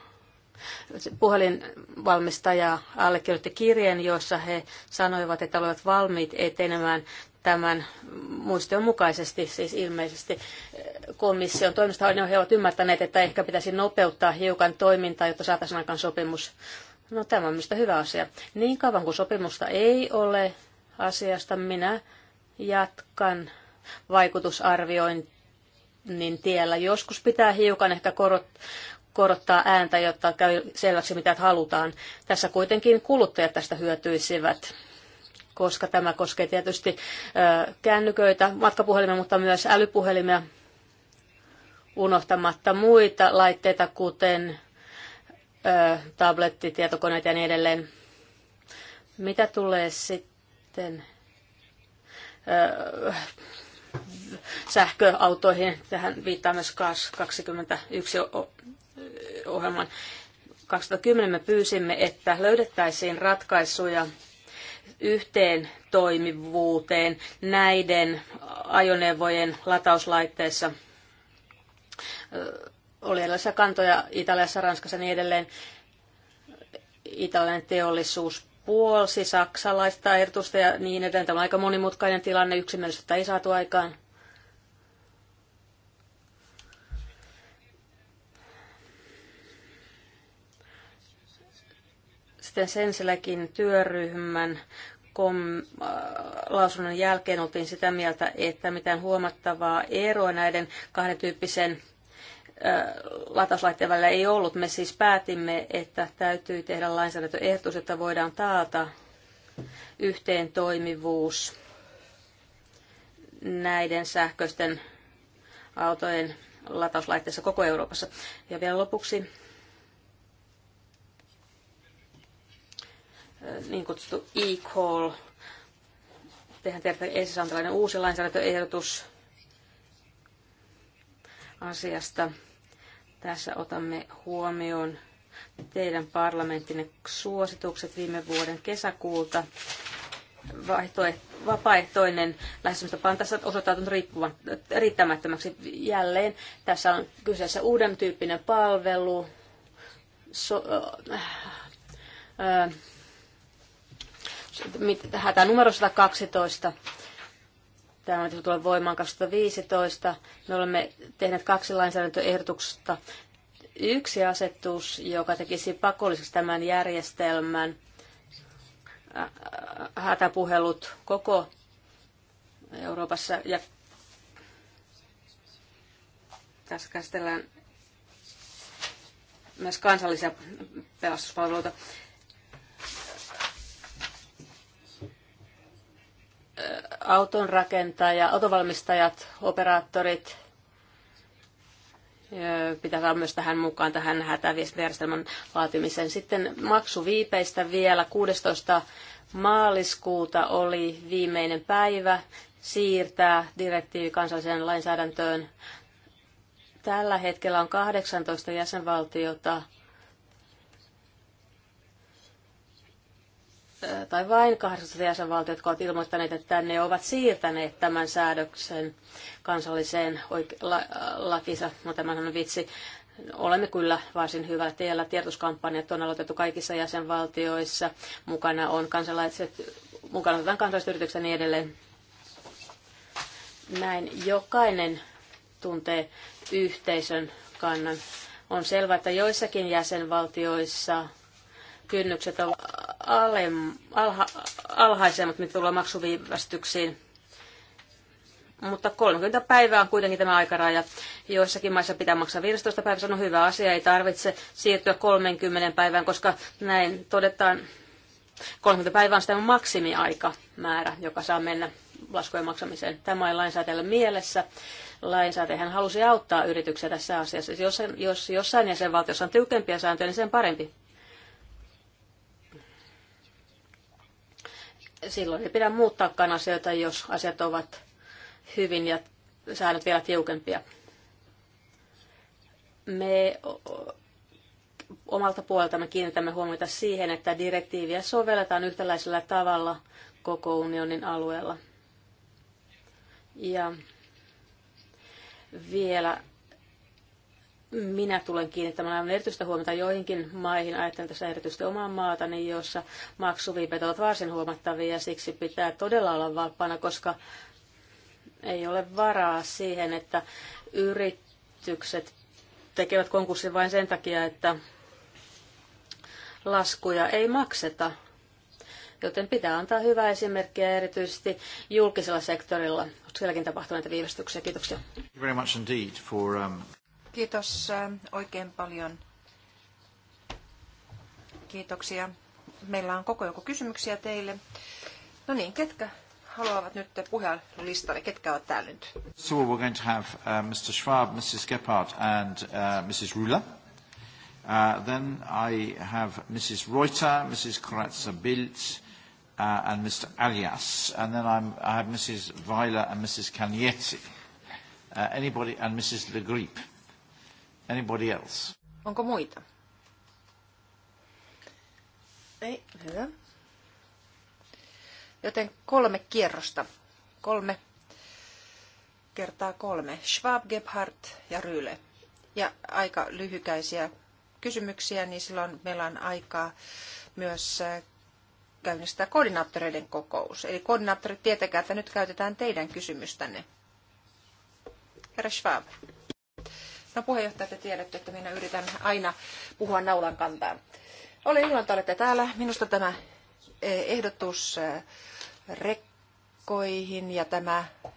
puhelinvalmistajaa allekirjoitti kirjeen, jossa he sanoivat, että olivat valmiit etenemään tämän muistion mukaisesti, siis ilmeisesti eh, komission toimesta he ovat ymmärtäneet, että ehkä pitäisi nopeuttaa hiukan toimintaa, jotta saataisiin aikaan sopimus. No tämä on mistä hyvä asia. Niin kauan kuin sopimusta ei ole asiasta, minä jatkan vaikutusarviointia niin tiellä. Joskus pitää hiukan ehkä korot, korottaa ääntä, jotta käy selväksi, mitä halutaan. Tässä kuitenkin kuluttajat tästä hyötyisivät koska tämä koskee tietysti kännyköitä, matkapuhelimia, mutta myös älypuhelimia, unohtamatta muita laitteita, kuten tabletti, tietokoneet ja niin edelleen. Mitä tulee sitten sähköautoihin. Tähän viittaa myös kaas 21 ohjelman. 2010 me pyysimme, että löydettäisiin ratkaisuja yhteen toimivuuteen näiden ajoneuvojen latauslaitteissa. Oli erilaisia kantoja Italiassa, Ranskassa ja niin edelleen. Italian teollisuus puolsi saksalaista ehdotusta ja niin edelleen. Tämä on aika monimutkainen tilanne, yksimielisyyttä ei saatu aikaan. Sitten Senseläkin työryhmän kom- äh, lausunnon jälkeen oltiin sitä mieltä, että mitään huomattavaa eroa näiden kahden tyyppisen latauslaitteen välillä ei ollut. Me siis päätimme, että täytyy tehdä lainsäädäntöehdotus, että voidaan taata yhteen toimivuus näiden sähköisten autojen latauslaitteissa koko Euroopassa. Ja vielä lopuksi niin kutsuttu e-call. Tehän tiedätte, että on tällainen uusi lainsäädäntöehdotus asiasta. Tässä otamme huomioon teidän parlamenttinne suositukset viime vuoden kesäkuulta. Vaihtoe, vapaaehtoinen lähestymistapa on tässä osoittautunut riittämättömäksi jälleen. Tässä on kyseessä uuden tyyppinen palvelu, so, äh, äh, hätänumero 112 Tämä on tulee voimaan 2015. Me olemme tehneet kaksi lainsäädäntöehdotuksesta. Yksi asetus, joka tekisi pakolliseksi tämän järjestelmän hätäpuhelut koko Euroopassa. Ja tässä käsitellään myös kansallisia pelastuspalveluita. auton rakentaja, autovalmistajat, operaattorit, pitää saada myös tähän mukaan tähän hätäviestintäjärjestelmän laatimiseen. Sitten maksuviipeistä vielä 16. maaliskuuta oli viimeinen päivä siirtää direktiivi kansalliseen lainsäädäntöön. Tällä hetkellä on 18 jäsenvaltiota, tai vain 18 jäsenvaltiot, jotka ovat ilmoittaneet, että ne ovat siirtäneet tämän säädöksen kansalliseen oike- la- lakinsa. No tämähän on vitsi. Olemme kyllä varsin hyvällä tiellä. Tiedotuskampanjat on aloitettu kaikissa jäsenvaltioissa. Mukana on kansalaiset, mukana otetaan kansalaiset yritykset ja niin edelleen. Näin jokainen tuntee yhteisön kannan. On selvää, että joissakin jäsenvaltioissa kynnykset ovat alem, alha, alhaisemmat, mitä tulee maksuviivästyksiin. Mutta 30 päivää on kuitenkin tämä aikaraja. Joissakin maissa pitää maksaa 15 päivää, on hyvä asia, ei tarvitse siirtyä 30 päivään, koska näin todetaan 30 päivää on sitä maksimiaikamäärä, joka saa mennä laskujen maksamiseen. Tämä ei lainsäätäjällä mielessä. Lainsäätäjähän halusi auttaa yrityksiä tässä asiassa. Jos, jos jossain jäsenvaltiossa on tiukempia sääntöjä, niin sen parempi. silloin ei pidä muuttaakaan asioita, jos asiat ovat hyvin ja säännöt vielä tiukempia. Me omalta puoleltamme kiinnitämme huomiota siihen, että direktiiviä sovelletaan yhtäläisellä tavalla koko unionin alueella. Ja vielä minä tulen kiinnittämään aivan erityistä huomiota joihinkin maihin, ajattelen tässä erityisesti omaa maatani, jossa maksuviipet ovat varsin huomattavia ja siksi pitää todella olla valppaana, koska ei ole varaa siihen, että yritykset tekevät konkurssin vain sen takia, että laskuja ei makseta. Joten pitää antaa hyvää esimerkkiä erityisesti julkisella sektorilla. Sielläkin tapahtuneita näitä viivästyksiä. Kiitoksia. Kiitos äh, oikein paljon. Kiitoksia. Meillä on koko joku kysymyksiä teille. No niin, ketkä haluavat nyt puheenlistalle? Ketkä ovat täällä nyt? So we're going to have uh, Mr. Schwab, Mrs. Gephardt and uh, Mrs. Rula. Uh, then I have Mrs. Reuter, Mrs. Kratza-Bilt, uh, and Mr. Alias. And then I'm, I have Mrs. Weiler and Mrs. Cagnetti. Uh, anybody, and Mrs. Le Grip. Anybody else? Onko muita? Ei, hyvä. Joten kolme kierrosta. Kolme kertaa kolme. Schwab, Gebhardt ja Ryle. Ja aika lyhykäisiä kysymyksiä, niin silloin meillä on aikaa myös äh, käynnistää koordinaattoreiden kokous. Eli koordinaattorit, tietäkää, että nyt käytetään teidän kysymystänne. Herra Schwab. No puheenjohtaja, te tiedätte, että minä yritän aina puhua naulan kantaan. Oli ilo, että olette täällä. Minusta tämä e, ehdotus e, rekkoihin ja tämä e,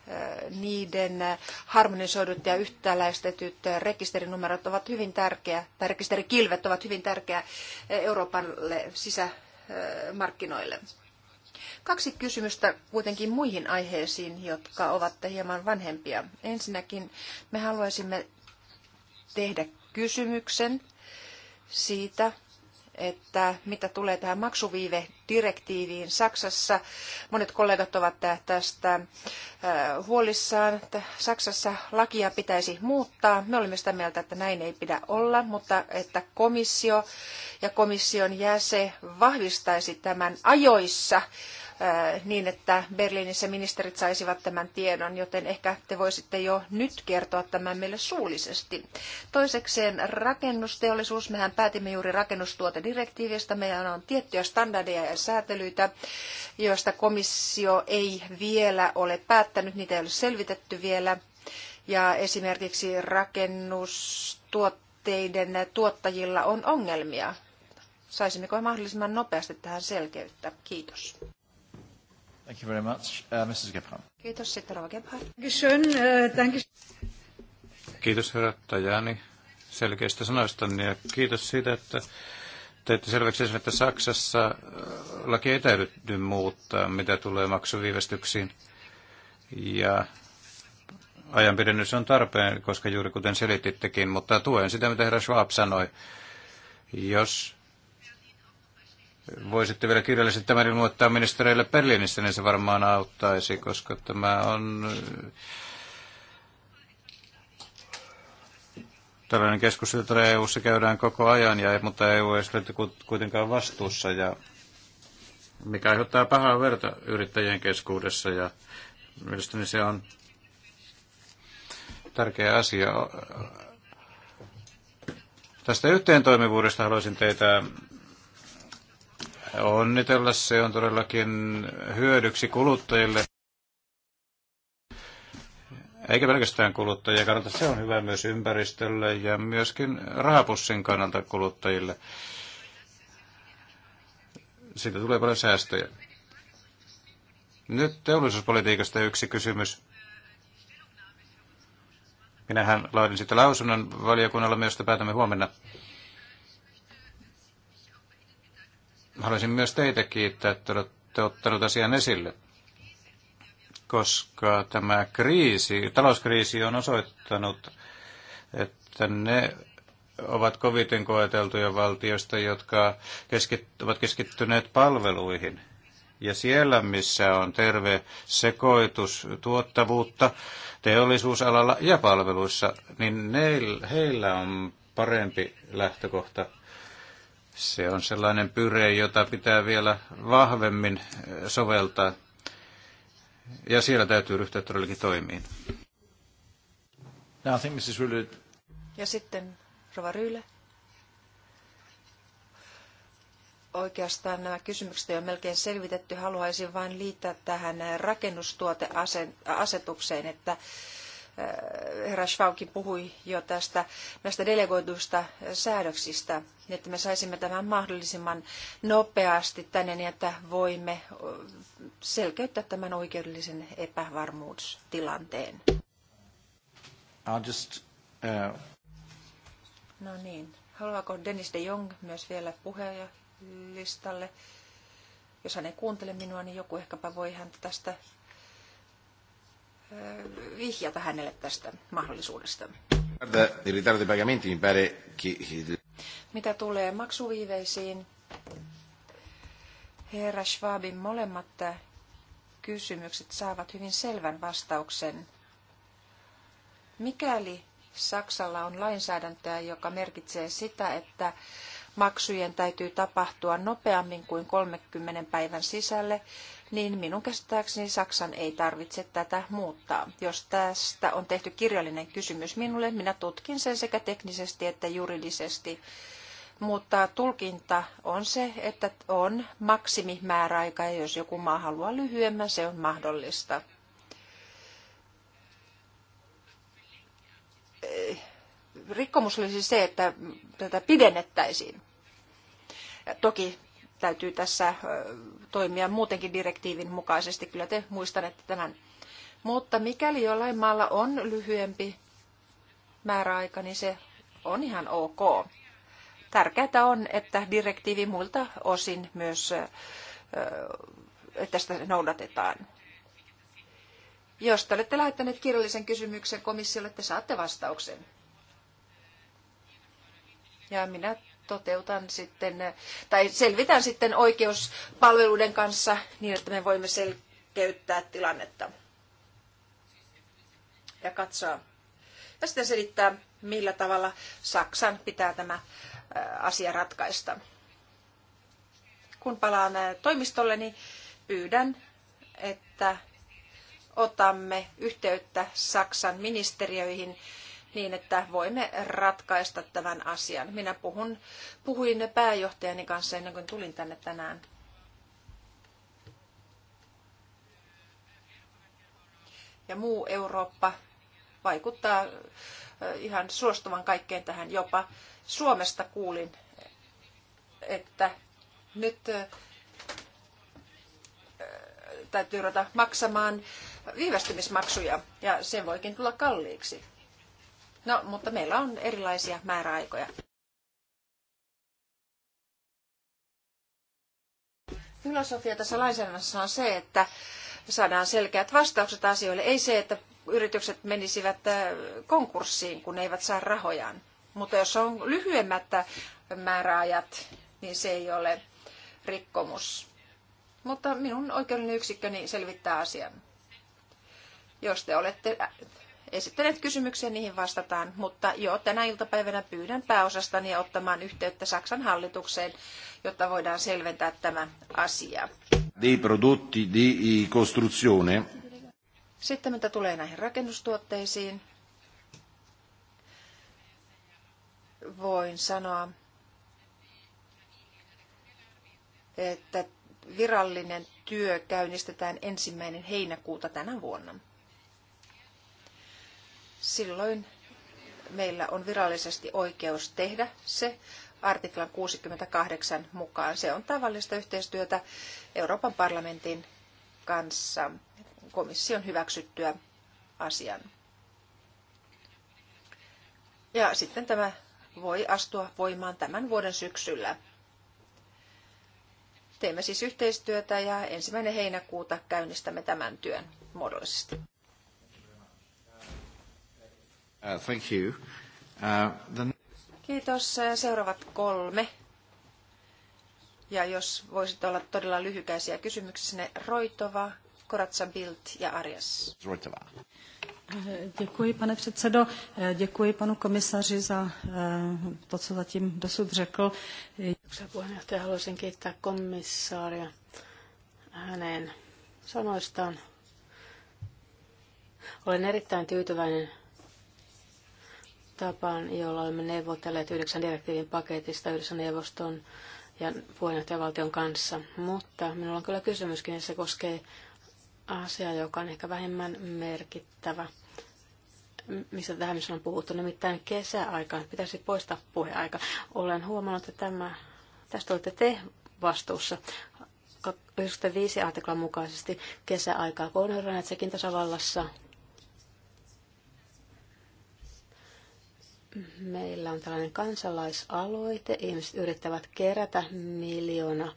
niiden harmonisoidut ja yhtäläistetyt rekisterinumerot ovat hyvin tärkeä, tai rekisterikilvet ovat hyvin tärkeä Euroopalle sisämarkkinoille. Kaksi kysymystä kuitenkin muihin aiheisiin, jotka ovat hieman vanhempia. Ensinnäkin me haluaisimme tehdä kysymyksen siitä, että mitä tulee tähän maksuviivedirektiiviin Saksassa. Monet kollegat ovat tästä äh, huolissaan. että Saksassa lakia pitäisi muuttaa. Me olemme sitä mieltä, että näin ei pidä olla, mutta että komissio ja komission jäsen vahvistaisi tämän ajoissa niin, että Berliinissä ministerit saisivat tämän tiedon, joten ehkä te voisitte jo nyt kertoa tämän meille suullisesti. Toisekseen rakennusteollisuus. Mehän päätimme juuri rakennustuotedirektiivistä. Meillä on tiettyjä standardeja ja säätelyitä, joista komissio ei vielä ole päättänyt. Niitä ei ole selvitetty vielä. Ja esimerkiksi rakennustuotteiden tuottajilla on ongelmia saisimmeko mahdollisimman nopeasti tähän selkeyttä. Kiitos. Thank you very much. Uh, Mrs. Gebhardt. Kiitos. Sitten Gebhardt. Uh, kiitos herra Tajani selkeistä sanoista ja kiitos siitä, että teette selväksi sen, että Saksassa uh, laki ei täytyy muuttaa, mitä tulee maksuviivästyksiin. Ja ajanpidennys on tarpeen, koska juuri kuten selitittekin, mutta tuen sitä, mitä herra Schwab sanoi. Jos voisitte vielä kirjallisesti tämän ilmoittaa ministereille Berliinissä, niin se varmaan auttaisi, koska tämä on äh, tällainen keskustelu, jota EU-ssa käydään koko ajan, ja, mutta EU ei ole kuitenkaan vastuussa, ja mikä aiheuttaa pahaa verta yrittäjien keskuudessa, ja mielestäni se on tärkeä asia. Tästä yhteentoimivuudesta haluaisin teitä onnitella. Se on todellakin hyödyksi kuluttajille. Eikä pelkästään kuluttajia, kannalta, se on hyvä myös ympäristölle ja myöskin rahapussin kannalta kuluttajille. Siitä tulee paljon säästöjä. Nyt teollisuuspolitiikasta yksi kysymys. Minähän laadin sitä lausunnon valiokunnalle, myös päätämme huomenna. haluaisin myös teitä kiittää, että olette ottanut asian esille, koska tämä kriisi, talouskriisi on osoittanut, että ne ovat koviten koeteltuja valtioista, jotka keskit, ovat keskittyneet palveluihin. Ja siellä, missä on terve sekoitus tuottavuutta teollisuusalalla ja palveluissa, niin ne, heillä on parempi lähtökohta – se on sellainen pyre, jota pitää vielä vahvemmin eh, soveltaa. Ja siellä täytyy ryhtyä todellakin toimiin. Ja sitten Rova Ryyle. Oikeastaan nämä kysymykset on melkein selvitetty. Haluaisin vain liittää tähän rakennustuoteasetukseen, että Äh, herra Schwabkin puhui jo tästä näistä delegoiduista säädöksistä, niin että me saisimme tämän mahdollisimman nopeasti tänne, niin että voimme selkeyttää tämän oikeudellisen epävarmuustilanteen. I'll just, uh... No niin. Haluaako Dennis de Jong myös vielä puheenlistalle? Jos hän ei kuuntele minua, niin joku ehkäpä voi häntä tästä vihjata hänelle tästä mahdollisuudesta. Niin Mitä tulee maksuviiveisiin, herra Schwabin molemmat kysymykset saavat hyvin selvän vastauksen. Mikäli Saksalla on lainsäädäntöä, joka merkitsee sitä, että maksujen täytyy tapahtua nopeammin kuin 30 päivän sisälle, niin minun käsittääkseni Saksan ei tarvitse tätä muuttaa. Jos tästä on tehty kirjallinen kysymys minulle, minä tutkin sen sekä teknisesti että juridisesti. Mutta tulkinta on se, että on maksimimääräaika ja jos joku maa haluaa lyhyemmän, se on mahdollista. Rikkomus olisi se, että tätä pidennettäisiin. Toki täytyy tässä toimia muutenkin direktiivin mukaisesti, kyllä te muistanette tämän. Mutta mikäli jollain maalla on lyhyempi määräaika, niin se on ihan ok. Tärkeää on, että direktiivi muilta osin myös että sitä noudatetaan. Jos te olette lähettäneet kirjallisen kysymyksen komissiolle, te saatte vastauksen. Ja minä toteutan sitten, tai selvitän sitten oikeuspalveluiden kanssa niin, että me voimme selkeyttää tilannetta ja katsoa. Ja sitten selittää, millä tavalla Saksan pitää tämä asia ratkaista. Kun palaan toimistolle, niin pyydän, että otamme yhteyttä Saksan ministeriöihin niin, että voimme ratkaista tämän asian. Minä puhun, puhuin pääjohtajani kanssa ennen kuin tulin tänne tänään. Ja muu Eurooppa vaikuttaa ihan suostuvan kaikkeen tähän. Jopa Suomesta kuulin, että nyt täytyy ruveta maksamaan viivästymismaksuja ja sen voikin tulla kalliiksi. No, mutta meillä on erilaisia määräaikoja. Filosofia tässä lainsäädännössä on se, että saadaan selkeät vastaukset asioille. Ei se, että yritykset menisivät äh, konkurssiin, kun ne eivät saa rahojaan. Mutta jos on lyhyemmät äh, määräajat, niin se ei ole rikkomus. Mutta minun oikeudellinen yksikköni selvittää asian. Jos te olette esittäneet kysymyksiä, niihin vastataan. Mutta jo tänä iltapäivänä pyydän pääosastani ottamaan yhteyttä Saksan hallitukseen, jotta voidaan selventää tämä asia. Dei prodotti di costruzione. Sitten mitä tulee näihin rakennustuotteisiin, voin sanoa, että virallinen työ käynnistetään ensimmäinen heinäkuuta tänä vuonna silloin meillä on virallisesti oikeus tehdä se artiklan 68 mukaan. Se on tavallista yhteistyötä Euroopan parlamentin kanssa komission hyväksyttyä asian. Ja sitten tämä voi astua voimaan tämän vuoden syksyllä. Teemme siis yhteistyötä ja ensimmäinen heinäkuuta käynnistämme tämän työn muodollisesti. Uh, thank you. Uh, then... Kiitos. Äh, seuraavat kolme. Ja jos voisit olla todella lyhykäisiä kysymyksenne, Roitova, Koratsa Bild ja Arias. Roitova. Děkuji, pane předsedo. Eh, děkuji panu komisaři za eh, to, co zatím dosud řekl. Puheenjohtaja, haluaisin kiittää komissaaria hänen sanoistaan. Olen erittäin tyytyväinen tapaan, jolla olemme neuvotelleet yhdeksän direktiivin paketista yhdessä neuvoston ja puheenjohtajavaltion kanssa. Mutta minulla on kyllä kysymyskin, että se koskee asiaa, joka on ehkä vähemmän merkittävä, mistä tähän missä on puhuttu, nimittäin kesäaikaan. Pitäisi poistaa puheaika. Olen huomannut, että tämä, tästä olette te vastuussa. 95 artiklan mukaisesti kesäaikaa koordinoidaan sekin tasavallassa Meillä on tällainen kansalaisaloite. Ihmiset yrittävät kerätä miljoona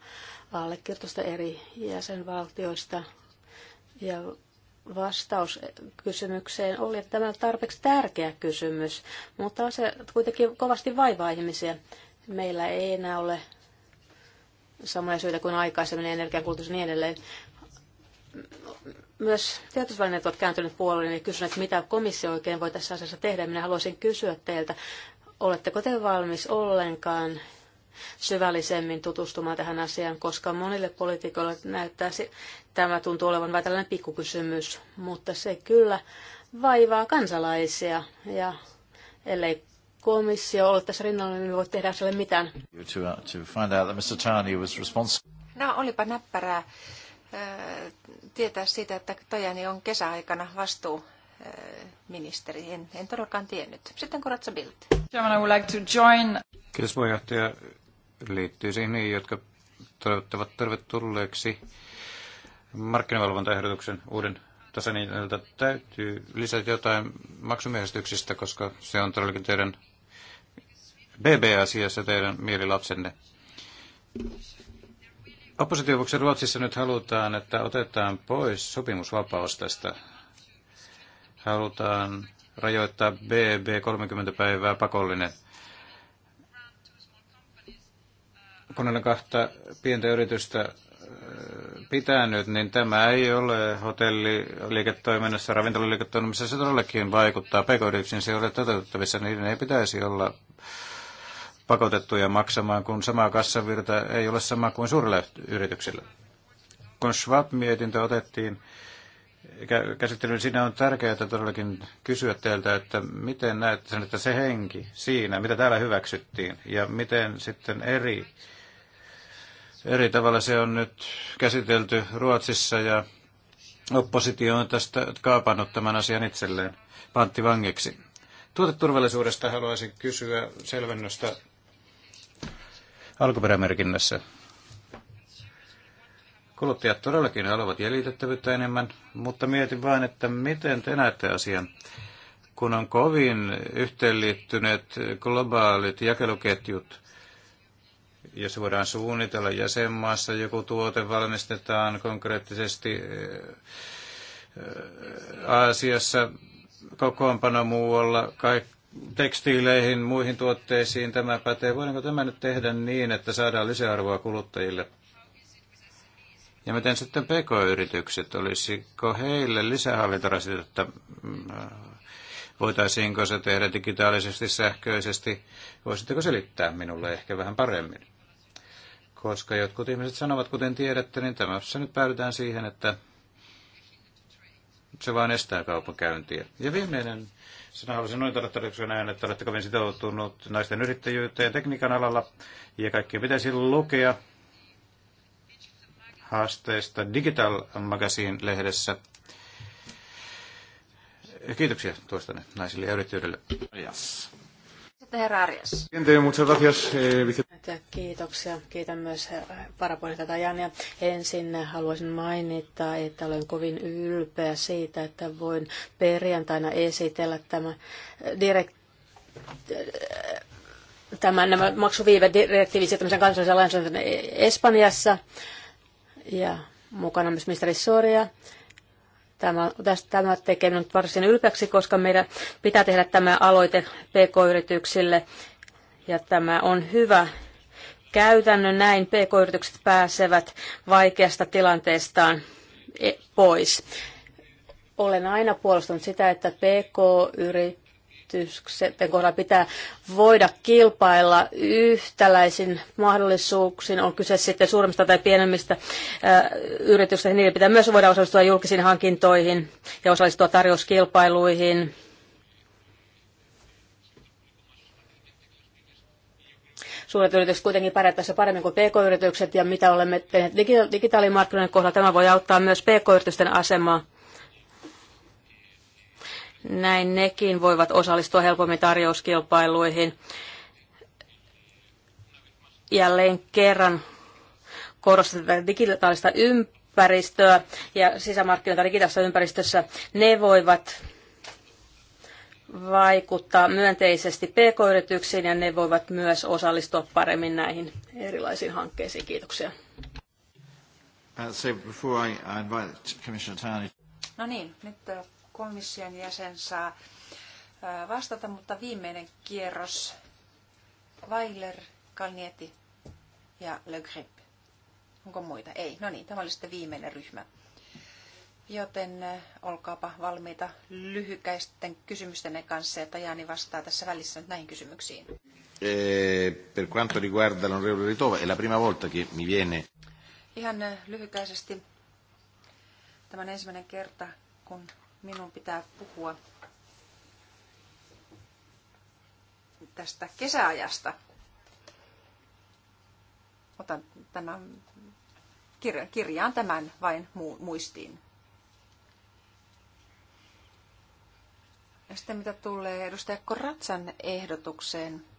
allekirjoitusta eri jäsenvaltioista. Ja vastaus kysymykseen oli, että tämä on tarpeeksi tärkeä kysymys, mutta se kuitenkin kovasti vaivaa ihmisiä. Meillä ei enää ole samoja syitä kuin aikaisemmin, energiankulutus ja niin edelleen myös tiedotusvälineet ovat kääntyneet puolelle ja kysyneet, mitä komissio oikein voi tässä asiassa tehdä. Minä haluaisin kysyä teiltä, oletteko te valmis ollenkaan syvällisemmin tutustumaan tähän asiaan, koska monille poliitikoille näyttää, tämä tuntuu olevan vain tällainen pikkukysymys, mutta se kyllä vaivaa kansalaisia ja ellei komissio ole tässä rinnalla, niin voi tehdä sille mitään. Uh, no olipa näppärää tietää siitä, että Tajani on kesäaikana vastuu ministeri. En, en todellakaan tiennyt. Sitten Koratsa Bild. Chairman, Kiitos puheenjohtaja. Liittyy siihen, niin, jotka toivottavat tervetulleeksi markkinavalvontaehdotuksen uuden tasan. Niin, täytyy lisätä jotain maksumiehistyksistä, koska se on todellakin teidän BB-asiassa teidän mielilapsenne. Oppositiovuoksi Ruotsissa nyt halutaan, että otetaan pois sopimusvapaus tästä. Halutaan rajoittaa BB 30 päivää pakollinen. Kun olen kahta pientä yritystä äh, pitänyt, niin tämä ei ole hotelliliiketoiminnassa, ravintolaliiketoiminnassa, se todellakin vaikuttaa pk se ei ole toteutettavissa, niin ei pitäisi olla pakotettuja maksamaan, kun sama kassavirta ei ole sama kuin suurilla yrityksillä. Kun Schwab-mietintö otettiin käsittelyyn, niin siinä on tärkeää todellakin kysyä teiltä, että miten näette sen, että se henki siinä, mitä täällä hyväksyttiin, ja miten sitten eri, eri tavalla se on nyt käsitelty Ruotsissa ja oppositio on tästä kaapannut tämän asian itselleen panttivangiksi. Tuoteturvallisuudesta haluaisin kysyä selvennystä alkuperämerkinnässä. Kuluttajat todellakin haluavat jäljitettävyyttä enemmän, mutta mietin vain, että miten te näette asian, kun on kovin yhteenliittyneet globaalit jakeluketjut, jos voidaan suunnitella jäsenmaassa joku tuote valmistetaan konkreettisesti eh, eh, Aasiassa kokoonpano muualla, kaikki tekstiileihin, muihin tuotteisiin tämä pätee. Voidaanko tämä nyt tehdä niin, että saadaan lisäarvoa kuluttajille? Ja miten sitten PK-yritykset, olisiko heille että mm, äh, Voitaisiinko se tehdä digitaalisesti, sähköisesti? Voisitteko selittää minulle ehkä vähän paremmin? Koska jotkut ihmiset sanovat, kuten tiedätte, niin tämässä nyt päädytään siihen, että se vain estää kaupankäyntiä. Ja viimeinen sinä haluaisin noin todeta näin, että olette kovin sitoutunut naisten yrittäjyyteen tekniikan alalla ja kaikki pitäisi lukea haasteesta Digital Magazine-lehdessä. Kiitoksia tuosta naisille ja yrittäjyydelle. Yes herra eh, Kiitoksia. Kiitän myös varapuolelta Tajania. Ensin haluaisin mainita, että olen kovin ylpeä siitä, että voin perjantaina esitellä tämä eh, direkt eh, tämän nämä maksuviivedirektiivit siirtämisen kansallisen lainsäädännön Espanjassa ja mukana myös ministeri Soria Tämä, tästä, tämä tekee minut varsin ylpeäksi, koska meidän pitää tehdä tämä aloite PK-yrityksille. Ja tämä on hyvä käytännön näin PK-yritykset pääsevät vaikeasta tilanteestaan eh, pois. Olen aina puolustanut sitä, että PK-yritykset yritysten kohdalla pitää voida kilpailla yhtäläisin mahdollisuuksin, on kyse sitten suuremmista tai pienemmistä yrityksistä, niiden pitää myös voida osallistua julkisiin hankintoihin ja osallistua tarjouskilpailuihin. suuret yritykset kuitenkin pärjää paremmin kuin pk-yritykset ja mitä olemme tehneet digitaalimarkkinoiden kohdalla. Tämä voi auttaa myös pk-yritysten asemaa näin nekin voivat osallistua helpommin tarjouskilpailuihin. Jälleen kerran korostetaan digitaalista ympäristöä ja sisämarkkinoita digitaalisessa ympäristössä. Ne voivat vaikuttaa myönteisesti pk-yrityksiin ja ne voivat myös osallistua paremmin näihin erilaisiin hankkeisiin. Kiitoksia. Uh, no niin, nyt uh, komission jäsen saa vastata, mutta viimeinen kierros. Weiler, Kalnieti ja Le Grip. Onko muita? Ei. No niin, tämä oli sitten viimeinen ryhmä. Joten olkaapa valmiita lyhykäisten kysymysten kanssa, että Jaani vastaa tässä välissä nyt näihin kysymyksiin. Eh, per quanto riguarda l'onorevole Ritova, è la prima volta che mi viene... Ihan lyhykäisesti. Tämä on ensimmäinen kerta, kun minun pitää puhua tästä kesäajasta. Otan tämän, kirjaan tämän vain muistiin. Ja sitten mitä tulee edustaja Koratsan ehdotukseen –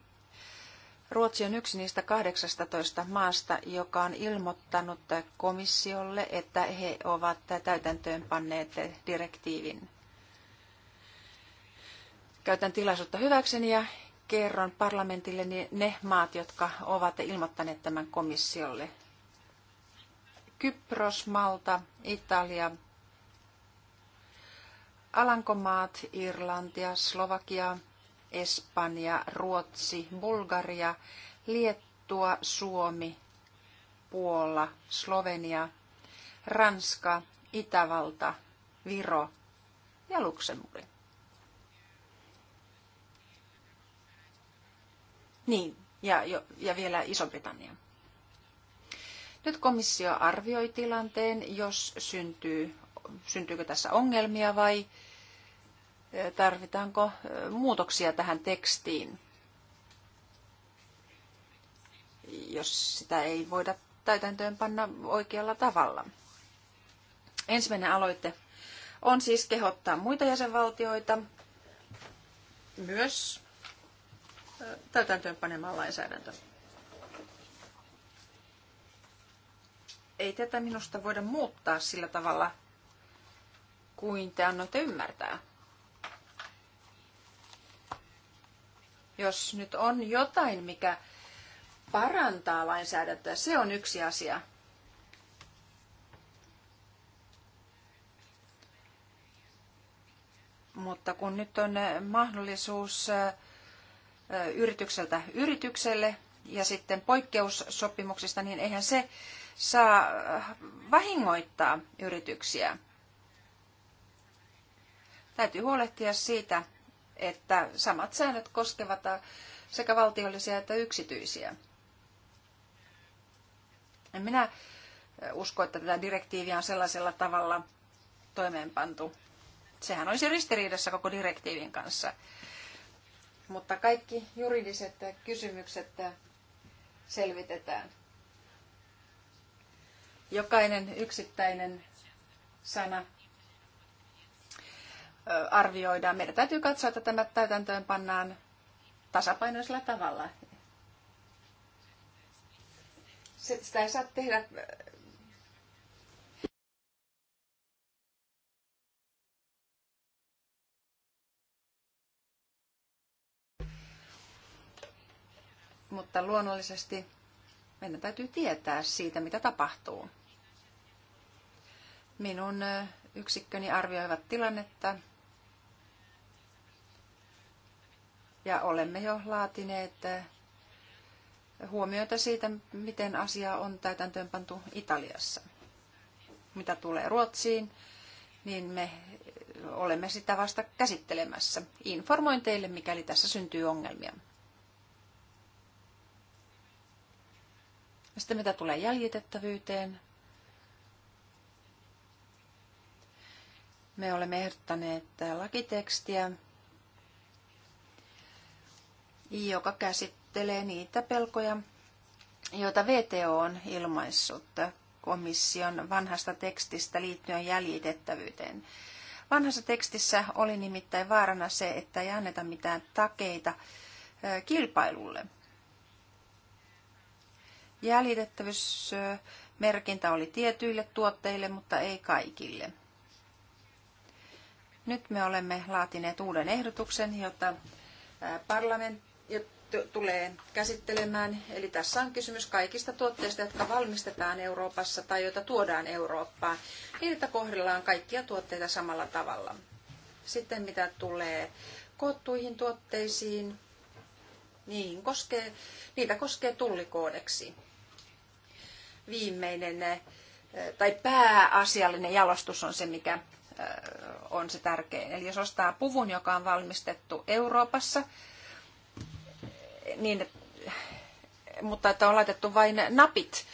Ruotsi on yksi niistä 18 maasta, joka on ilmoittanut komissiolle, että he ovat täytäntöön panneet direktiivin. Käytän tilaisuutta hyväkseni ja kerron parlamentille ne maat, jotka ovat ilmoittaneet tämän komissiolle. Kypros, Malta, Italia, Alankomaat, Irlantia, Slovakia, Espanja, Ruotsi, Bulgaria, Liettua, Suomi, Puola, Slovenia, Ranska, Itävalta, Viro ja Luxemburg. Niin, ja, jo, ja vielä Iso-Britannia. Nyt komissio arvioi tilanteen, jos syntyy, syntyykö tässä ongelmia vai tarvitaanko muutoksia tähän tekstiin, jos sitä ei voida täytäntöön panna oikealla tavalla. Ensimmäinen aloite on siis kehottaa muita jäsenvaltioita myös täytäntöön panemaan ei tätä minusta voida muuttaa sillä tavalla kuin te annoitte ymmärtää. Jos nyt on jotain, mikä parantaa lainsäädäntöä, se on yksi asia. Mutta kun nyt on eh, mahdollisuus eh, eh, yritykseltä yritykselle ja sitten poikkeussopimuksista, niin eihän se saa vahingoittaa yrityksiä. Täytyy huolehtia siitä, että samat säännöt koskevat sekä valtiollisia että yksityisiä. En minä usko, että tätä direktiiviä on sellaisella tavalla toimeenpantu. Sehän olisi ristiriidassa koko direktiivin kanssa. Mutta kaikki juridiset kysymykset selvitetään. Jokainen yksittäinen sana arvioidaan. Meidän täytyy katsoa, että tämä täytäntöön pannaan tasapainoisella tavalla. Sitä ei saa tehdä mutta luonnollisesti meidän täytyy tietää siitä, mitä tapahtuu. Minun yksikköni arvioivat tilannetta ja olemme jo laatineet eh, huomioita siitä, miten asia on täytäntöönpantu Italiassa. Mitä tulee Ruotsiin, niin me eh, olemme sitä vasta käsittelemässä. Informoin teille, mikäli tässä syntyy ongelmia. Sitten mitä tulee jäljitettävyyteen, me olemme ehdottaneet eh, lakitekstiä, joka käsittelee niitä pelkoja, joita VTO on ilmaissut komission vanhasta tekstistä liittyen jäljitettävyyteen. Vanhassa tekstissä oli nimittäin vaarana se, että ei anneta mitään takeita kilpailulle. Jäljitettävyysmerkintä oli tietyille tuotteille, mutta ei kaikille. Nyt me olemme laatineet uuden ehdotuksen, jota parlament tulee käsittelemään. Eli tässä on kysymys kaikista tuotteista, jotka valmistetaan Euroopassa tai joita tuodaan Eurooppaan. Niitä kohdellaan kaikkia tuotteita samalla tavalla. Sitten mitä tulee koottuihin tuotteisiin, niin koskee, niitä koskee tullikoodeksi. Viimeinen eh, tai pääasiallinen jalostus on se, mikä eh, on se tärkein. Eli jos ostaa puvun, joka on valmistettu Euroopassa, niin, mutta että on laitettu vain napit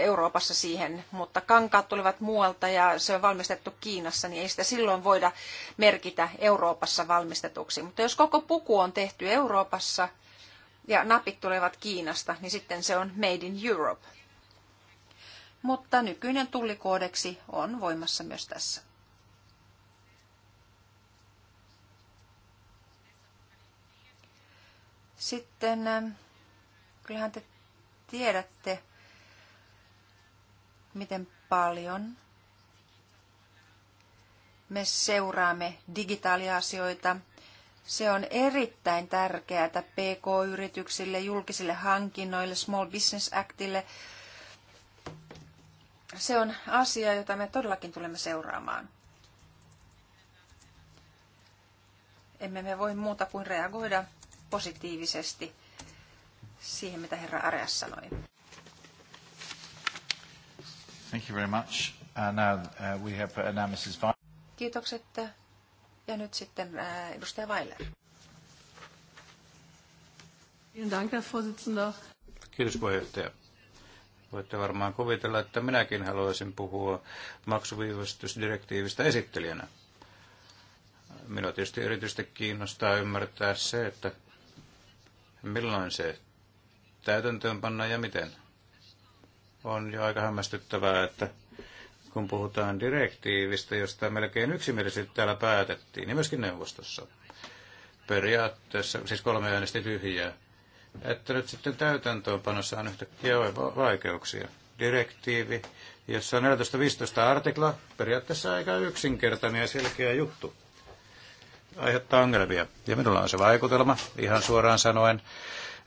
Euroopassa siihen, mutta kankaat tulivat muualta ja se on valmistettu Kiinassa, niin ei sitä silloin voida merkitä Euroopassa valmistetuksi. Mutta jos koko puku on tehty Euroopassa ja napit tulevat Kiinasta, niin sitten se on Made in Europe. Mutta nykyinen tullikoodeksi on voimassa myös tässä. Sitten, ähm, kyllähän te tiedätte, miten paljon me seuraamme digitaaliasioita. Se on erittäin tärkeää PK-yrityksille, julkisille hankinnoille, Small Business Actille. Se on asia, jota me todellakin tulemme seuraamaan. Emme me voi muuta kuin reagoida positiivisesti siihen, mitä herra Areas sanoi. Thank you very much. Uh, now uh, we have uh, now Mrs. Kiitokset. Ja nyt sitten uh, edustaja Weiler. Vielen Kiitos puheenjohtaja. Voitte varmaan kuvitella, että minäkin haluaisin puhua maksuviivästysdirektiivistä esittelijänä. Minua tietysti erityisesti kiinnostaa ymmärtää se, että Milloin se täytäntöön pannaan ja miten? On jo aika hämmästyttävää, että kun puhutaan direktiivistä, josta melkein yksimielisesti täällä päätettiin, niin myöskin neuvostossa. Periaatteessa, siis kolme äänesti tyhjää. Että nyt sitten täytäntöönpanossa on yhtäkkiä vaikeuksia. Direktiivi, jossa on 14-15 artikla, periaatteessa aika yksinkertainen ja selkeä juttu aiheuttaa ongelmia. Ja minulla on se vaikutelma, ihan suoraan sanoen.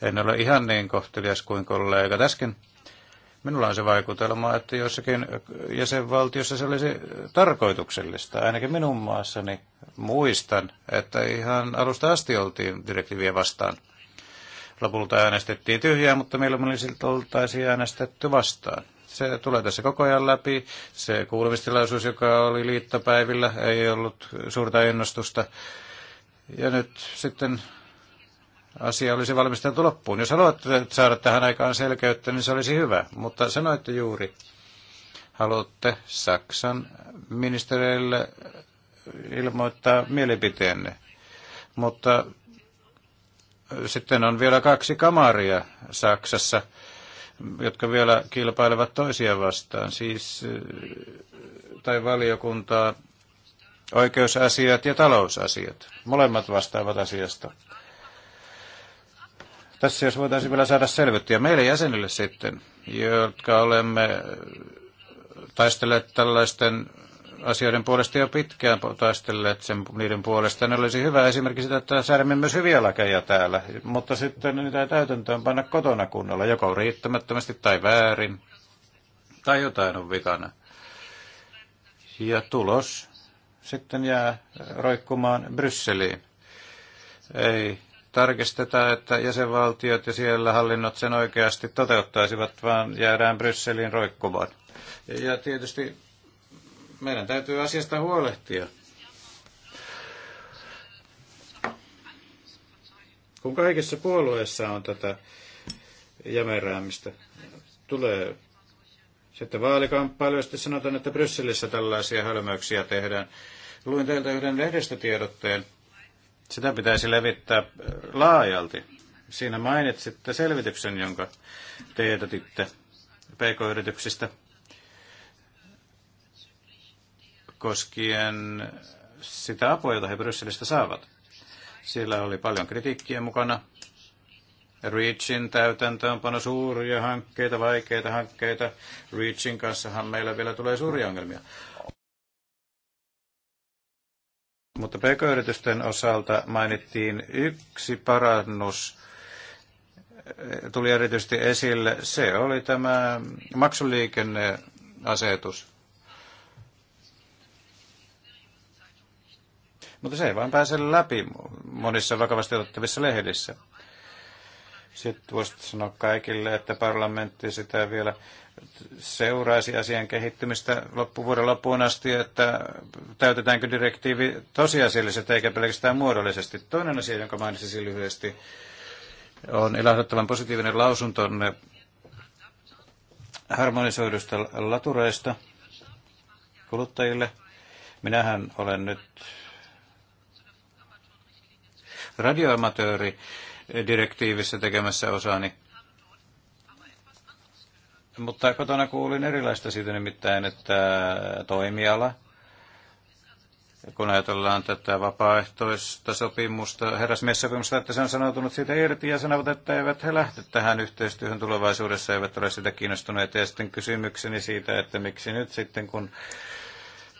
En ole ihan niin kohtelias kuin kollega äsken. Minulla on se vaikutelma, että jossakin jäsenvaltiossa se olisi tarkoituksellista. Ainakin minun maassani muistan, että ihan alusta asti oltiin direktiiviä vastaan. Lopulta äänestettiin tyhjää, mutta meillä oli siltä oltaisiin äänestetty vastaan. Se tulee tässä koko ajan läpi. Se kuulemistilaisuus, joka oli liittopäivillä, ei ollut suurta innostusta. Ja nyt sitten asia olisi valmisteltu loppuun. Jos haluatte saada tähän aikaan selkeyttä, niin se olisi hyvä. Mutta sanoitte juuri, haluatte Saksan ministereille ilmoittaa mielipiteenne. Mutta sitten on vielä kaksi kamaria Saksassa, jotka vielä kilpailevat toisia vastaan, siis, eh, tai valiokuntaa, oikeusasiat ja talousasiat. Molemmat vastaavat asiasta. Tässä jos voitaisiin vielä saada selvyyttä. Ja meille jäsenille sitten, jotka olemme eh, taistelleet tällaisten asioiden puolesta jo pitkään taistelleet sen, niiden puolesta. Ne olisi hyvä esimerkki sitä, että säädämme myös hyviä lakeja täällä, mutta sitten niitä ei täytäntöön panna kotona kunnolla, joko riittämättömästi tai väärin, tai jotain on vikana. Ja tulos sitten jää roikkumaan Brysseliin. Ei tarkisteta, että jäsenvaltiot ja siellä hallinnot sen oikeasti toteuttaisivat, vaan jäädään Brysseliin roikkumaan. Ja tietysti meidän täytyy asiasta huolehtia. Kun kaikissa puolueissa on tätä jämeräämistä, tulee sitten vaalikamppailu, sanotaan, että Brysselissä tällaisia hölmöyksiä tehdään. Luin teiltä yhden lehdistötiedotteen. Sitä pitäisi levittää laajalti. Siinä mainitsitte selvityksen, jonka teetätitte pk-yrityksistä. koskien sitä apua, jota he Brysselistä saavat. Siellä oli paljon kritiikkiä mukana. REACHin täytäntöönpano suuria hankkeita, vaikeita hankkeita. REACHin kanssahan meillä vielä tulee suuria ongelmia. Mutta pk-yritysten osalta mainittiin yksi parannus, tuli erityisesti esille, se oli tämä maksuliikenneasetus. Mutta se ei vaan pääse läpi monissa vakavasti otettavissa lehdissä. Sitten voisi sanoa kaikille, että parlamentti sitä vielä seuraisi asian kehittymistä loppuvuoden loppuun asti, että täytetäänkö direktiivi tosiasiallisesti eikä pelkästään muodollisesti. Toinen asia, jonka mainitsisin lyhyesti, on ilahduttavan positiivinen lausunto harmonisoidusta latureista kuluttajille. Minähän olen nyt radioamatööridirektiivissä tekemässä osani. Mutta kotona kuulin erilaista siitä nimittäin, että toimiala, kun ajatellaan tätä vapaaehtoista sopimusta, herrasmiessopimusta, että se on sanotunut siitä irti ja sanovat, että eivät he lähde tähän yhteistyöhön tulevaisuudessa, eivät ole sitä kiinnostuneet. Ja sitten kysymykseni siitä, että miksi nyt sitten, kun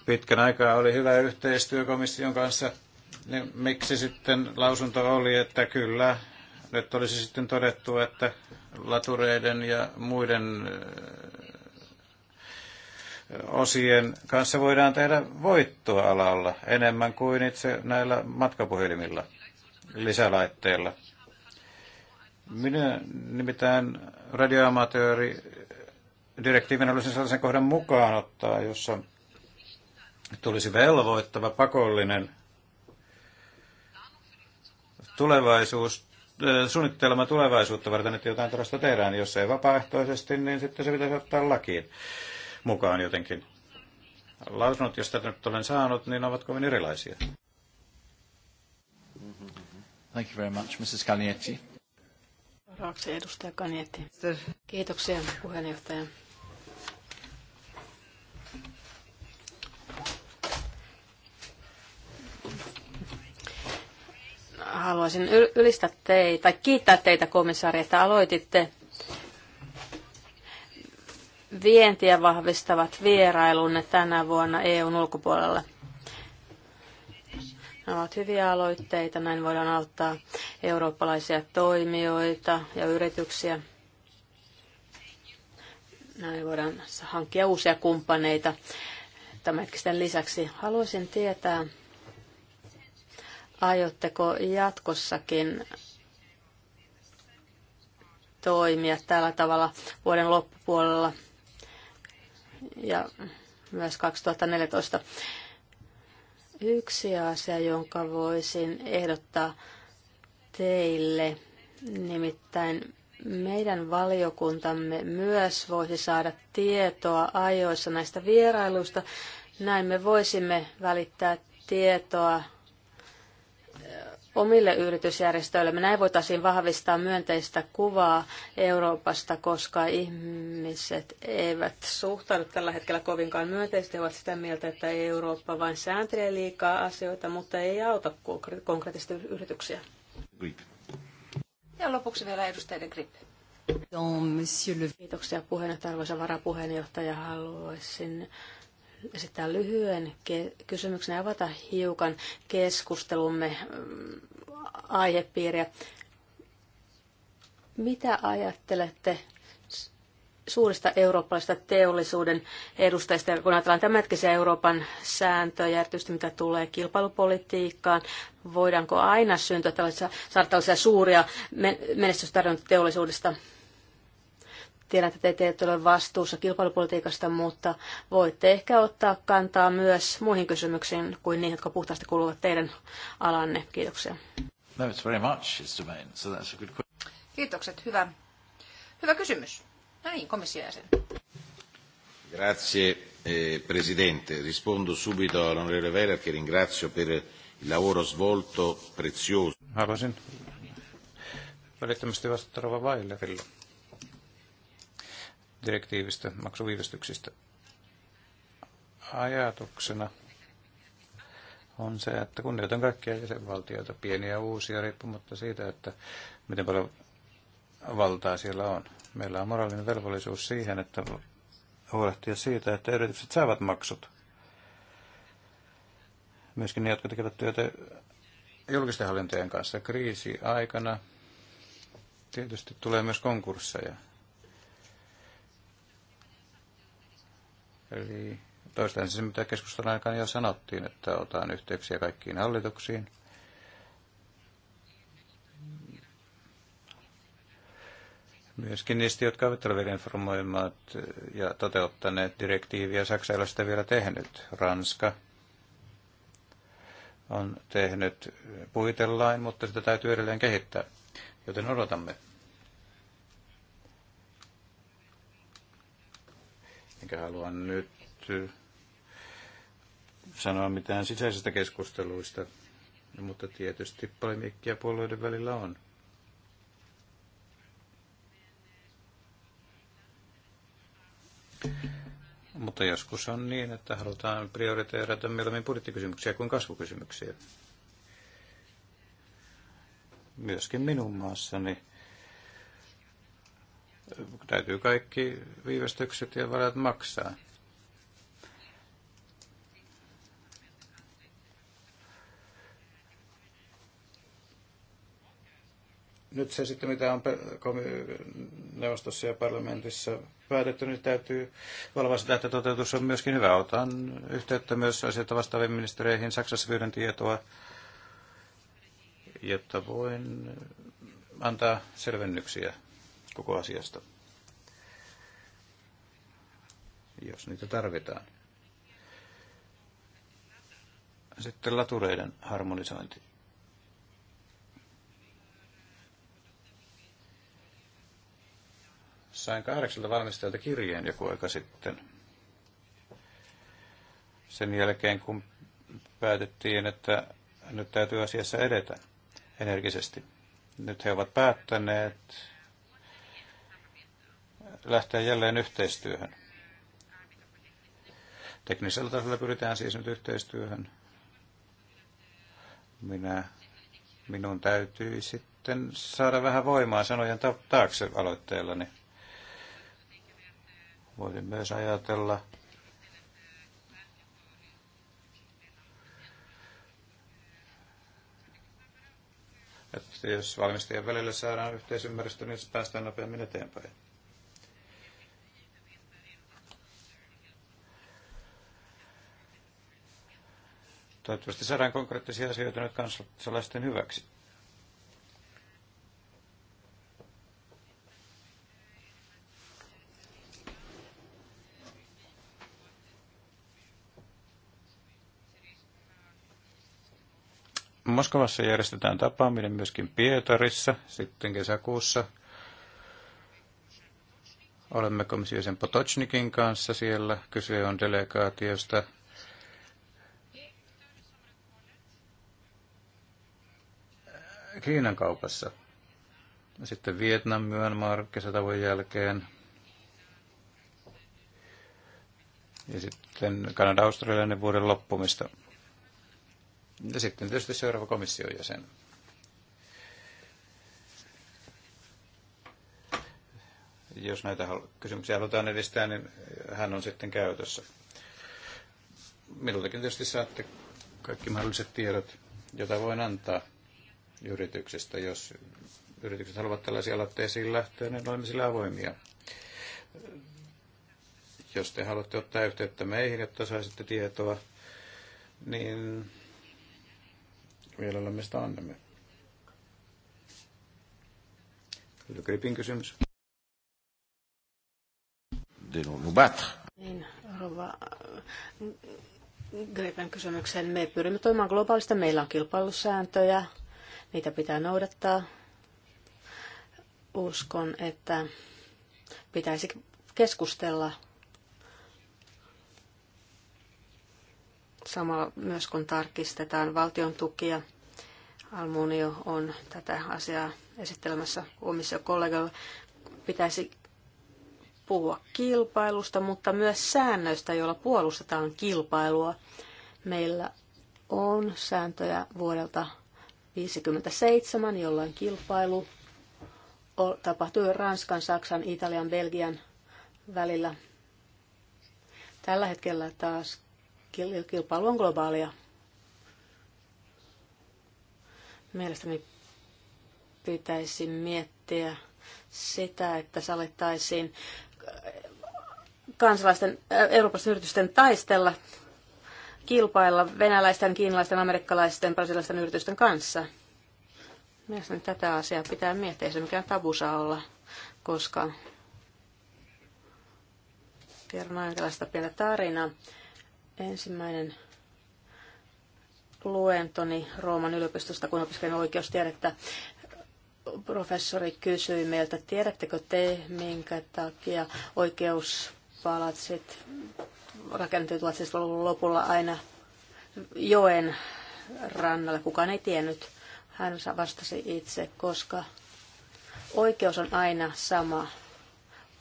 pitkän aikaa oli hyvä yhteistyö komission kanssa, niin miksi sitten lausunto oli, että kyllä nyt olisi sitten todettu, että latureiden ja muiden osien kanssa voidaan tehdä voittoa alalla enemmän kuin itse näillä matkapuhelimilla lisälaitteilla. Minä nimittäin radioamatööri direktiivin haluaisin sellaisen kohdan mukaan ottaa, jossa tulisi velvoittava pakollinen tulevaisuus, äh, suunnittelema tulevaisuutta varten, että jotain tällaista tehdään. Jos ei vapaaehtoisesti, niin sitten se pitäisi ottaa lakiin mukaan jotenkin. Lausunnot, joista nyt olen saanut, niin ovat kovin erilaisia. Thank you very much, Mrs. Kalnietti. Seuraavaksi edustaja Kalnietti. Kiitoksia puheenjohtaja. haluaisin ylistää teitä tai kiittää teitä komissaari, että aloititte vientiä vahvistavat vierailunne tänä vuonna EUn ulkopuolella. Nämä ovat hyviä aloitteita, näin voidaan auttaa eurooppalaisia toimijoita ja yrityksiä. Näin voidaan hankkia uusia kumppaneita tämän lisäksi. Haluaisin tietää, Aiotteko jatkossakin toimia tällä tavalla vuoden loppupuolella ja myös 2014? Yksi asia, jonka voisin ehdottaa teille, nimittäin meidän valiokuntamme myös voisi saada tietoa ajoissa näistä vierailuista. Näin me voisimme välittää tietoa omille yritysjärjestöillemme. Näin voitaisiin vahvistaa myönteistä kuvaa Euroopasta, koska ihmiset eivät suhtaudu tällä hetkellä kovinkaan myönteisesti. He ovat sitä mieltä, että Eurooppa vain sääntelee liikaa asioita, mutta ei auta konkreettisesti yrityksiä. Ja lopuksi vielä edustajan Grip. Kiitoksia puheenjohtaja, arvoisa varapuheenjohtaja. Haluaisin esittää lyhyen kysymyksen ja avata hiukan keskustelumme mm, aihepiiriä. Mitä ajattelette suurista eurooppalaisista teollisuuden edustajista, kun ajatellaan tämänhetkisiä Euroopan sääntöjä, erityisesti mitä tulee kilpailupolitiikkaan, voidaanko aina syntyä tällaisia, tällaisia suuria menestystarjonta teollisuudesta? Tiedän, että te ette ole vastuussa kilpailupolitiikasta, mutta voitte ehkä ottaa kantaa myös muihin kysymyksiin kuin niihin, jotka puhtaasti kuuluvat teidän alanne. Kiitoksia. No, it's very much his domain, so that's a good question. Kiitokset, hyvä. Hyvä kysymys. No niin, komission jäsen. Grazie, eh, Presidente. Rispondo subito all'onorevole Weller, che ringrazio per il lavoro svolto prezioso. Haluaisin välittömästi vastata Rova Weilerille direktiivistä maksuviivästyksistä. Ajatuksena on se, että kunnioitan kaikkia jäsenvaltioita, pieniä ja uusia, riippumatta siitä, että miten paljon valtaa siellä on. Meillä on moraalinen velvollisuus siihen, että huolehtia siitä, että yritykset saavat maksut. Myöskin ne, jotka tekevät työtä julkisten hallintojen kanssa kriisi aikana, tietysti tulee myös konkursseja. Eli toistaan se, mitä keskustelun aikana jo sanottiin, että otetaan yhteyksiä kaikkiin hallituksiin. Myöskin niistä, jotka ovat vielä informoimaat ja toteuttaneet direktiiviä, Saksa ei ole sitä vielä tehnyt. Ranska on tehnyt puitelain, mutta sitä täytyy edelleen kehittää, joten odotamme enkä halua nyt eh, sanoa mitään sisäisistä keskusteluista, mutta tietysti polemiikkia puolueiden välillä on. Mutta joskus on niin, että halutaan prioriteerata mieluummin budjettikysymyksiä kuin kasvukysymyksiä. Myöskin minun maassani täytyy kaikki viivästykset ja varat maksaa. Nyt se sitten, mitä on neuvostossa ja parlamentissa päätetty, niin täytyy valvoa sitä, että toteutus on myöskin hyvä. Otan yhteyttä myös asioita vastaaviin ministereihin Saksassa pyydän tietoa, jotta voin antaa selvennyksiä koko asiasta, jos niitä tarvitaan. Sitten latureiden harmonisointi. Sain kahdeksalta valmistajalta kirjeen joku aika sitten. Sen jälkeen, kun päätettiin, että nyt täytyy asiassa edetä energisesti. Nyt he ovat päättäneet lähteä jälleen yhteistyöhön. Teknisellä tasolla pyritään siis nyt yhteistyöhön. Minä, minun täytyy sitten saada vähän voimaa sanojen taakse aloitteellani. Voisin myös ajatella että jos valmistajien välillä saadaan yhteisymmärrystä, niin päästään nopeammin eteenpäin. Toivottavasti saadaan konkreettisia asioita nyt kansalaisten hyväksi. Moskovassa järjestetään tapaaminen myöskin Pietarissa sitten kesäkuussa. Olemme komissiosen Potocnikin kanssa siellä. Kyse on delegaatiosta, Kiinan kaupassa. Sitten Vietnam, Myanmar kesätavon jälkeen. Ja sitten Kanada, Australian vuoden loppumista. Ja sitten tietysti seuraava komission jäsen. Jos näitä kysymyksiä halutaan edistää, niin hän on sitten käytössä. Minultakin tietysti saatte kaikki mahdolliset tiedot, joita voin antaa yrityksestä. Jos yritykset haluavat tällaisia aloitteisiin lähteä, niin olemme sillä avoimia. Jos te haluatte ottaa yhteyttä meihin, jotta saisitte tietoa, niin vielä olemme sitä annamme. Lykripin kysymys. De Niin, rova, mm, Grepen kysymykseen. Me pyrimme toimimaan globaalista. Meillä on kilpailusääntöjä, Niitä pitää noudattaa. Uskon, että pitäisi keskustella samalla myös kun tarkistetaan valtion tukia. Almunio on tätä asiaa esittelemässä omissa kollegoilla. Pitäisi puhua kilpailusta, mutta myös säännöistä, joilla puolustetaan kilpailua. Meillä on sääntöjä vuodelta 57, jolloin kilpailu tapahtui Ranskan, Saksan, Italian, Belgian välillä. Tällä hetkellä taas kilpailu on globaalia. Mielestäni pitäisi miettiä sitä, että sallittaisiin kansalaisten, Euroopan yritysten taistella kilpailla venäläisten, kiinalaisten, amerikkalaisten, brasilialaisten yritysten kanssa. Mielestäni tätä asiaa pitää miettiä, se mikään tabu saa olla koskaan. Kerron aina tällaista pientä tarinaa. Ensimmäinen luentoni Rooman yliopistosta, kun opiskelin oikeustiedettä, professori kysyi meiltä, tiedättekö te, minkä takia oikeuspalatsit rakennettu siis 1700-luvun lopulla aina joen rannalle. Kukaan ei tiennyt. Hän vastasi itse, koska oikeus on aina sama.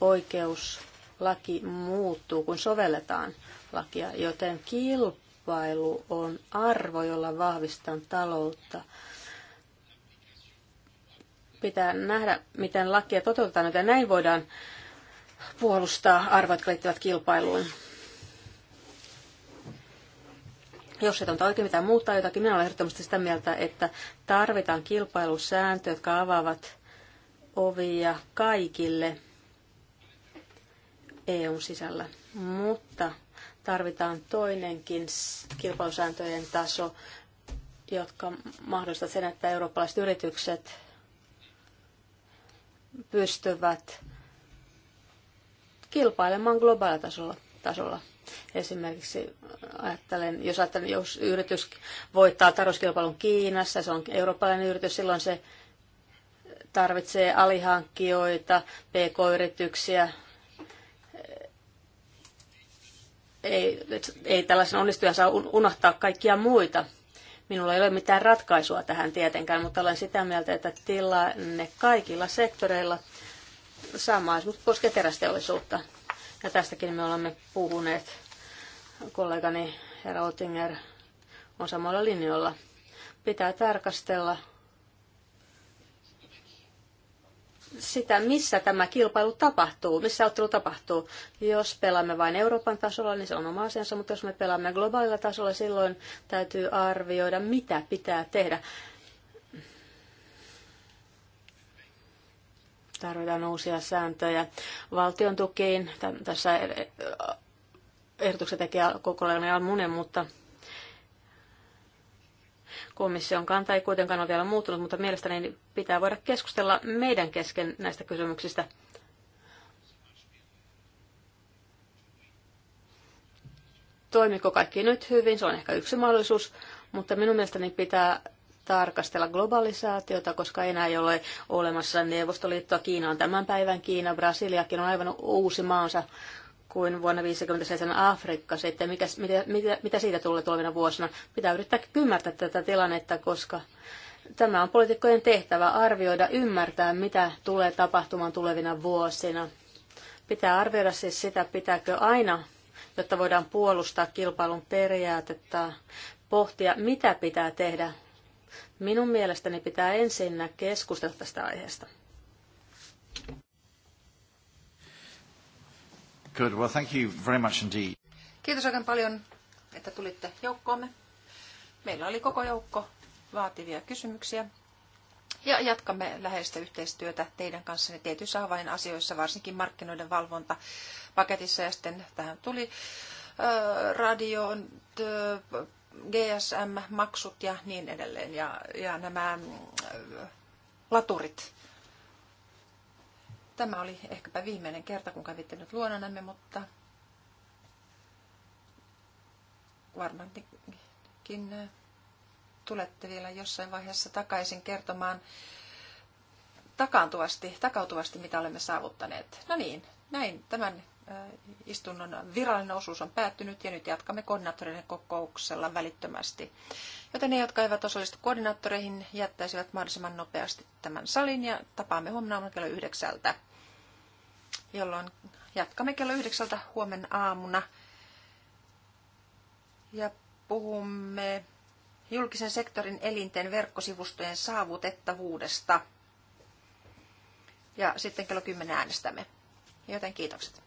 Oikeus, laki muuttuu, kun sovelletaan lakia, joten kilpailu on arvo, jolla vahvistan taloutta. Pitää nähdä, miten lakia toteutetaan, ja näin voidaan puolustaa arvot, jotka liittyvät kilpailuun. Jos et on oikein mitään muuta, jotakin, minä olen ehdottomasti sitä mieltä, että tarvitaan kilpailusääntöjä, jotka avaavat ovia kaikille EUn sisällä. Mutta tarvitaan toinenkin kilpailusääntöjen taso, jotka mahdollistavat sen, että eurooppalaiset yritykset pystyvät kilpailemaan globaalitasolla. tasolla. Esimerkiksi ajattelen, jos ajattelen, jos yritys voittaa tarjouskilpailun Kiinassa, se on eurooppalainen yritys, silloin se tarvitsee alihankkijoita, pk-yrityksiä, ei, ei tällaisen onnistujan saa unohtaa kaikkia muita. Minulla ei ole mitään ratkaisua tähän tietenkään, mutta olen sitä mieltä, että tilanne kaikilla sektoreilla sama koskee terästeollisuutta. Ja tästäkin me olemme puhuneet. Kollegani herra Oettinger on samalla linjoilla. Pitää tarkastella sitä, missä tämä kilpailu tapahtuu, missä ottelu tapahtuu. Jos pelaamme vain Euroopan tasolla, niin se on oma asiansa, mutta jos me pelaamme globaalilla tasolla, silloin täytyy arvioida, mitä pitää tehdä. tarvitaan uusia sääntöjä valtion tukiin. Tässä er-, ehdotuksen tekee kokoelma Almunen, mutta komission kanta ei kuitenkaan ole vielä muuttunut, mutta mielestäni pitää voida keskustella meidän kesken näistä kysymyksistä. Toimiko kaikki nyt hyvin? Se on ehkä yksi mahdollisuus, mutta minun mielestäni pitää tarkastella globalisaatiota, koska enää ei ole olemassa Neuvostoliittoa. Kiina on tämän päivän Kiina, Brasiliakin on aivan uusi maansa kuin vuonna 1957 Afrikka. Sitten mikä, mitä, mitä, mitä siitä tulee tulevina vuosina? Pitää yrittää ymmärtää tätä tilannetta, koska tämä on poliitikkojen tehtävä arvioida, ymmärtää, mitä tulee tapahtumaan tulevina vuosina. Pitää arvioida siis sitä, pitääkö aina, jotta voidaan puolustaa kilpailun periaatetta, pohtia, mitä pitää tehdä Minun mielestäni pitää ensin keskustella tästä aiheesta. Good. Well, thank you very much indeed. Kiitos oikein paljon, että tulitte joukkoomme. Meillä oli koko joukko vaativia kysymyksiä. Ja jatkamme läheistä yhteistyötä teidän kanssanne tietyissä avainasioissa, varsinkin markkinoiden valvonta paketissa ja sitten tähän tuli radio, GSM-maksut ja niin edelleen ja, ja nämä äh, laturit. Tämä oli ehkäpä viimeinen kerta, kun kävitte nyt luonanamme, mutta varmaankin äh, tulette vielä jossain vaiheessa takaisin kertomaan takautuvasti, mitä olemme saavuttaneet. No niin, näin tämän istunnon virallinen osuus on päättynyt ja nyt jatkamme koordinaattoreiden kokouksella välittömästi. Joten ne, jotka eivät osallistu koordinaattoreihin, jättäisivät mahdollisimman nopeasti tämän salin ja tapaamme huomenna aamuna kello yhdeksältä, jolloin jatkamme kello yhdeksältä huomenna aamuna ja puhumme julkisen sektorin elinten verkkosivustojen saavutettavuudesta. Ja sitten kello 10 äänestämme. Joten kiitokset.